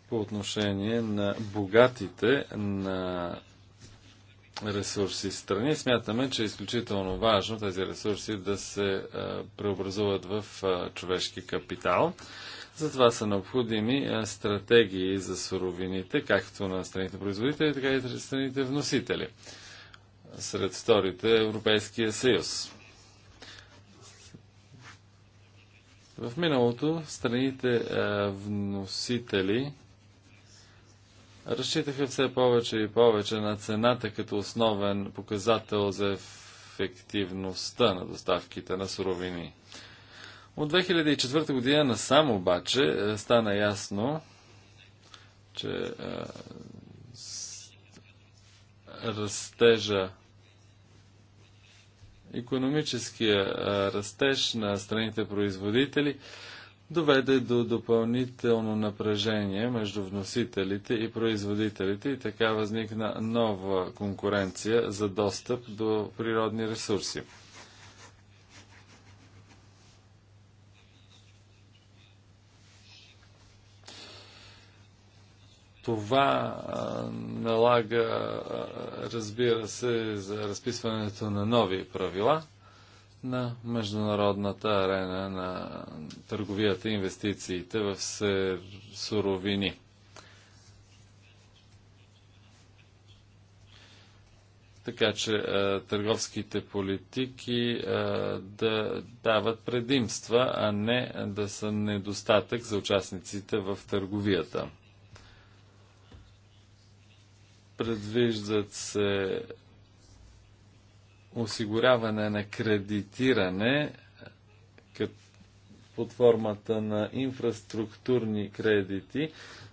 по отношение на богатите, на ресурси страни. Смятаме, че е изключително важно тези ресурси да се преобразуват в човешки капитал. Затова са необходими стратегии за суровините, както на страните производители, така и на страните вносители. Сред вторите Европейския съюз. В миналото страните вносители разчитаха все повече и повече на цената като основен показател за ефективността на доставките на суровини. От 2004 година насам обаче е, стана ясно, че е, растежа економическия е, растеж на страните производители доведе до допълнително напрежение между вносителите и производителите и така възникна нова конкуренция за достъп до природни ресурси. това налага, разбира се, за разписването на нови правила – на международната арена на търговията и инвестициите в суровини. така че търговските политики да дават предимства, а не да са недостатък за участниците в търговията. Предвиждат се осигуряване на кредитиране под формата на инфраструктурни кредити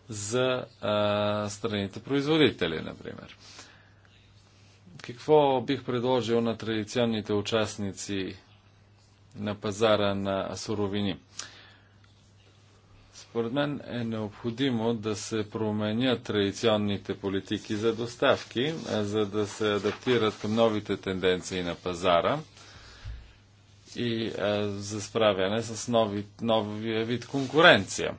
за а, страните производители, например. Какво бих предложил на традиционните участници на пазара на суровини? Според мен е необходимо да се променят традиционните политики за доставки, е, за да се адаптират към новите тенденции на пазара и е, за справяне с нови, новия вид конкуренция.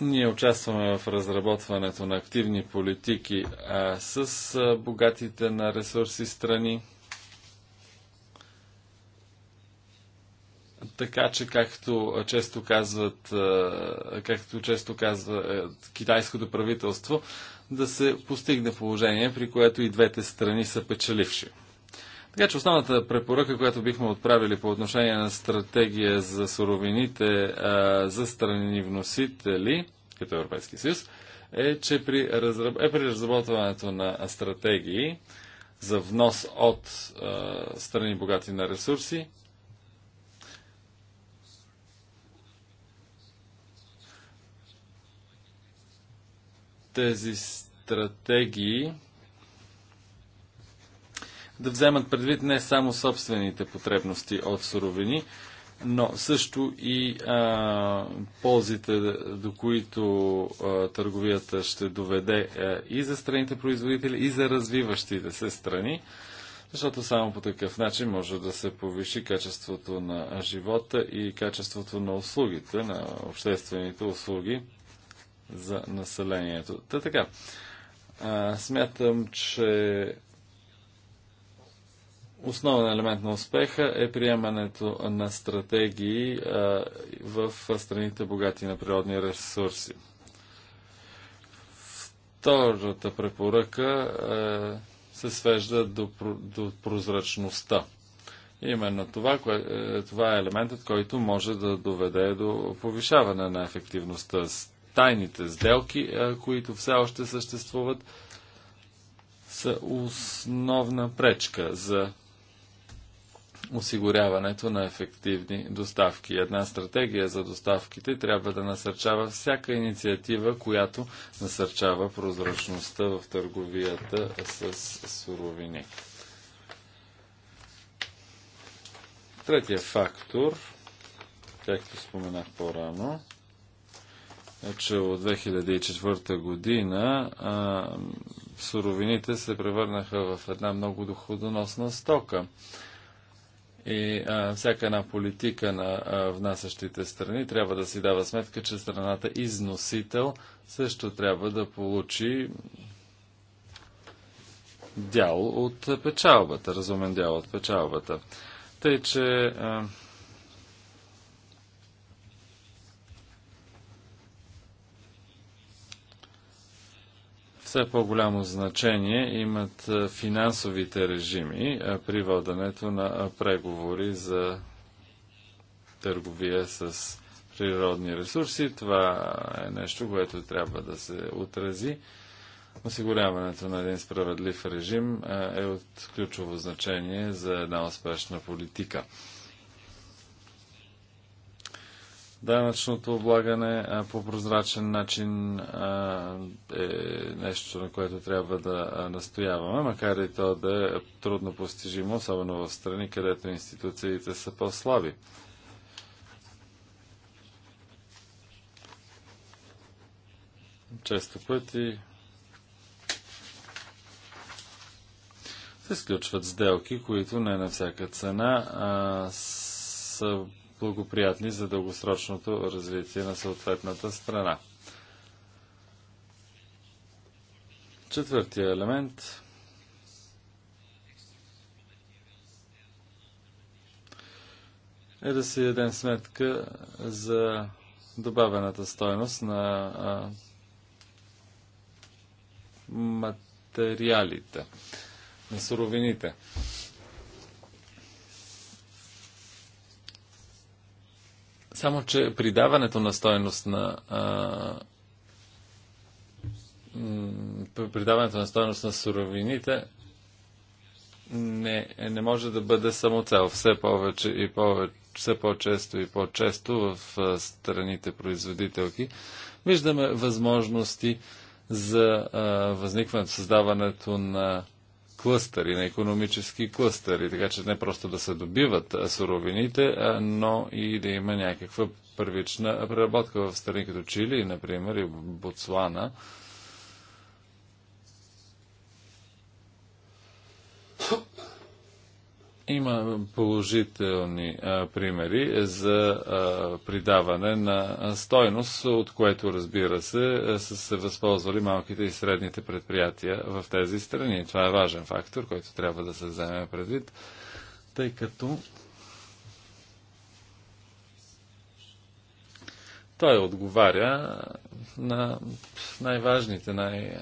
Ние участваме в разработването на активни политики а, е, с а, богатите на ресурси страни. Така че, както често казват, както често казва е, китайското правителство, да се постигне положение, при което и двете страни са печеливши. Така че основната препоръка, която бихме отправили по отношение на стратегия за суровините за страни вносители, като Европейски съюз, е, че при, разработ... е при разработването на стратегии за внос от страни богати на ресурси, тези стратегии да вземат предвид не само собствените потребности от суровини, но също и а, ползите, до които а, търговията ще доведе а, и за страните производители, и за развиващите се страни, защото само по такъв начин може да се повиши качеството на живота и качеството на услугите, на обществените услуги за населението. Та така, а, смятам, че основен елемент на успеха е приемането на стратегии а, в страните богати на природни ресурси. Втората препоръка а, се свежда до, до прозрачността. Именно това, кое, е, това е елементът, който може да доведе до повишаване на ефективността тайните сделки, които все още съществуват, са основна пречка за осигуряването на ефективни доставки. Една стратегия за доставките трябва да насърчава всяка инициатива, която насърчава прозрачността в търговията с суровини. Третия фактор, както споменах по-рано, че от 2004 година а, суровините се превърнаха в една много доходоносна стока. И а, всяка една политика на а, внасящите страни трябва да си дава сметка, че страната износител също трябва да получи дял от печалбата, разумен дял от печалбата. Тъй, че а, Все по-голямо значение имат финансовите режими при воденето на преговори за търговия с природни ресурси. Това е нещо, което трябва да се отрази. Осигуряването на един справедлив режим е от ключово значение за една успешна политика. Данъчното облагане по прозрачен начин е нещо, на което трябва да настояваме, макар и то да е трудно постижимо, особено в страни, където институциите са по-слаби. Често пъти се сключват сделки, които не на всяка цена а, са благоприятни за дългосрочното развитие на съответната страна. Четвъртия елемент е да си дадем сметка за добавената стойност на материалите, на суровините. Само, че придаването на стоеност на а, придаването на стоеност на суровините не, не може да бъде само цел. Все повече и повече, все по-често и по-често в страните производителки виждаме възможности за а, възникването, създаването на клъстъри, на економически клъстъри, така че не просто да се добиват суровините, но и да има някаква първична преработка в страни като Чили, например, и Ботсуана. Има положителни а, примери за а, придаване на стойност, от което, разбира се, са се възползвали малките и средните предприятия в тези страни. Това е важен фактор, който трябва да се вземе предвид, тъй като той отговаря на най-важните, най-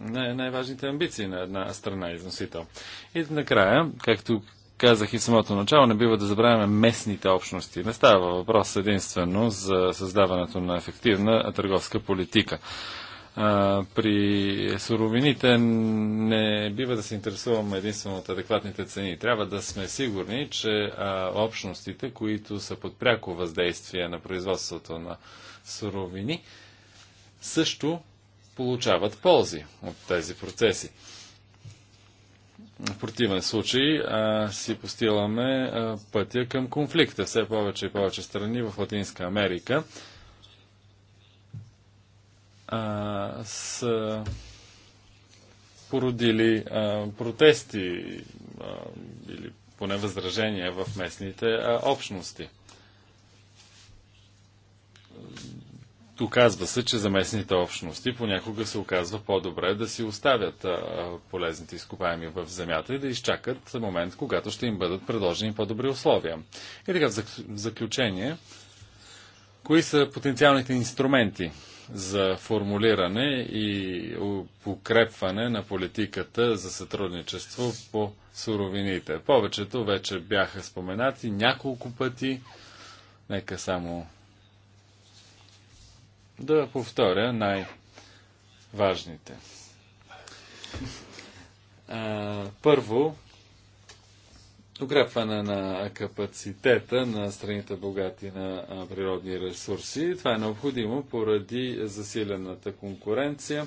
най- най-важните амбиции на една страна износител. И накрая, както казах и в самото начало, не бива да забравяме местните общности. Не става въпрос единствено за създаването на ефективна търговска политика. А, при суровините не бива да се интересуваме единствено от адекватните цени. Трябва да сме сигурни, че а, общностите, които са под пряко въздействие на производството на суровини, също получават ползи от тези процеси. В противен случай а, си постиламе а, пътя към конфликта. Все повече и повече страни в Латинска Америка а, са породили а, протести а, или поне възражения в местните а, общности Оказва се, че за местните общности понякога се оказва по-добре да си оставят а, полезните изкопаеми в земята и да изчакат момент, когато ще им бъдат предложени по-добри условия. И така, в заключение, кои са потенциалните инструменти за формулиране и укрепване на политиката за сътрудничество по суровините? Повечето вече бяха споменати няколко пъти. Нека само да повторя най-важните. Първо, укрепване на капацитета на страните богати на природни ресурси. Това е необходимо поради засилената конкуренция.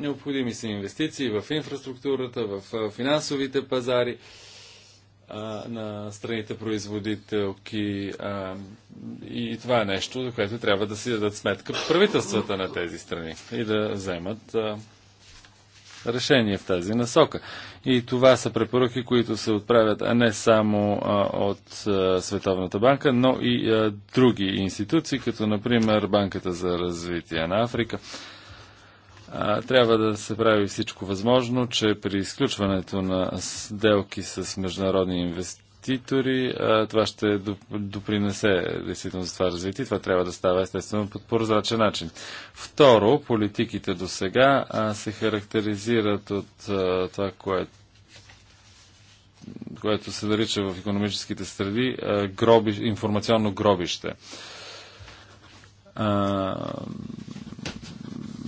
Необходими са инвестиции в инфраструктурата, в финансовите пазари на страните производителки. и това е нещо, за което трябва да си дадат сметка правителствата на тези страни и да вземат решение в тази насока. И това са препоръки, които се отправят не само от Световната банка, но и други институции, като например Банката за развитие на Африка трябва да се прави всичко възможно, че при изключването на сделки с международни инвеститори, това ще допринесе действително за това развитие. Това трябва да става естествено под прозрачен начин. Второ, политиките до сега се характеризират от това, което което се нарича в економическите среди гроби, информационно гробище. А,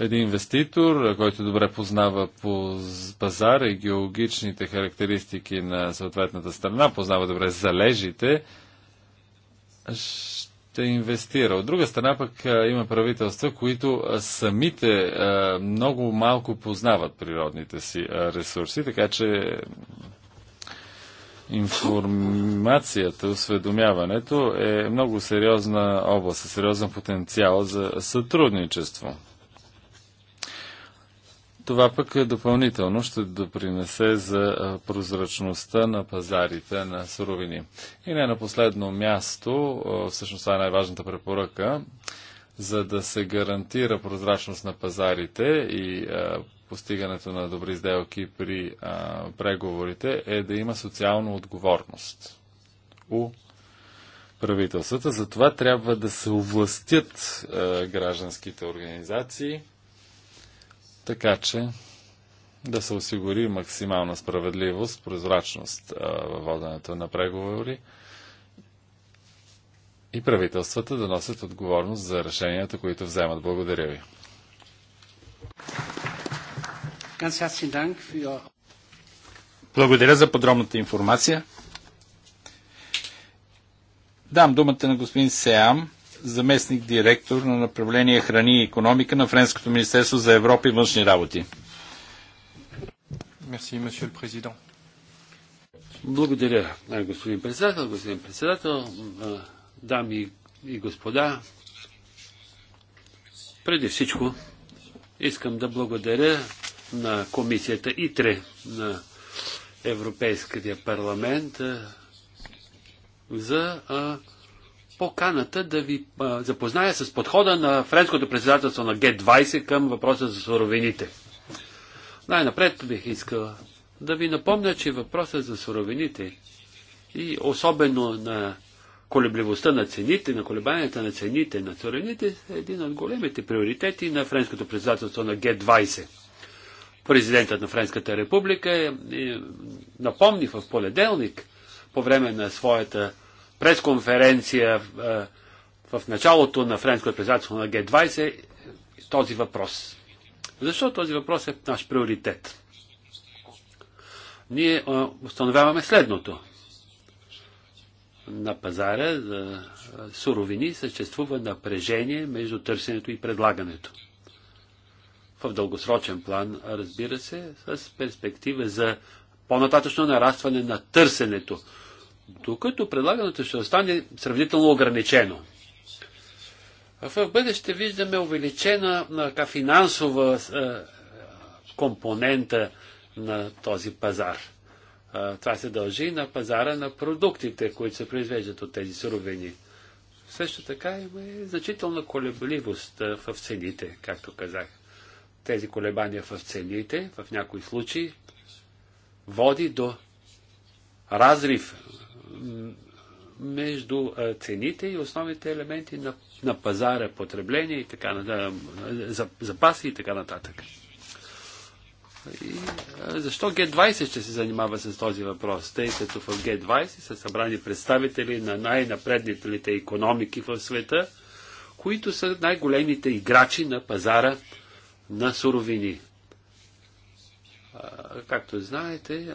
един инвеститор, който добре познава по пазара и геологичните характеристики на съответната страна, познава добре залежите, ще инвестира. От друга страна пък има правителства, които самите много малко познават природните си ресурси, така че информацията, осведомяването е много сериозна област, сериозен потенциал за сътрудничество. Това пък е допълнително ще допринесе за прозрачността на пазарите на суровини. И не на последно място, всъщност това е най-важната препоръка, за да се гарантира прозрачност на пазарите и постигането на добри сделки при преговорите, е да има социална отговорност у правителствата. Затова трябва да се овластят гражданските организации – така че да се осигури максимална справедливост, прозрачност във воденето на преговори и правителствата да носят отговорност за решенията, които вземат. Благодаря ви. Благодаря за подробната информация. Дам думата на господин Сеам заместник директор на направление храни и економика на Френското министерство за Европа и външни работи. Мерси, месье президент. Благодаря, господин председател, господин председател, дами и господа. Преди всичко искам да благодаря на комисията ИТРЕ на Европейския парламент за поканата да ви запозная с подхода на френското председателство на Г-20 към въпроса за суровините. Най-напред бих искал да ви напомня, че въпросът за суровините и особено на колебливостта на цените, на колебанията на цените на суровините е един от големите приоритети на френското председателство на Г-20. Президентът на Френската република е, е, напомни в понеделник по време на своята пресконференция е, в началото на френското председателство на Г-20 този въпрос. Защо този въпрос е наш приоритет? Ние е, установяваме следното. На пазара за е, суровини съществува напрежение между търсенето и предлагането. В дългосрочен план, разбира се, с перспектива за по-нататъчно нарастване на търсенето докато предлагането ще остане сравнително ограничено. В бъдеще виждаме увеличена на финансова компонента на този пазар. Това се дължи на пазара на продуктите, които се произвеждат от тези суровини. Също така има и значителна колебливост в цените, както казах. Тези колебания в цените в някои случаи води до разрив между цените и основните елементи на, на пазара, потребление и така нататък, запаси и така нататък. И, защо Г20 ще се занимава с този въпрос? Тъй като в Г20 са събрани представители на най-напреднителите економики в света, които са най-големите играчи на пазара на суровини. Както знаете,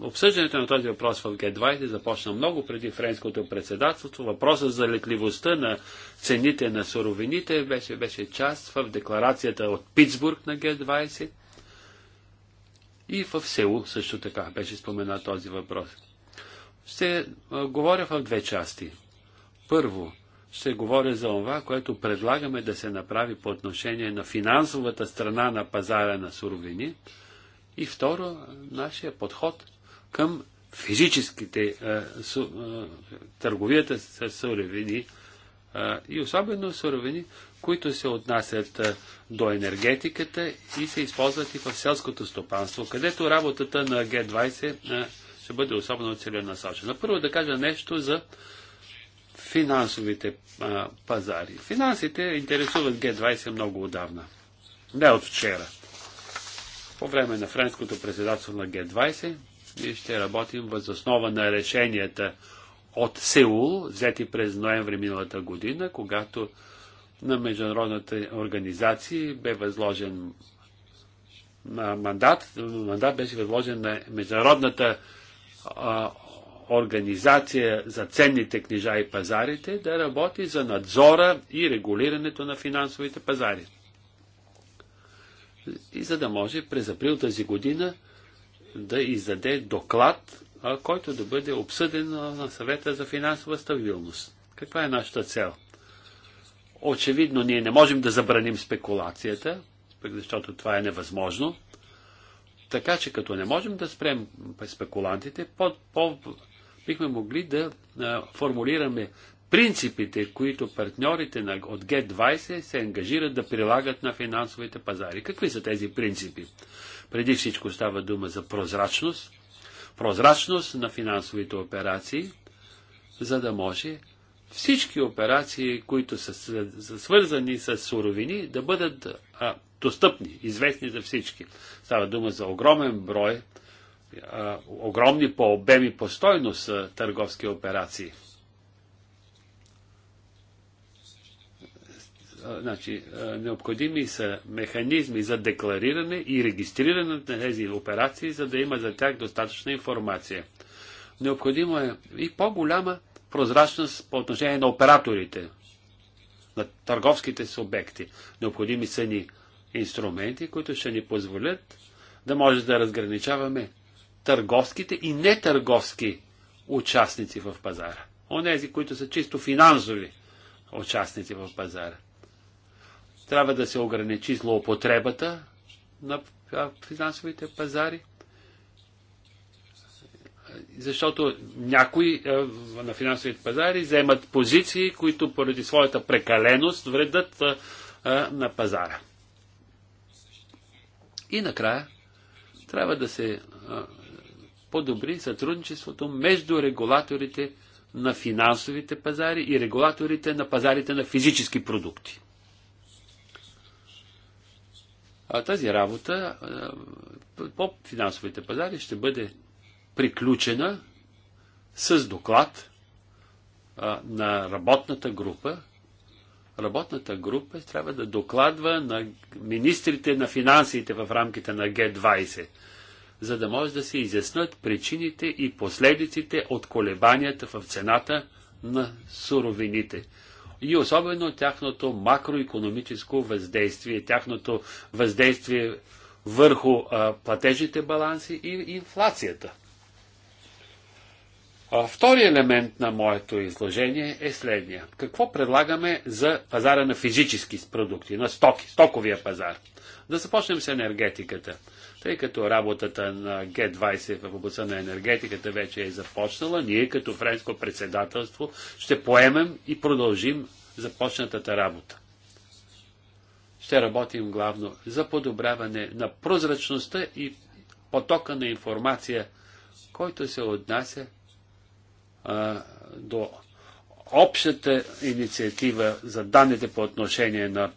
обсъждането на този въпрос в Г20 започна много преди френското председателство. Въпросът за лекливостта на цените на суровините беше, беше част в декларацията от Питсбург на Г20 и в Сеул също така беше споменат този въпрос. Ще говоря в две части. Първо, ще говоря за това, което предлагаме да се направи по отношение на финансовата страна на пазара на суровини – и второ, нашия подход към физическите а, е, су, а, е, търговията с суровини а, е, и особено суровини, които се отнасят а, до енергетиката и се използват и в селското стопанство, където работата на Г20 а, ще бъде особено целенасочена. Първо да кажа нещо за финансовите а, пазари. Финансите интересуват Г20 много отдавна. Не от вчера. По време на френското председателство на Г-20 ние ще работим въз основа на решенията от Сеул, взети през ноември миналата година, когато на международната организация бе възложен на мандат. Мандат беше възложен на международната а, организация за ценните книжа и пазарите да работи за надзора и регулирането на финансовите пазари и за да може през април тази година да издаде доклад, който да бъде обсъден на съвета за финансова стабилност. Каква е нашата цел? Очевидно, ние не можем да забраним спекулацията, защото това е невъзможно. Така че, като не можем да спрем спекулантите, по, по, бихме могли да а, формулираме принципите, които партньорите на, от Г20 се ангажират да прилагат на финансовите пазари. Какви са тези принципи? Преди всичко става дума за прозрачност, прозрачност на финансовите операции, за да може всички операции, които са, са свързани с суровини, да бъдат а, достъпни, известни за всички. Става дума за огромен брой, а, огромни по обеми, по стойност търговски операции – значи, необходими са механизми за деклариране и регистриране на тези операции, за да има за тях достатъчна информация. Необходимо е и по-голяма прозрачност по отношение на операторите, на търговските субекти. Необходими са ни инструменти, които ще ни позволят да може да разграничаваме търговските и нетърговски участници в пазара. Онези, които са чисто финансови участници в пазара. Трябва да се ограничи злоупотребата на финансовите пазари, защото някои на финансовите пазари вземат позиции, които поради своята прекаленост вредят на пазара. И накрая трябва да се подобри сътрудничеството между регулаторите на финансовите пазари и регулаторите на пазарите на физически продукти. А тази работа по финансовите пазари ще бъде приключена с доклад на работната група. Работната група трябва да докладва на министрите на финансите в рамките на Г-20, за да може да се изяснат причините и последиците от колебанията в цената на суровините и особено тяхното макроекономическо въздействие, тяхното въздействие върху а, платежите баланси и инфлацията. Втори елемент на моето изложение е следния. Какво предлагаме за пазара на физически продукти, на стоки, стоковия пазар? Да започнем с енергетиката. Тъй като работата на Г-20 в областта на енергетиката вече е започнала, ние като френско председателство ще поемем и продължим започнатата работа. Ще работим главно за подобряване на прозрачността и потока на информация, който се отнася а, до общата инициатива за данните по отношение на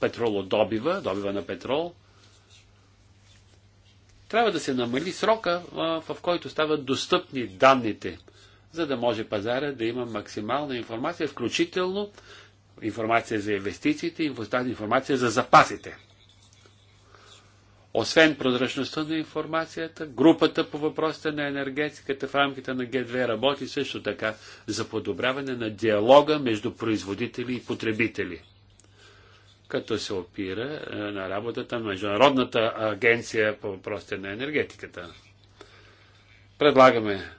петролодобива, добива на петрол, трябва да се намали срока, в който стават достъпни данните, за да може пазара да има максимална информация, включително информация за инвестициите и информация за запасите. Освен прозрачността на информацията, групата по въпросите на енергетиката в рамките на Г2 работи също така за подобряване на диалога между производители и потребители като се опира е, на работата на Международната агенция по въпросите на енергетиката. Предлагаме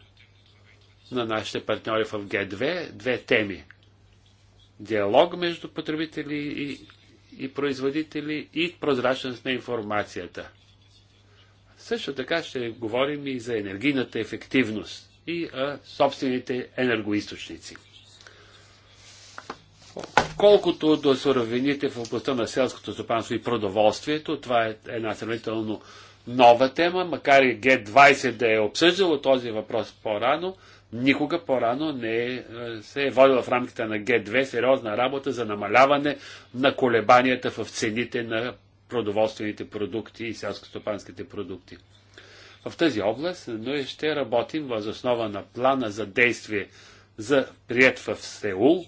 на нашите партньори в Г2 две теми. Диалог между потребители и и производители и прозрачност на информацията. Също така ще говорим и за енергийната ефективност и а, собствените енергоисточници. Колкото до суровините в областта на селското стопанство и продоволствието, това е една сравнително нова тема, макар и Г20 да е обсъждало този въпрос по-рано, Никога по-рано не е, е, се е водила в рамките на Г2 сериозна работа за намаляване на колебанията в цените на продоволствените продукти и селскостопанските продукти. В тази област ние ще работим въз основа на плана за действие за прият в Сеул,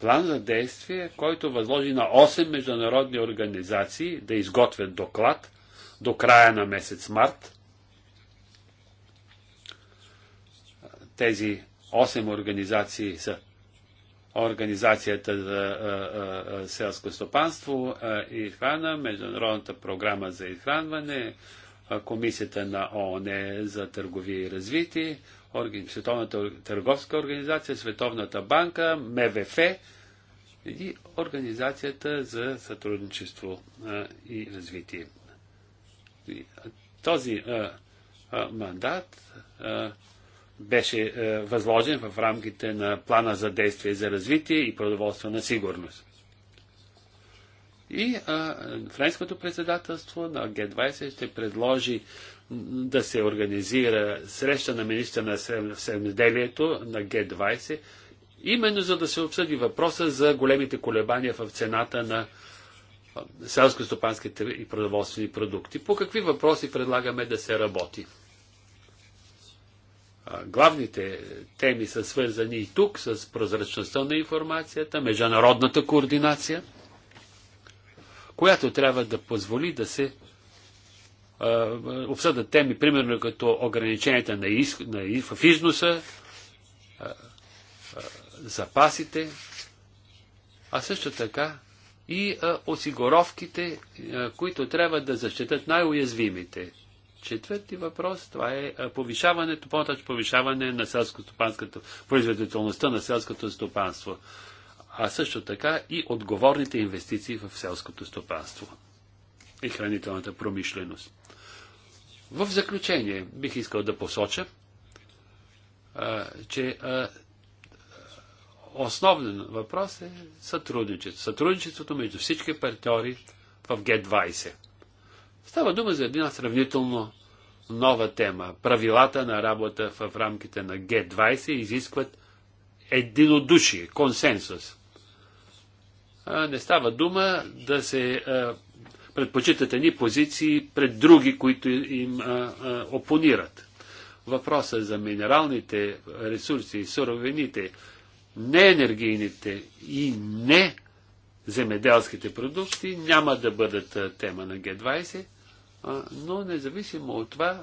план за действие, който възложи на 8 международни организации да изготвят доклад до края на месец март тези 8 организации са Организацията за селско стопанство и храна, Международната програма за изхранване, Комисията на ООН за търговия и развитие, Световната търговска организация, Световната банка, МВФ и Организацията за сътрудничество и развитие. Този мандат беше е, възложен в рамките на плана за действие за развитие и продоволство на сигурност. И а, е, френското председателство на Г-20 ще предложи да се организира среща на министра на земеделието на Г-20, именно за да се обсъди въпроса за големите колебания в цената на е, селско-стопанските и продоволствени продукти. По какви въпроси предлагаме да се работи? главните теми са свързани и тук с прозрачността на информацията, международната координация, която трябва да позволи да се обсъдат теми, примерно като ограниченията на, из, на в износа, запасите, а също така и осигуровките, които трябва да защитат най-уязвимите – Четвърти въпрос, това е повишаването, по-нататък повишаване на селско-стопанското, производителността на селското стопанство, а също така и отговорните инвестиции в селското стопанство и хранителната промишленост. В заключение бих искал да посоча, че основен въпрос е сътрудничеството. Сътрудничеството между всички партньори в Г20. Става дума за една сравнително нова тема. Правилата на работа в рамките на Г20 изискват единодушие, консенсус. Не става дума да се предпочитат едни позиции пред други, които им опонират. Въпросът за минералните ресурси и суровините, не енергийните и не земеделските продукти няма да бъдат тема на Г20, но независимо от това,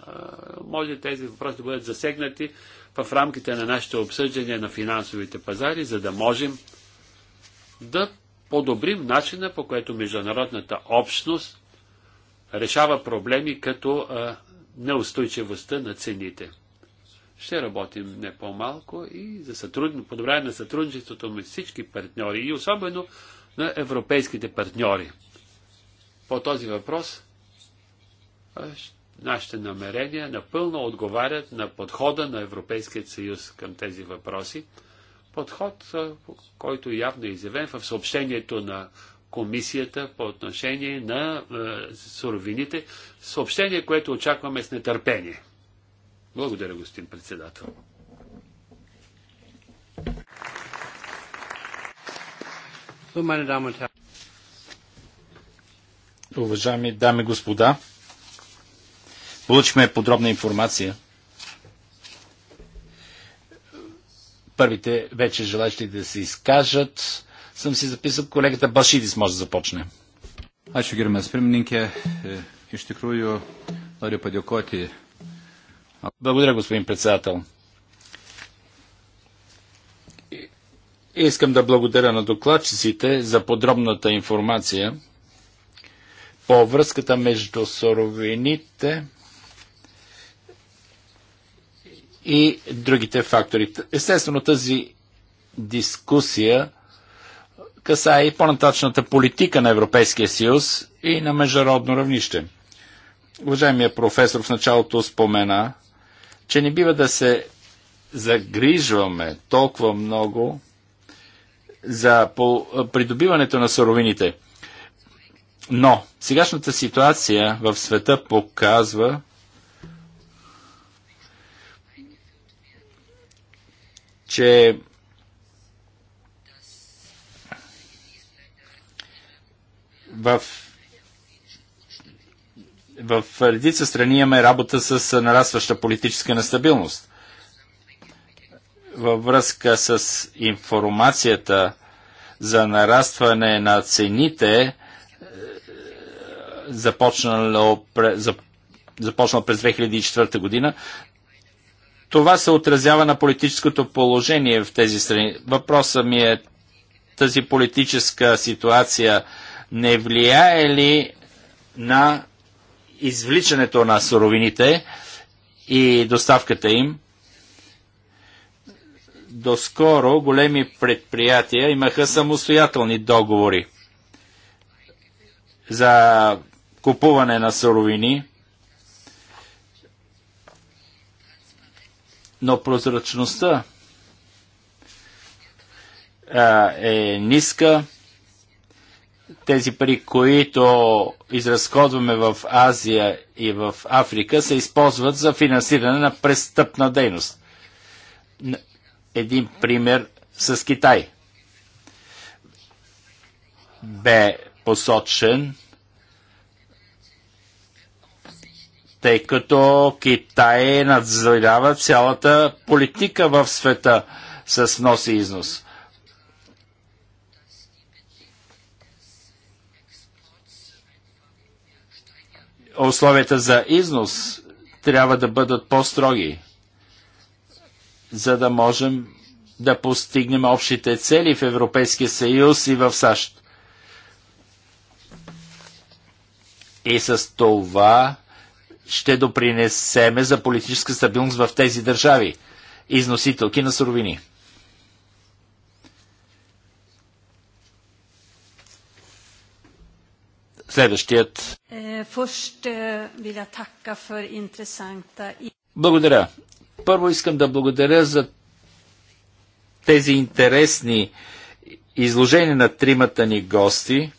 може тези въпроси да бъдат засегнати в рамките на нашето обсъждане на финансовите пазари, за да можем да подобрим начина по който международната общност решава проблеми като неустойчивостта на цените. Ще работим не по-малко и за сътруд... подобряване на сътрудничеството между всички партньори и особено на европейските партньори. По този въпрос – нашите намерения напълно отговарят на подхода на Европейския съюз към тези въпроси. Подход, който явно е изявен в съобщението на комисията по отношение на суровините. Съобщение, което очакваме с нетърпение. Благодаря, господин председател. Уважаеми дами и господа, Получихме подробна информация. Първите вече желащи да се изкажат. Съм си записал колегата Башидис може да започне. Ačiū gerbiamas pirmininkė. Iš tikrųjų, noriu padėkoti. Благодаря, господин председател. Искам да благодаря на докладчиците за подробната информация по връзката между суровините и другите фактори. Естествено, тази дискусия касае и по-нататъчната политика на Европейския съюз и на международно равнище. Уважаемия професор в началото спомена, че не бива да се загрижваме толкова много за придобиването на суровините. Но сегашната ситуация в света показва, че в в редица страни имаме работа с нарастваща политическа нестабилност. Във връзка с информацията за нарастване на цените, е, започнало, през 2004 година, това се отразява на политическото положение в тези страни. Въпросът ми е тази политическа ситуация не влияе ли на извличането на суровините и доставката им? Доскоро големи предприятия имаха самостоятелни договори за купуване на суровини – но прозрачността а, е ниска. Тези пари, които изразходваме в Азия и в Африка, се използват за финансиране на престъпна дейност. Един пример с Китай. Бе посочен тъй като Китай надзорява цялата политика в света с нос и износ. Условията за износ трябва да бъдат по-строги, за да можем да постигнем общите цели в Европейския съюз и в САЩ. И с това ще допринесеме за политическа стабилност в тези държави, износителки на суровини. Следващият. Е, е, благодаря. Първо искам да благодаря за тези интересни изложения на тримата ни гости.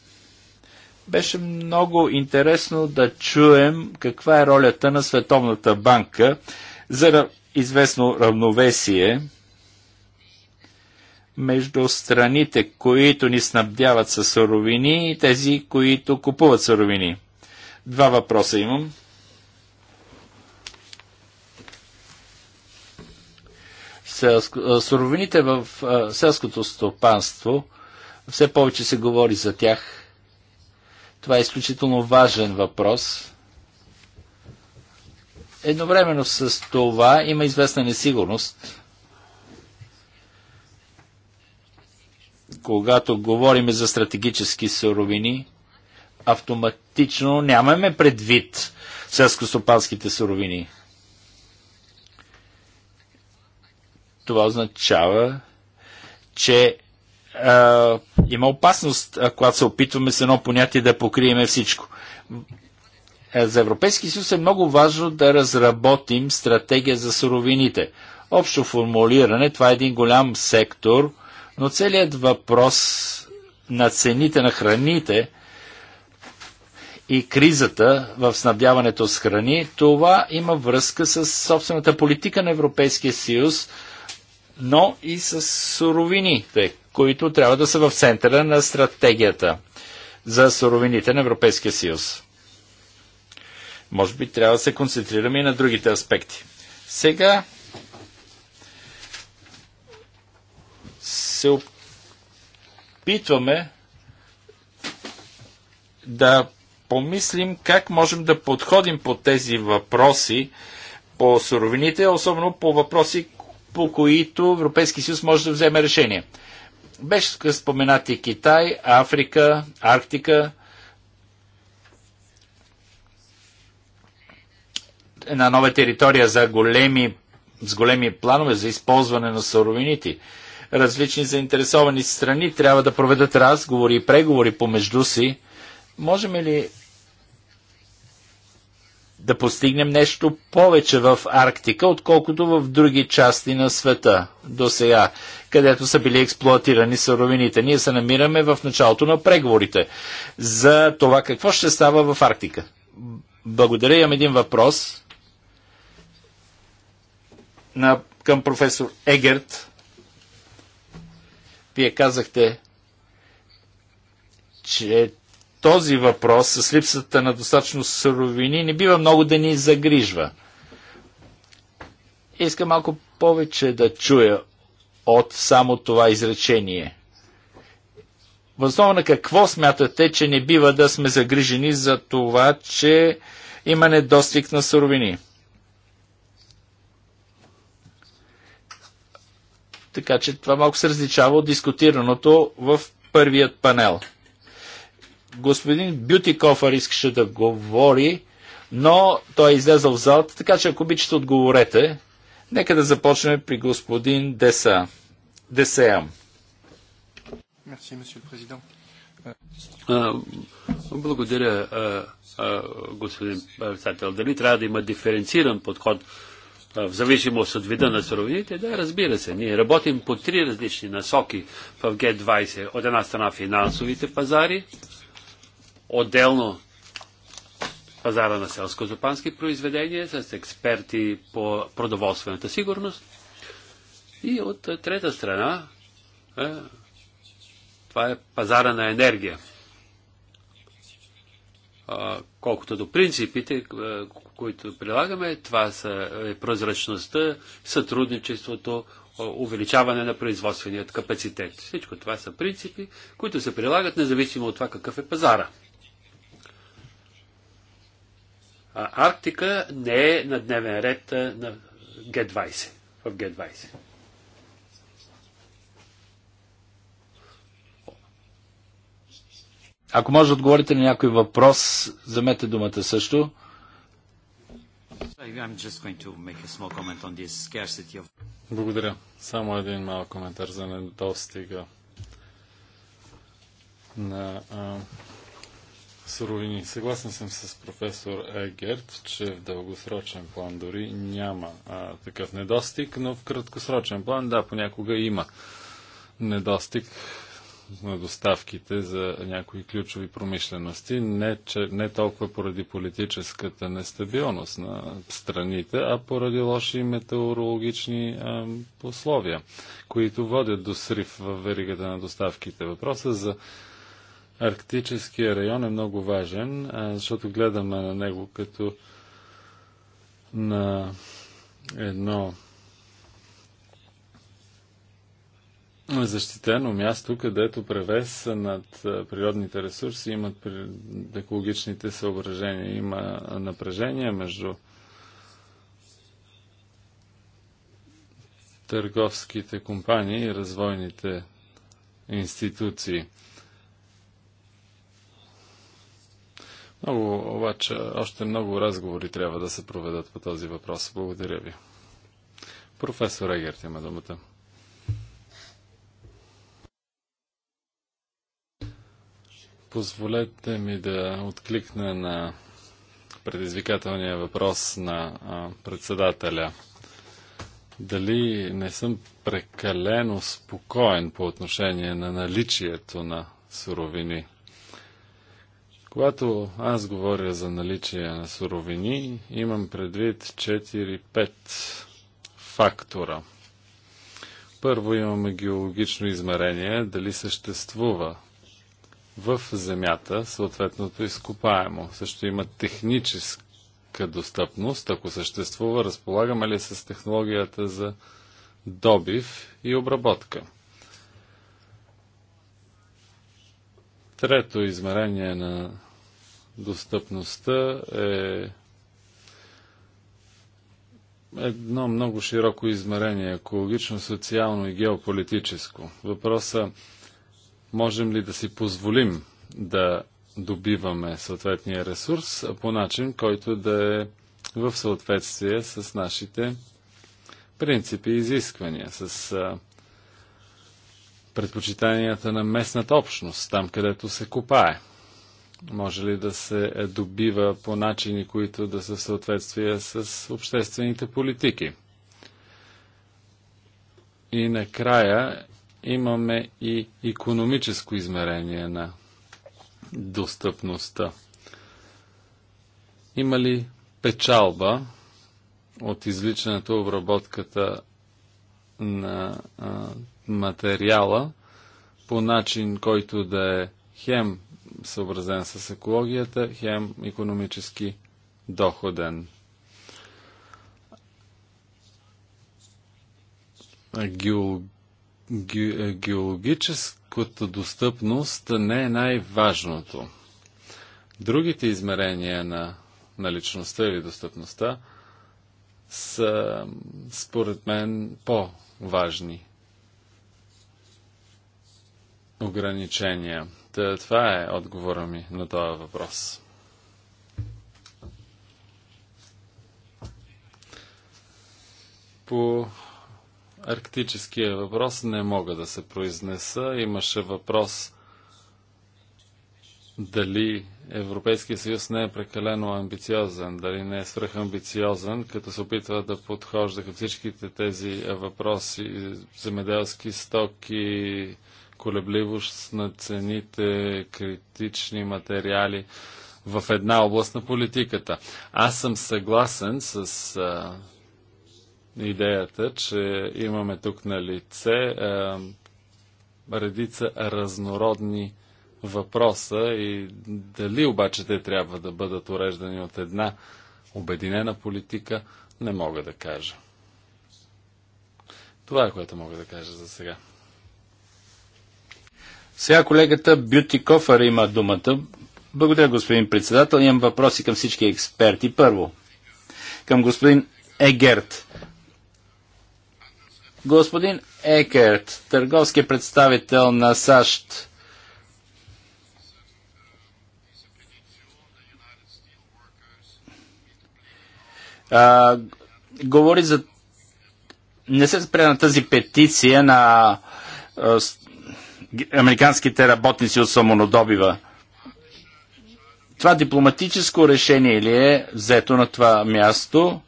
Беше много интересно да чуем каква е ролята на Световната банка за известно равновесие между страните, които ни снабдяват с суровини и тези, които купуват суровини. Два въпроса имам. суровините в селското стопанство, все повече се говори за тях. Това е изключително важен въпрос. Едновременно с това има известна несигурност. Когато говорим за стратегически суровини, автоматично нямаме предвид селскостопанските суровини. Това означава, че а, има опасност, а, когато се опитваме с едно понятие да покриеме всичко. Е, за Европейски съюз е много важно да разработим стратегия за суровините. Общо формулиране, това е един голям сектор, но целият въпрос на цените на храните и кризата в снабдяването с храни, това има връзка с собствената политика на Европейския съюз но и с суровините, които трябва да са в центъра на стратегията за суровините на Европейския съюз. Може би трябва да се концентрираме и на другите аспекти. Сега се опитваме да помислим как можем да подходим по тези въпроси по суровините, особено по въпроси по които Европейски съюз може да вземе решение. Беше споменати Китай, Африка, Арктика, една нова територия за големи, с големи планове за използване на суровините. Различни заинтересовани страни трябва да проведат разговори и преговори помежду си. Можем ли да постигнем нещо повече в Арктика, отколкото в други части на света до сега, където са били експлуатирани суровините. Ние се намираме в началото на преговорите за това какво ще става в Арктика. Благодаря, имам един въпрос на, към професор Егерт. Вие казахте, че този въпрос с липсата на достатъчно суровини не бива много да ни загрижва. Искам малко повече да чуя от само това изречение. Възнова на какво смятате, че не бива да сме загрижени за това, че има недостиг на суровини? Така че това малко се различава от дискутираното в първият панел господин Бютикофър искаше да говори, но той е излезъл в залата, така че ако обичате отговорете. Нека да започнем при господин Деса. Десеям. Благодаря, господин председател. Дали трябва да има диференциран подход в зависимост от вида на суровините? Да, разбира се. Ние работим по три различни насоки в Г20. От една страна финансовите пазари, отделно пазара на селско зопански произведения с експерти по продоволствената сигурност. И от е, трета страна, е, това е пазара на енергия. колкото до принципите, е, които прилагаме, това са е, прозрачността, сътрудничеството, увеличаване на производственият капацитет. Всичко това са принципи, които се прилагат независимо от това какъв е пазара. Арктика не е на дневен ред на Г20, в Г20. Ако може да отговорите на някой въпрос, замете думата също. Благодаря. Само един малък коментар за недостига на а, суровини. Съгласен съм с професор Егерт, че в дългосрочен план дори няма а, такъв недостиг, но в краткосрочен план, да, понякога има недостиг на доставките за някои ключови промишлености, не, че, не толкова поради политическата нестабилност на страните, а поради лоши метеорологични а, условия, които водят до срив в веригата на доставките. Въпросът за Арктическия район е много важен, защото гледаме на него като на едно защитено място, където превес над природните ресурси имат екологичните съображения. Има напрежение между търговските компании и развойните институции. Много, обаче, още много разговори трябва да се проведат по този въпрос. Благодаря ви. Професор Егерт има думата. Позволете ми да откликна на предизвикателния въпрос на председателя. Дали не съм прекалено спокоен по отношение на наличието на суровини? Когато аз говоря за наличие на суровини, имам предвид 4-5 фактора. Първо имаме геологично измерение, дали съществува в земята съответното изкопаемо. Също има техническа достъпност, ако съществува, разполагаме ли с технологията за добив и обработка. Трето измерение на достъпността е едно много широко измерение, екологично, социално и геополитическо. Въпроса можем ли да си позволим да добиваме съответния ресурс по начин, който да е в съответствие с нашите принципи и изисквания, с предпочитанията на местната общност, там където се копае. Може ли да се добива по начини, които да са в съответствие с обществените политики? И накрая имаме и економическо измерение на достъпността. Има ли печалба от изличането, обработката на материала по начин, който да е хем съобразен с екологията, хем економически доходен. Геологическата достъпност не е най-важното. Другите измерения на наличността или достъпността са, според мен, по-важни ограничения. Та, е, това е отговора ми на този въпрос. По арктическия въпрос не мога да се произнеса. Имаше въпрос дали Европейския съюз не е прекалено амбициозен, дали не е свръхамбициозен, като се опитва да подхожда към всичките тези въпроси, земеделски стоки, колебливост на цените, критични материали в една област на политиката. Аз съм съгласен с а, идеята, че имаме тук на лице а, редица разнородни въпроса и дали обаче те трябва да бъдат уреждани от една обединена политика, не мога да кажа. Това е което мога да кажа за сега. Сега колегата Бюти Кофър има думата. Благодаря, господин председател. Имам въпроси към всички експерти. Първо, към господин Егерт. Господин Екерт, търговски представител на САЩ, а, говори за... Не се спря на тази петиция на американските работници от самонодобива. Това дипломатическо решение ли е взето на това място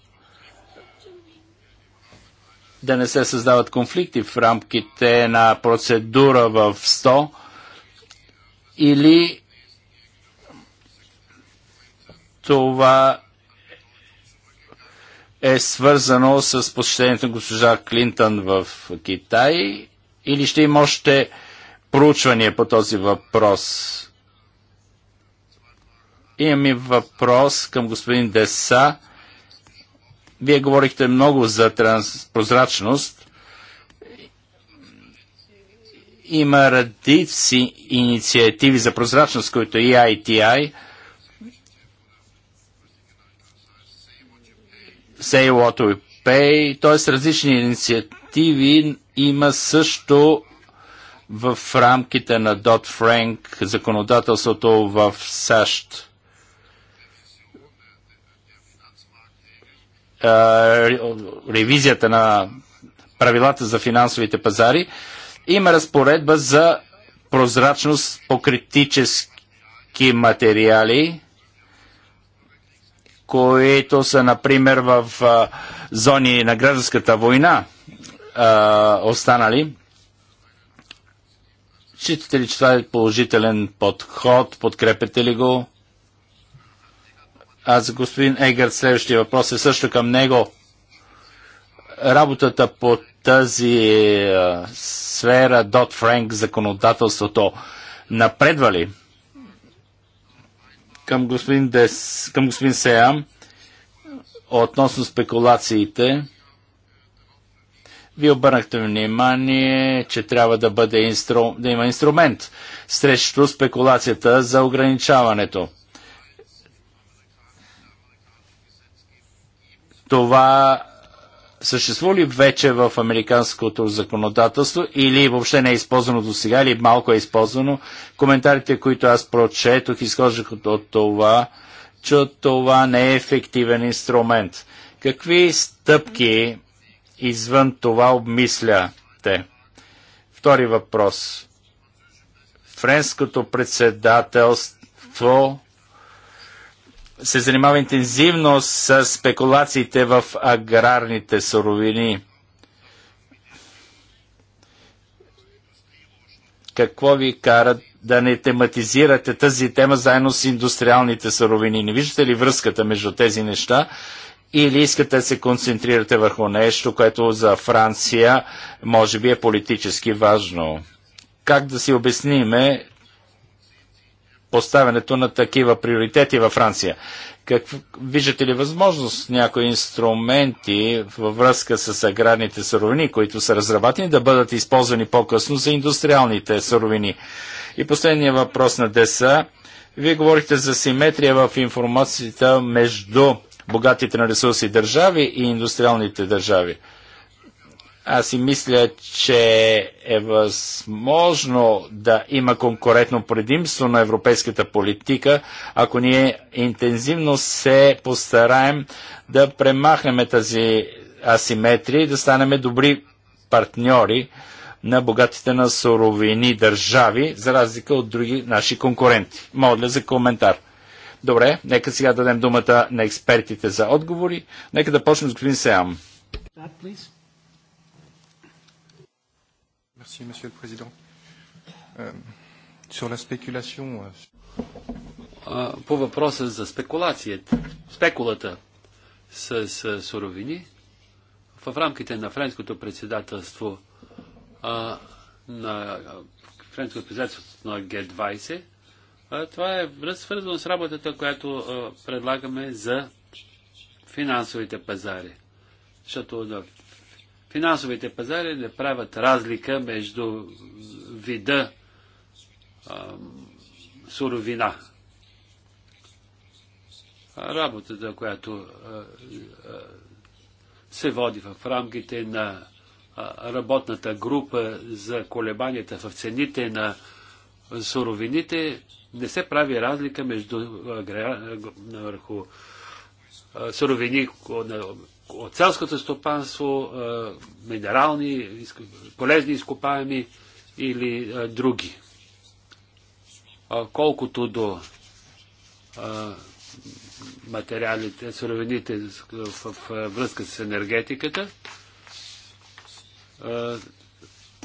да не се създават конфликти в рамките на процедура в 100 или това е свързано с посещението на госпожа Клинтън в Китай или ще има още проучвания по този въпрос. Имам и въпрос към господин Деса. Вие говорихте много за транспрозрачност, прозрачност. Има редици инициативи за прозрачност, които и ITI, Say What We Pay, т.е. различни инициативи има също в рамките на Дот Френк законодателството в САЩ. ревизията на правилата за финансовите пазари, има разпоредба за прозрачност по критически материали, които са, например, в зони на гражданската война останали. Считате ли, че това е положителен подход? Подкрепяте ли го? А за господин Егърт следващия въпрос е също към него. Работата по тази сфера Дот Франк законодателството напредва ли? Към господин, Дес, към господин Сеам относно спекулациите вие обърнахте внимание, че трябва да, бъде инстру... да има инструмент срещу спекулацията за ограничаването. Това съществува ли вече в американското законодателство или въобще не е използвано до сега или малко е използвано? Коментарите, които аз прочетох, изхождах от това, че това не е ефективен инструмент. Какви стъпки извън това обмисляте? Втори въпрос. Френското председателство се занимава интензивно с спекулациите в аграрните суровини. Какво ви кара да не тематизирате тази тема заедно с индустриалните суровини? Не виждате ли връзката между тези неща или искате да се концентрирате върху нещо, което за Франция може би е политически важно? Как да си обясниме поставянето на такива приоритети във Франция? Как, виждате ли възможност някои инструменти във връзка с аграрните суровини, които са разработени, да бъдат използвани по-късно за индустриалните суровини? И последният въпрос на ДЕСА. Вие говорихте за симетрия в информацията между богатите на ресурси държави и индустриалните държави. Аз си мисля, че е възможно да има конкурентно предимство на европейската политика, ако ние интензивно се постараем да премахнем тази асиметрия и да станем добри партньори на богатите на суровини държави, за разлика от други наши конкуренти. Моля за коментар. Добре, нека сега дадем думата на експертите за отговори. Нека да почнем с господин Сеам. Euh, euh, по въпроса за спекулацията, спекулата с суровини, в рамките на френското председателство на френското председателство на Г-20 това е свързано с работата, която предлагаме за финансовите пазари. Защото финансовите пазари не правят разлика между вида суровина. Работата, която се води в рамките на работната група за колебанията в цените на суровините, не се прави разлика между върху суровини от селското стопанство, минерални, полезни изкопаеми или други. Колкото до материалите, суровините в връзка с енергетиката,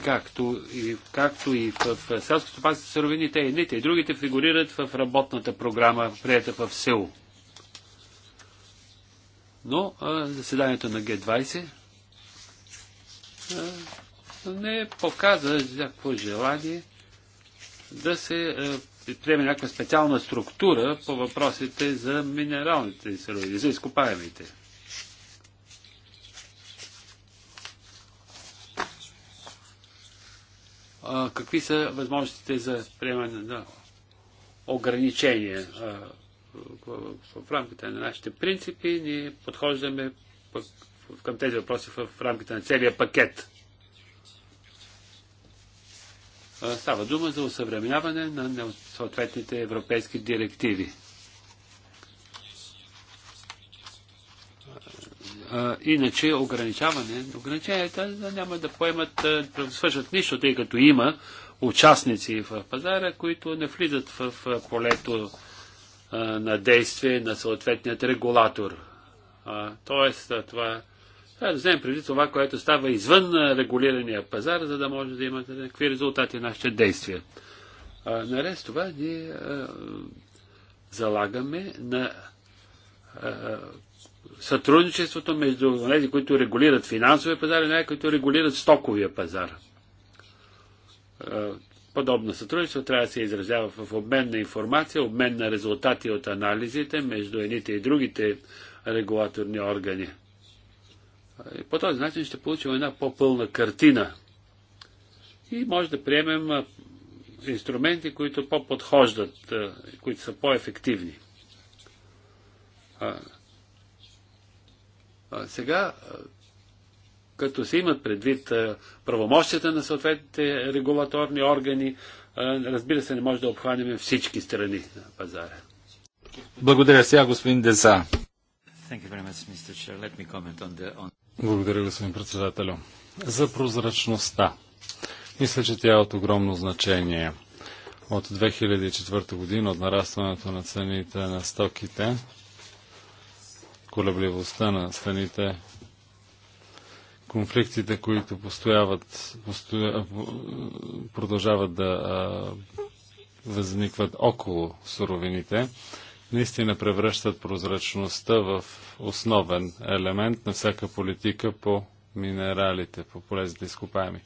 както и, както и в селското суровини, те едните и другите фигурират в работната програма, прията в СЕУ. Но а, заседанието на Г-20 не показа някакво желание да се а, приеме някаква специална структура по въпросите за минералните суровини, за изкопаемите. какви са възможностите за приемане на ограничения. в, рамките на нашите принципи ние подхождаме към тези въпроси в, рамките на целия пакет. става дума за усъвременяване на съответните европейски директиви. Иначе ограничаване, ограниченията няма да поемат, да свършат нищо, тъй като има участници в пазара, които не влизат в полето на действие на съответният регулатор. Тоест, това да вземем преди това, което става извън регулирания пазар, за да може да имат някакви резултати нашите действия. Наред с това ние залагаме на сътрудничеството между тези, които регулират финансовия пазар и тези, които регулират стоковия пазар. Е, подобно сътрудничество трябва да се изразява в обмен на информация, обмен на резултати от анализите между едните и другите регулаторни органи. И е, по този начин ще получим една по-пълна картина и може да приемем е, инструменти, които по-подхождат, които са по-ефективни. Сега, като се имат предвид правомощията на съответните регулаторни органи, разбира се, не може да обхванем всички страни на пазара. Благодаря сега, господин Деса. Благодаря, господин председателю. За прозрачността. Мисля, че тя е от огромно значение. От 2004 година, от нарастването на цените на стоките, колебливостта на страните, конфликтите, които постояват, постоя, продължават да а, възникват около суровините, наистина превръщат прозрачността в основен елемент на всяка политика по минералите, по полезните изкопаеми.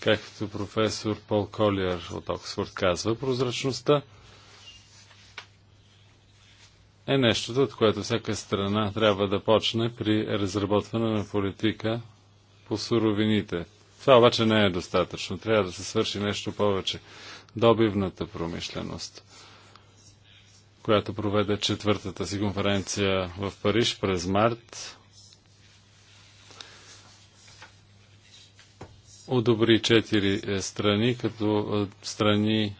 Както професор Пол Колиер от Оксфорд казва, прозрачността – е нещото, от което всяка страна трябва да почне при разработване на политика по суровините. Това обаче не е достатъчно. Трябва да се свърши нещо повече. Добивната промишленост, която проведе четвъртата си конференция в Париж през март, одобри четири е, страни, като е, страни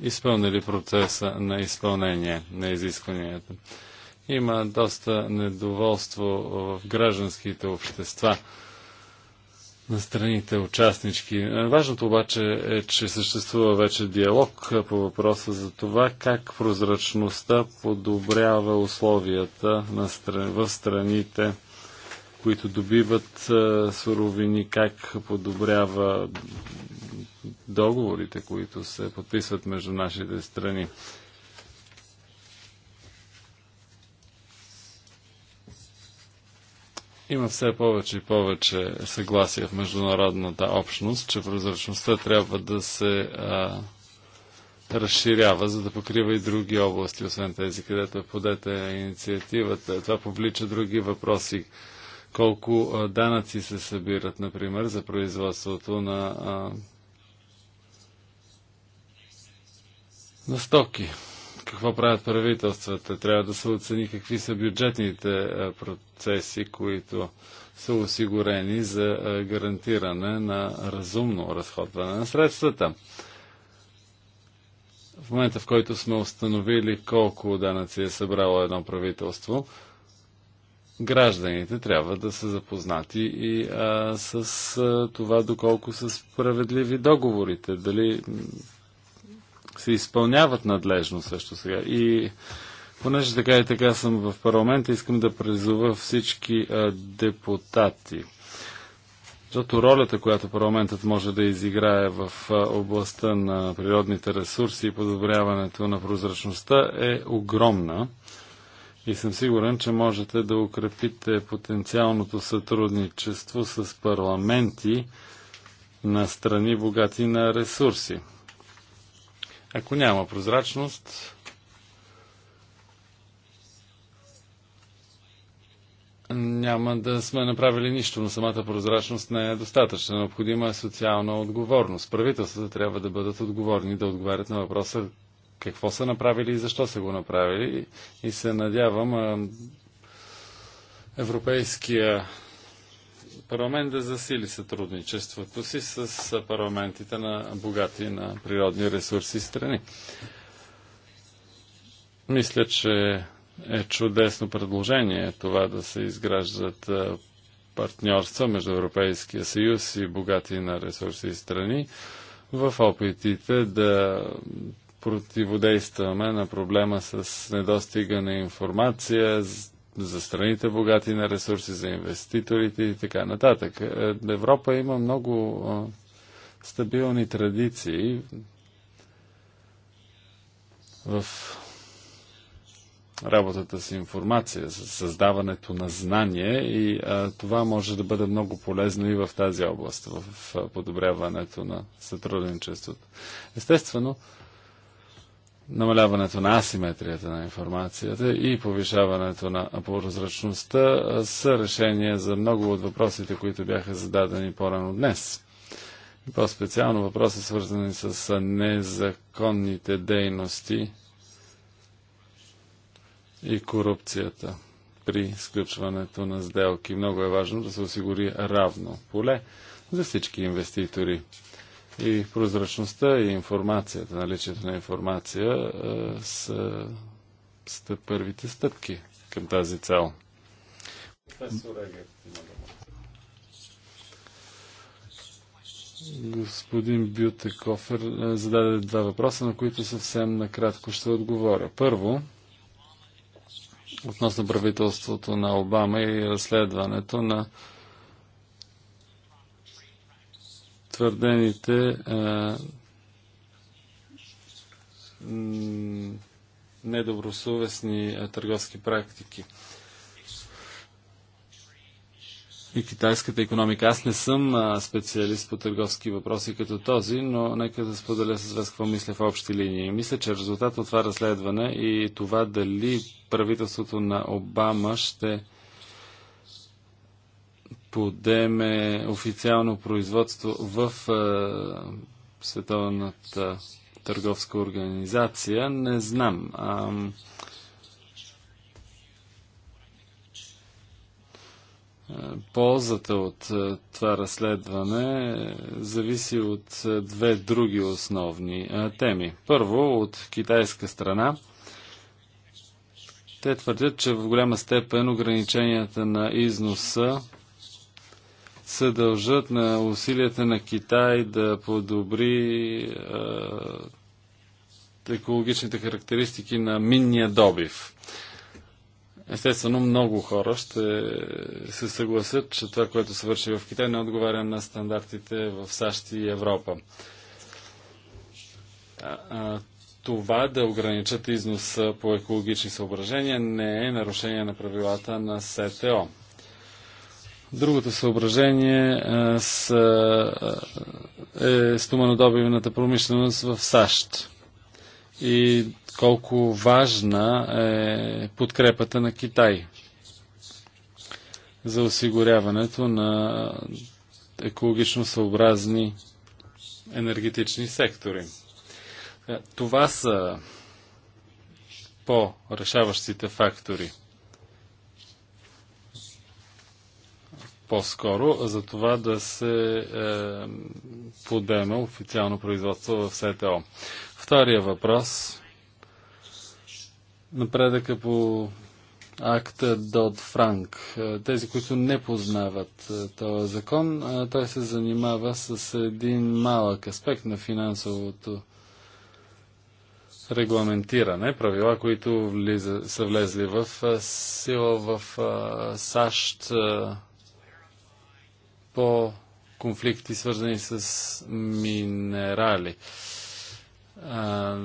изпълнили процеса на изпълнение на изискванията. Има доста недоволство в гражданските общества на страните участнички. Важното обаче е, че съществува вече диалог по въпроса за това как прозрачността подобрява условията на в страните, които добиват суровини, как подобрява договорите, които се подписват между нашите страни. Има все повече и повече съгласие в международната общност, че прозрачността трябва да се а, разширява, за да покрива и други области, освен тези, където подете инициативата. Това повлича други въпроси. Колко а, данъци се събират, например, за производството на а, на стоки. Какво правят правителствата? Трябва да се оцени какви са бюджетните е, процеси, които са осигурени за е, гарантиране на разумно разходване на средствата. В момента, в който сме установили колко данъци е събрало едно правителство, гражданите трябва да са запознати и а, с а, това доколко са справедливи договорите. Дали се изпълняват надлежно също сега. И понеже така и така съм в парламента, искам да призова всички а, депутати. Защото ролята, която парламентът може да изиграе в областта на природните ресурси и подобряването на прозрачността е огромна. И съм сигурен, че можете да укрепите потенциалното сътрудничество с парламенти на страни богати на ресурси. Ако няма прозрачност, няма да сме направили нищо, но самата прозрачност не е достатъчна. Необходима е социална отговорност. Правителствата трябва да бъдат отговорни, да отговарят на въпроса какво са направили и защо са го направили. И се надявам Европейския парламент да засили сътрудничеството си с парламентите на богати на природни ресурси страни. Мисля, че е чудесно предложение това да се изграждат партньорства между Европейския съюз и богати на ресурси страни в опитите да противодействаме на проблема с недостига на информация, за страните богати на ресурси, за инвеститорите и така нататък. Е, Европа има много стабилни традиции в работата с информация, с създаването на знание и това може да бъде много полезно и в тази област, в подобряването на сътрудничеството. Естествено, намаляването на асиметрията на информацията и повишаването на прозрачността са решения за много от въпросите, които бяха зададени по-рано днес. По-специално въпроси, свързани с незаконните дейности и корупцията при сключването на сделки. Много е важно да се осигури равно поле за всички инвеститори. И прозрачността и информацията, наличието на информация е, са, са първите стъпки към тази цел. Господин Бюте Кофер зададе два въпроса, на които съвсем накратко ще отговоря. Първо, относно правителството на Обама и разследването на твърдените а, е, недобросъвестни а, е, търговски практики. И китайската економика. Аз не съм а, е, специалист по търговски въпроси като този, но нека да споделя с вас какво мисля в общи линии. Мисля, че резултат от това разследване и това дали правителството на Обама ще подеме официално производство в е, Световната търговска организация, не знам. А, е, ползата от е, това разследване зависи от две други основни теми. Първо, от китайска страна. Те твърдят, че в голяма степен ограниченията на износа се дължат на усилията на Китай да подобри е, екологичните характеристики на минния добив. Естествено, много хора ще се съгласят, че това, което се върши в Китай, не отговаря на стандартите в САЩ и Европа. А, а, това да ограничат износа по екологични съображения не е нарушение на правилата на СТО. Другото съображение с, е стоманодобивната промишленост в САЩ и колко важна е подкрепата на Китай за осигуряването на екологично съобразни енергетични сектори. Е, това са по-решаващите фактори – по-скоро за това да се е, подеме официално производство в СТО. Втория въпрос. Напредъка по акта Дод Франк. Е, тези, които не познават е, този закон, е, той се занимава с един малък аспект на финансовото регламентиране, правила, които влиза, са влезли в сила в САЩ по конфликти, свързани с минерали. А,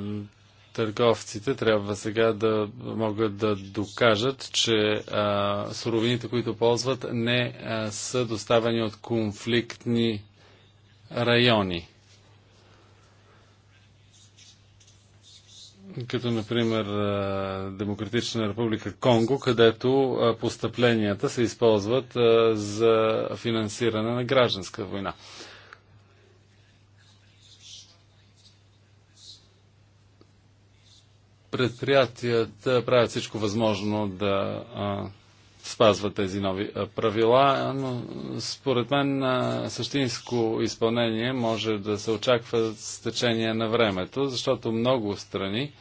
търговците трябва сега да могат да докажат, че а, суровините, които ползват, не а, са доставени от конфликтни райони. като например Демократична република Конго, където постъпленията се използват за финансиране на гражданска война. Предприятията правят всичко възможно да спазва тези нови правила, но според мен същинско изпълнение може да се очаква с течение на времето, защото много страни,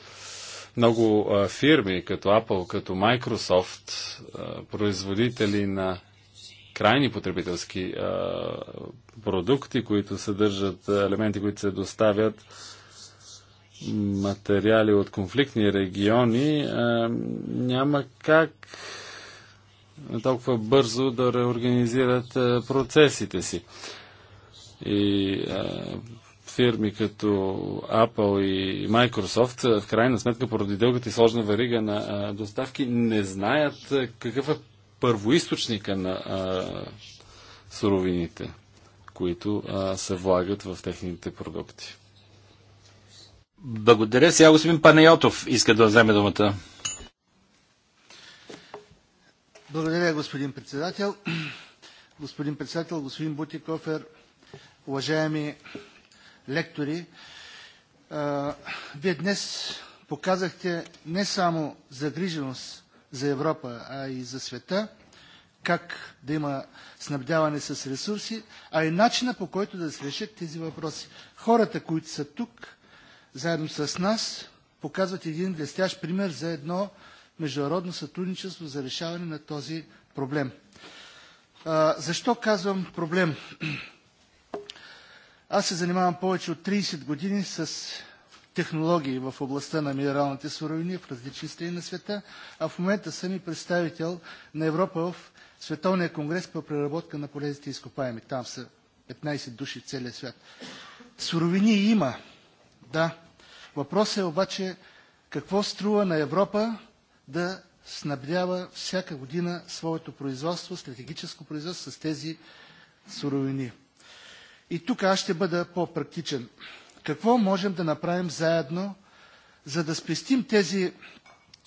много фирми, като Apple, като Microsoft, производители на крайни потребителски продукти, които съдържат елементи, които се доставят материали от конфликтни региони, няма как толкова бързо да реорганизират е, процесите си. И е, фирми като Apple и Microsoft, е, в крайна сметка, поради дългата и сложна варига на доставки, не знаят какъв е първоисточника на суровините, които се влагат в техните продукти. Благодаря. Сега господин Панайотов иска да вземе думата. Благодаря, господин председател. Господин председател, господин Бутикофер, уважаеми лектори, вие днес показахте не само загриженост за Европа, а и за света, как да има снабдяване с ресурси, а и начина по който да се решат тези въпроси. Хората, които са тук, заедно с нас, показват един блестящ пример за едно международно сътрудничество за решаване на този проблем. Защо казвам проблем? Аз се занимавам повече от 30 години с технологии в областта на минералните суровини в различни страни на света, а в момента съм и представител на Европа в Световния конгрес по преработка на полезните изкопаеми. Там са 15 души в целия свят. Суровини има, да. Въпросът е обаче какво струва на Европа да снабдява всяка година своето производство, стратегическо производство с тези суровини. И тук аз ще бъда по-практичен. Какво можем да направим заедно, за да спестим тези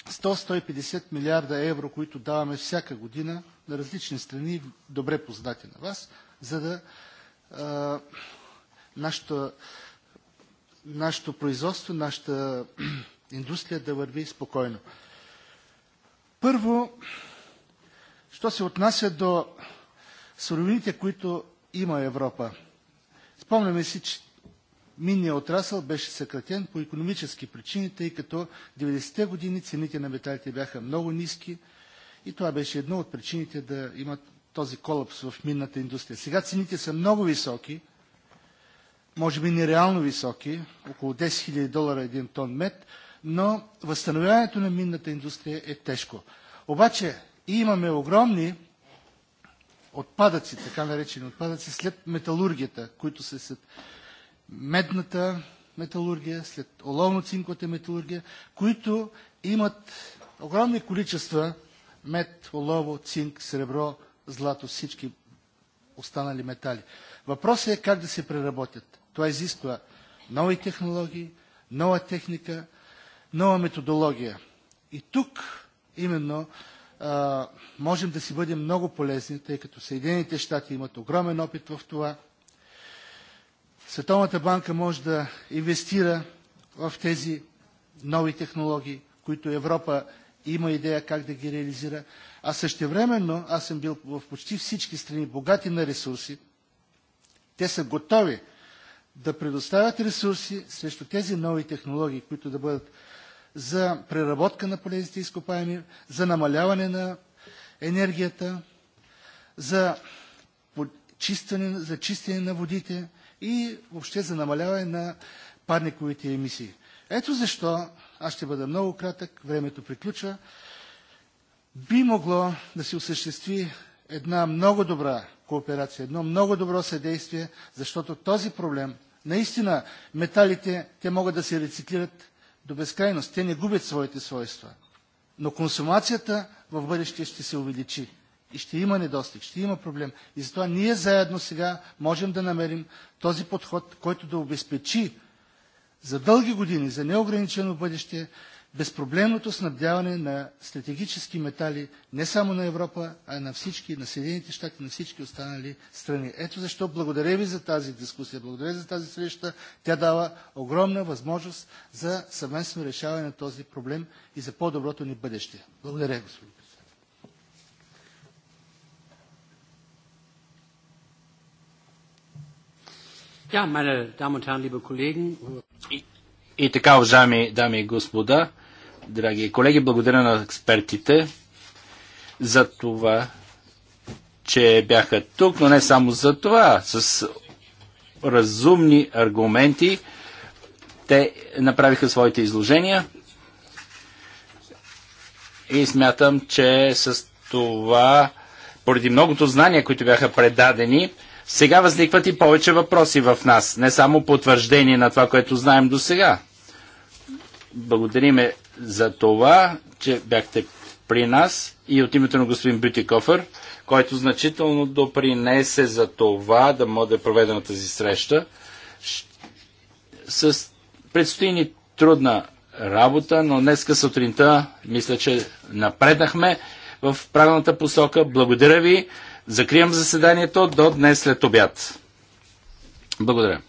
100-150 милиарда евро, които даваме всяка година на различни страни, добре познати на вас, за да а, нашето производство, нашата индустрия да върви спокойно. Първо, що се отнася до суровините, които има Европа. Спомняме си, че минният отрасъл беше съкратен по економически причини, тъй като 90-те години цените на металите бяха много ниски и това беше едно от причините да имат този колапс в минната индустрия. Сега цените са много високи, може би нереално високи, около 10 000 долара един тон мед, но възстановяването на минната индустрия е тежко. Обаче имаме огромни отпадъци, така наречени отпадъци, след металургията, които са след медната металургия, след оловно-цинковата металургия, които имат огромни количества мед, олово, цинк, сребро, злато, всички останали метали. Въпросът е как да се преработят. Това изисква нови технологии, нова техника, нова методология. И тук именно а, можем да си бъдем много полезни, тъй като Съединените щати имат огромен опит в това. Световната банка може да инвестира в тези нови технологии, които Европа има идея как да ги реализира. А същевременно, аз съм бил в почти всички страни богати на ресурси, те са готови да предоставят ресурси срещу тези нови технологии, които да бъдат за преработка на полезните изкопаеми, за намаляване на енергията, за, чистене, за чистене на водите и въобще за намаляване на парниковите емисии. Ето защо, аз ще бъда много кратък, времето приключва, би могло да се осъществи една много добра кооперация, едно много добро съдействие, защото този проблем, наистина металите, те могат да се рециклират до безкрайност. Те не губят своите свойства. Но консумацията в бъдеще ще се увеличи и ще има недостиг, ще има проблем. И затова ние заедно сега можем да намерим този подход, който да обезпечи за дълги години, за неограничено бъдеще, безпроблемното снабдяване на стратегически метали не само на Европа, а на всички, на Съединените щати, на всички останали страни. Ето защо благодаря ви за тази дискусия, благодаря за тази среща. Тя дава огромна възможност за съвместно решаване на този проблем и за по-доброто ни бъдеще. Благодаря, господин председател. Ja, meine Damen und Herren, liebe Kollegen. И така, уважаеми дами и господа, драги колеги. Благодаря на експертите за това, че бяха тук, но не само за това. С разумни аргументи те направиха своите изложения и смятам, че с това, поради многото знания, които бяха предадени, сега възникват и повече въпроси в нас, не само потвърждение на това, което знаем до сега. Благодариме за това, че бяхте при нас и от името на господин Бютикофър, който значително допринесе за това да може да проведена тази среща. С предстои ни трудна работа, но днеска сутринта мисля, че напреднахме в правилната посока. Благодаря ви. Закривам заседанието до днес след обяд. Благодаря.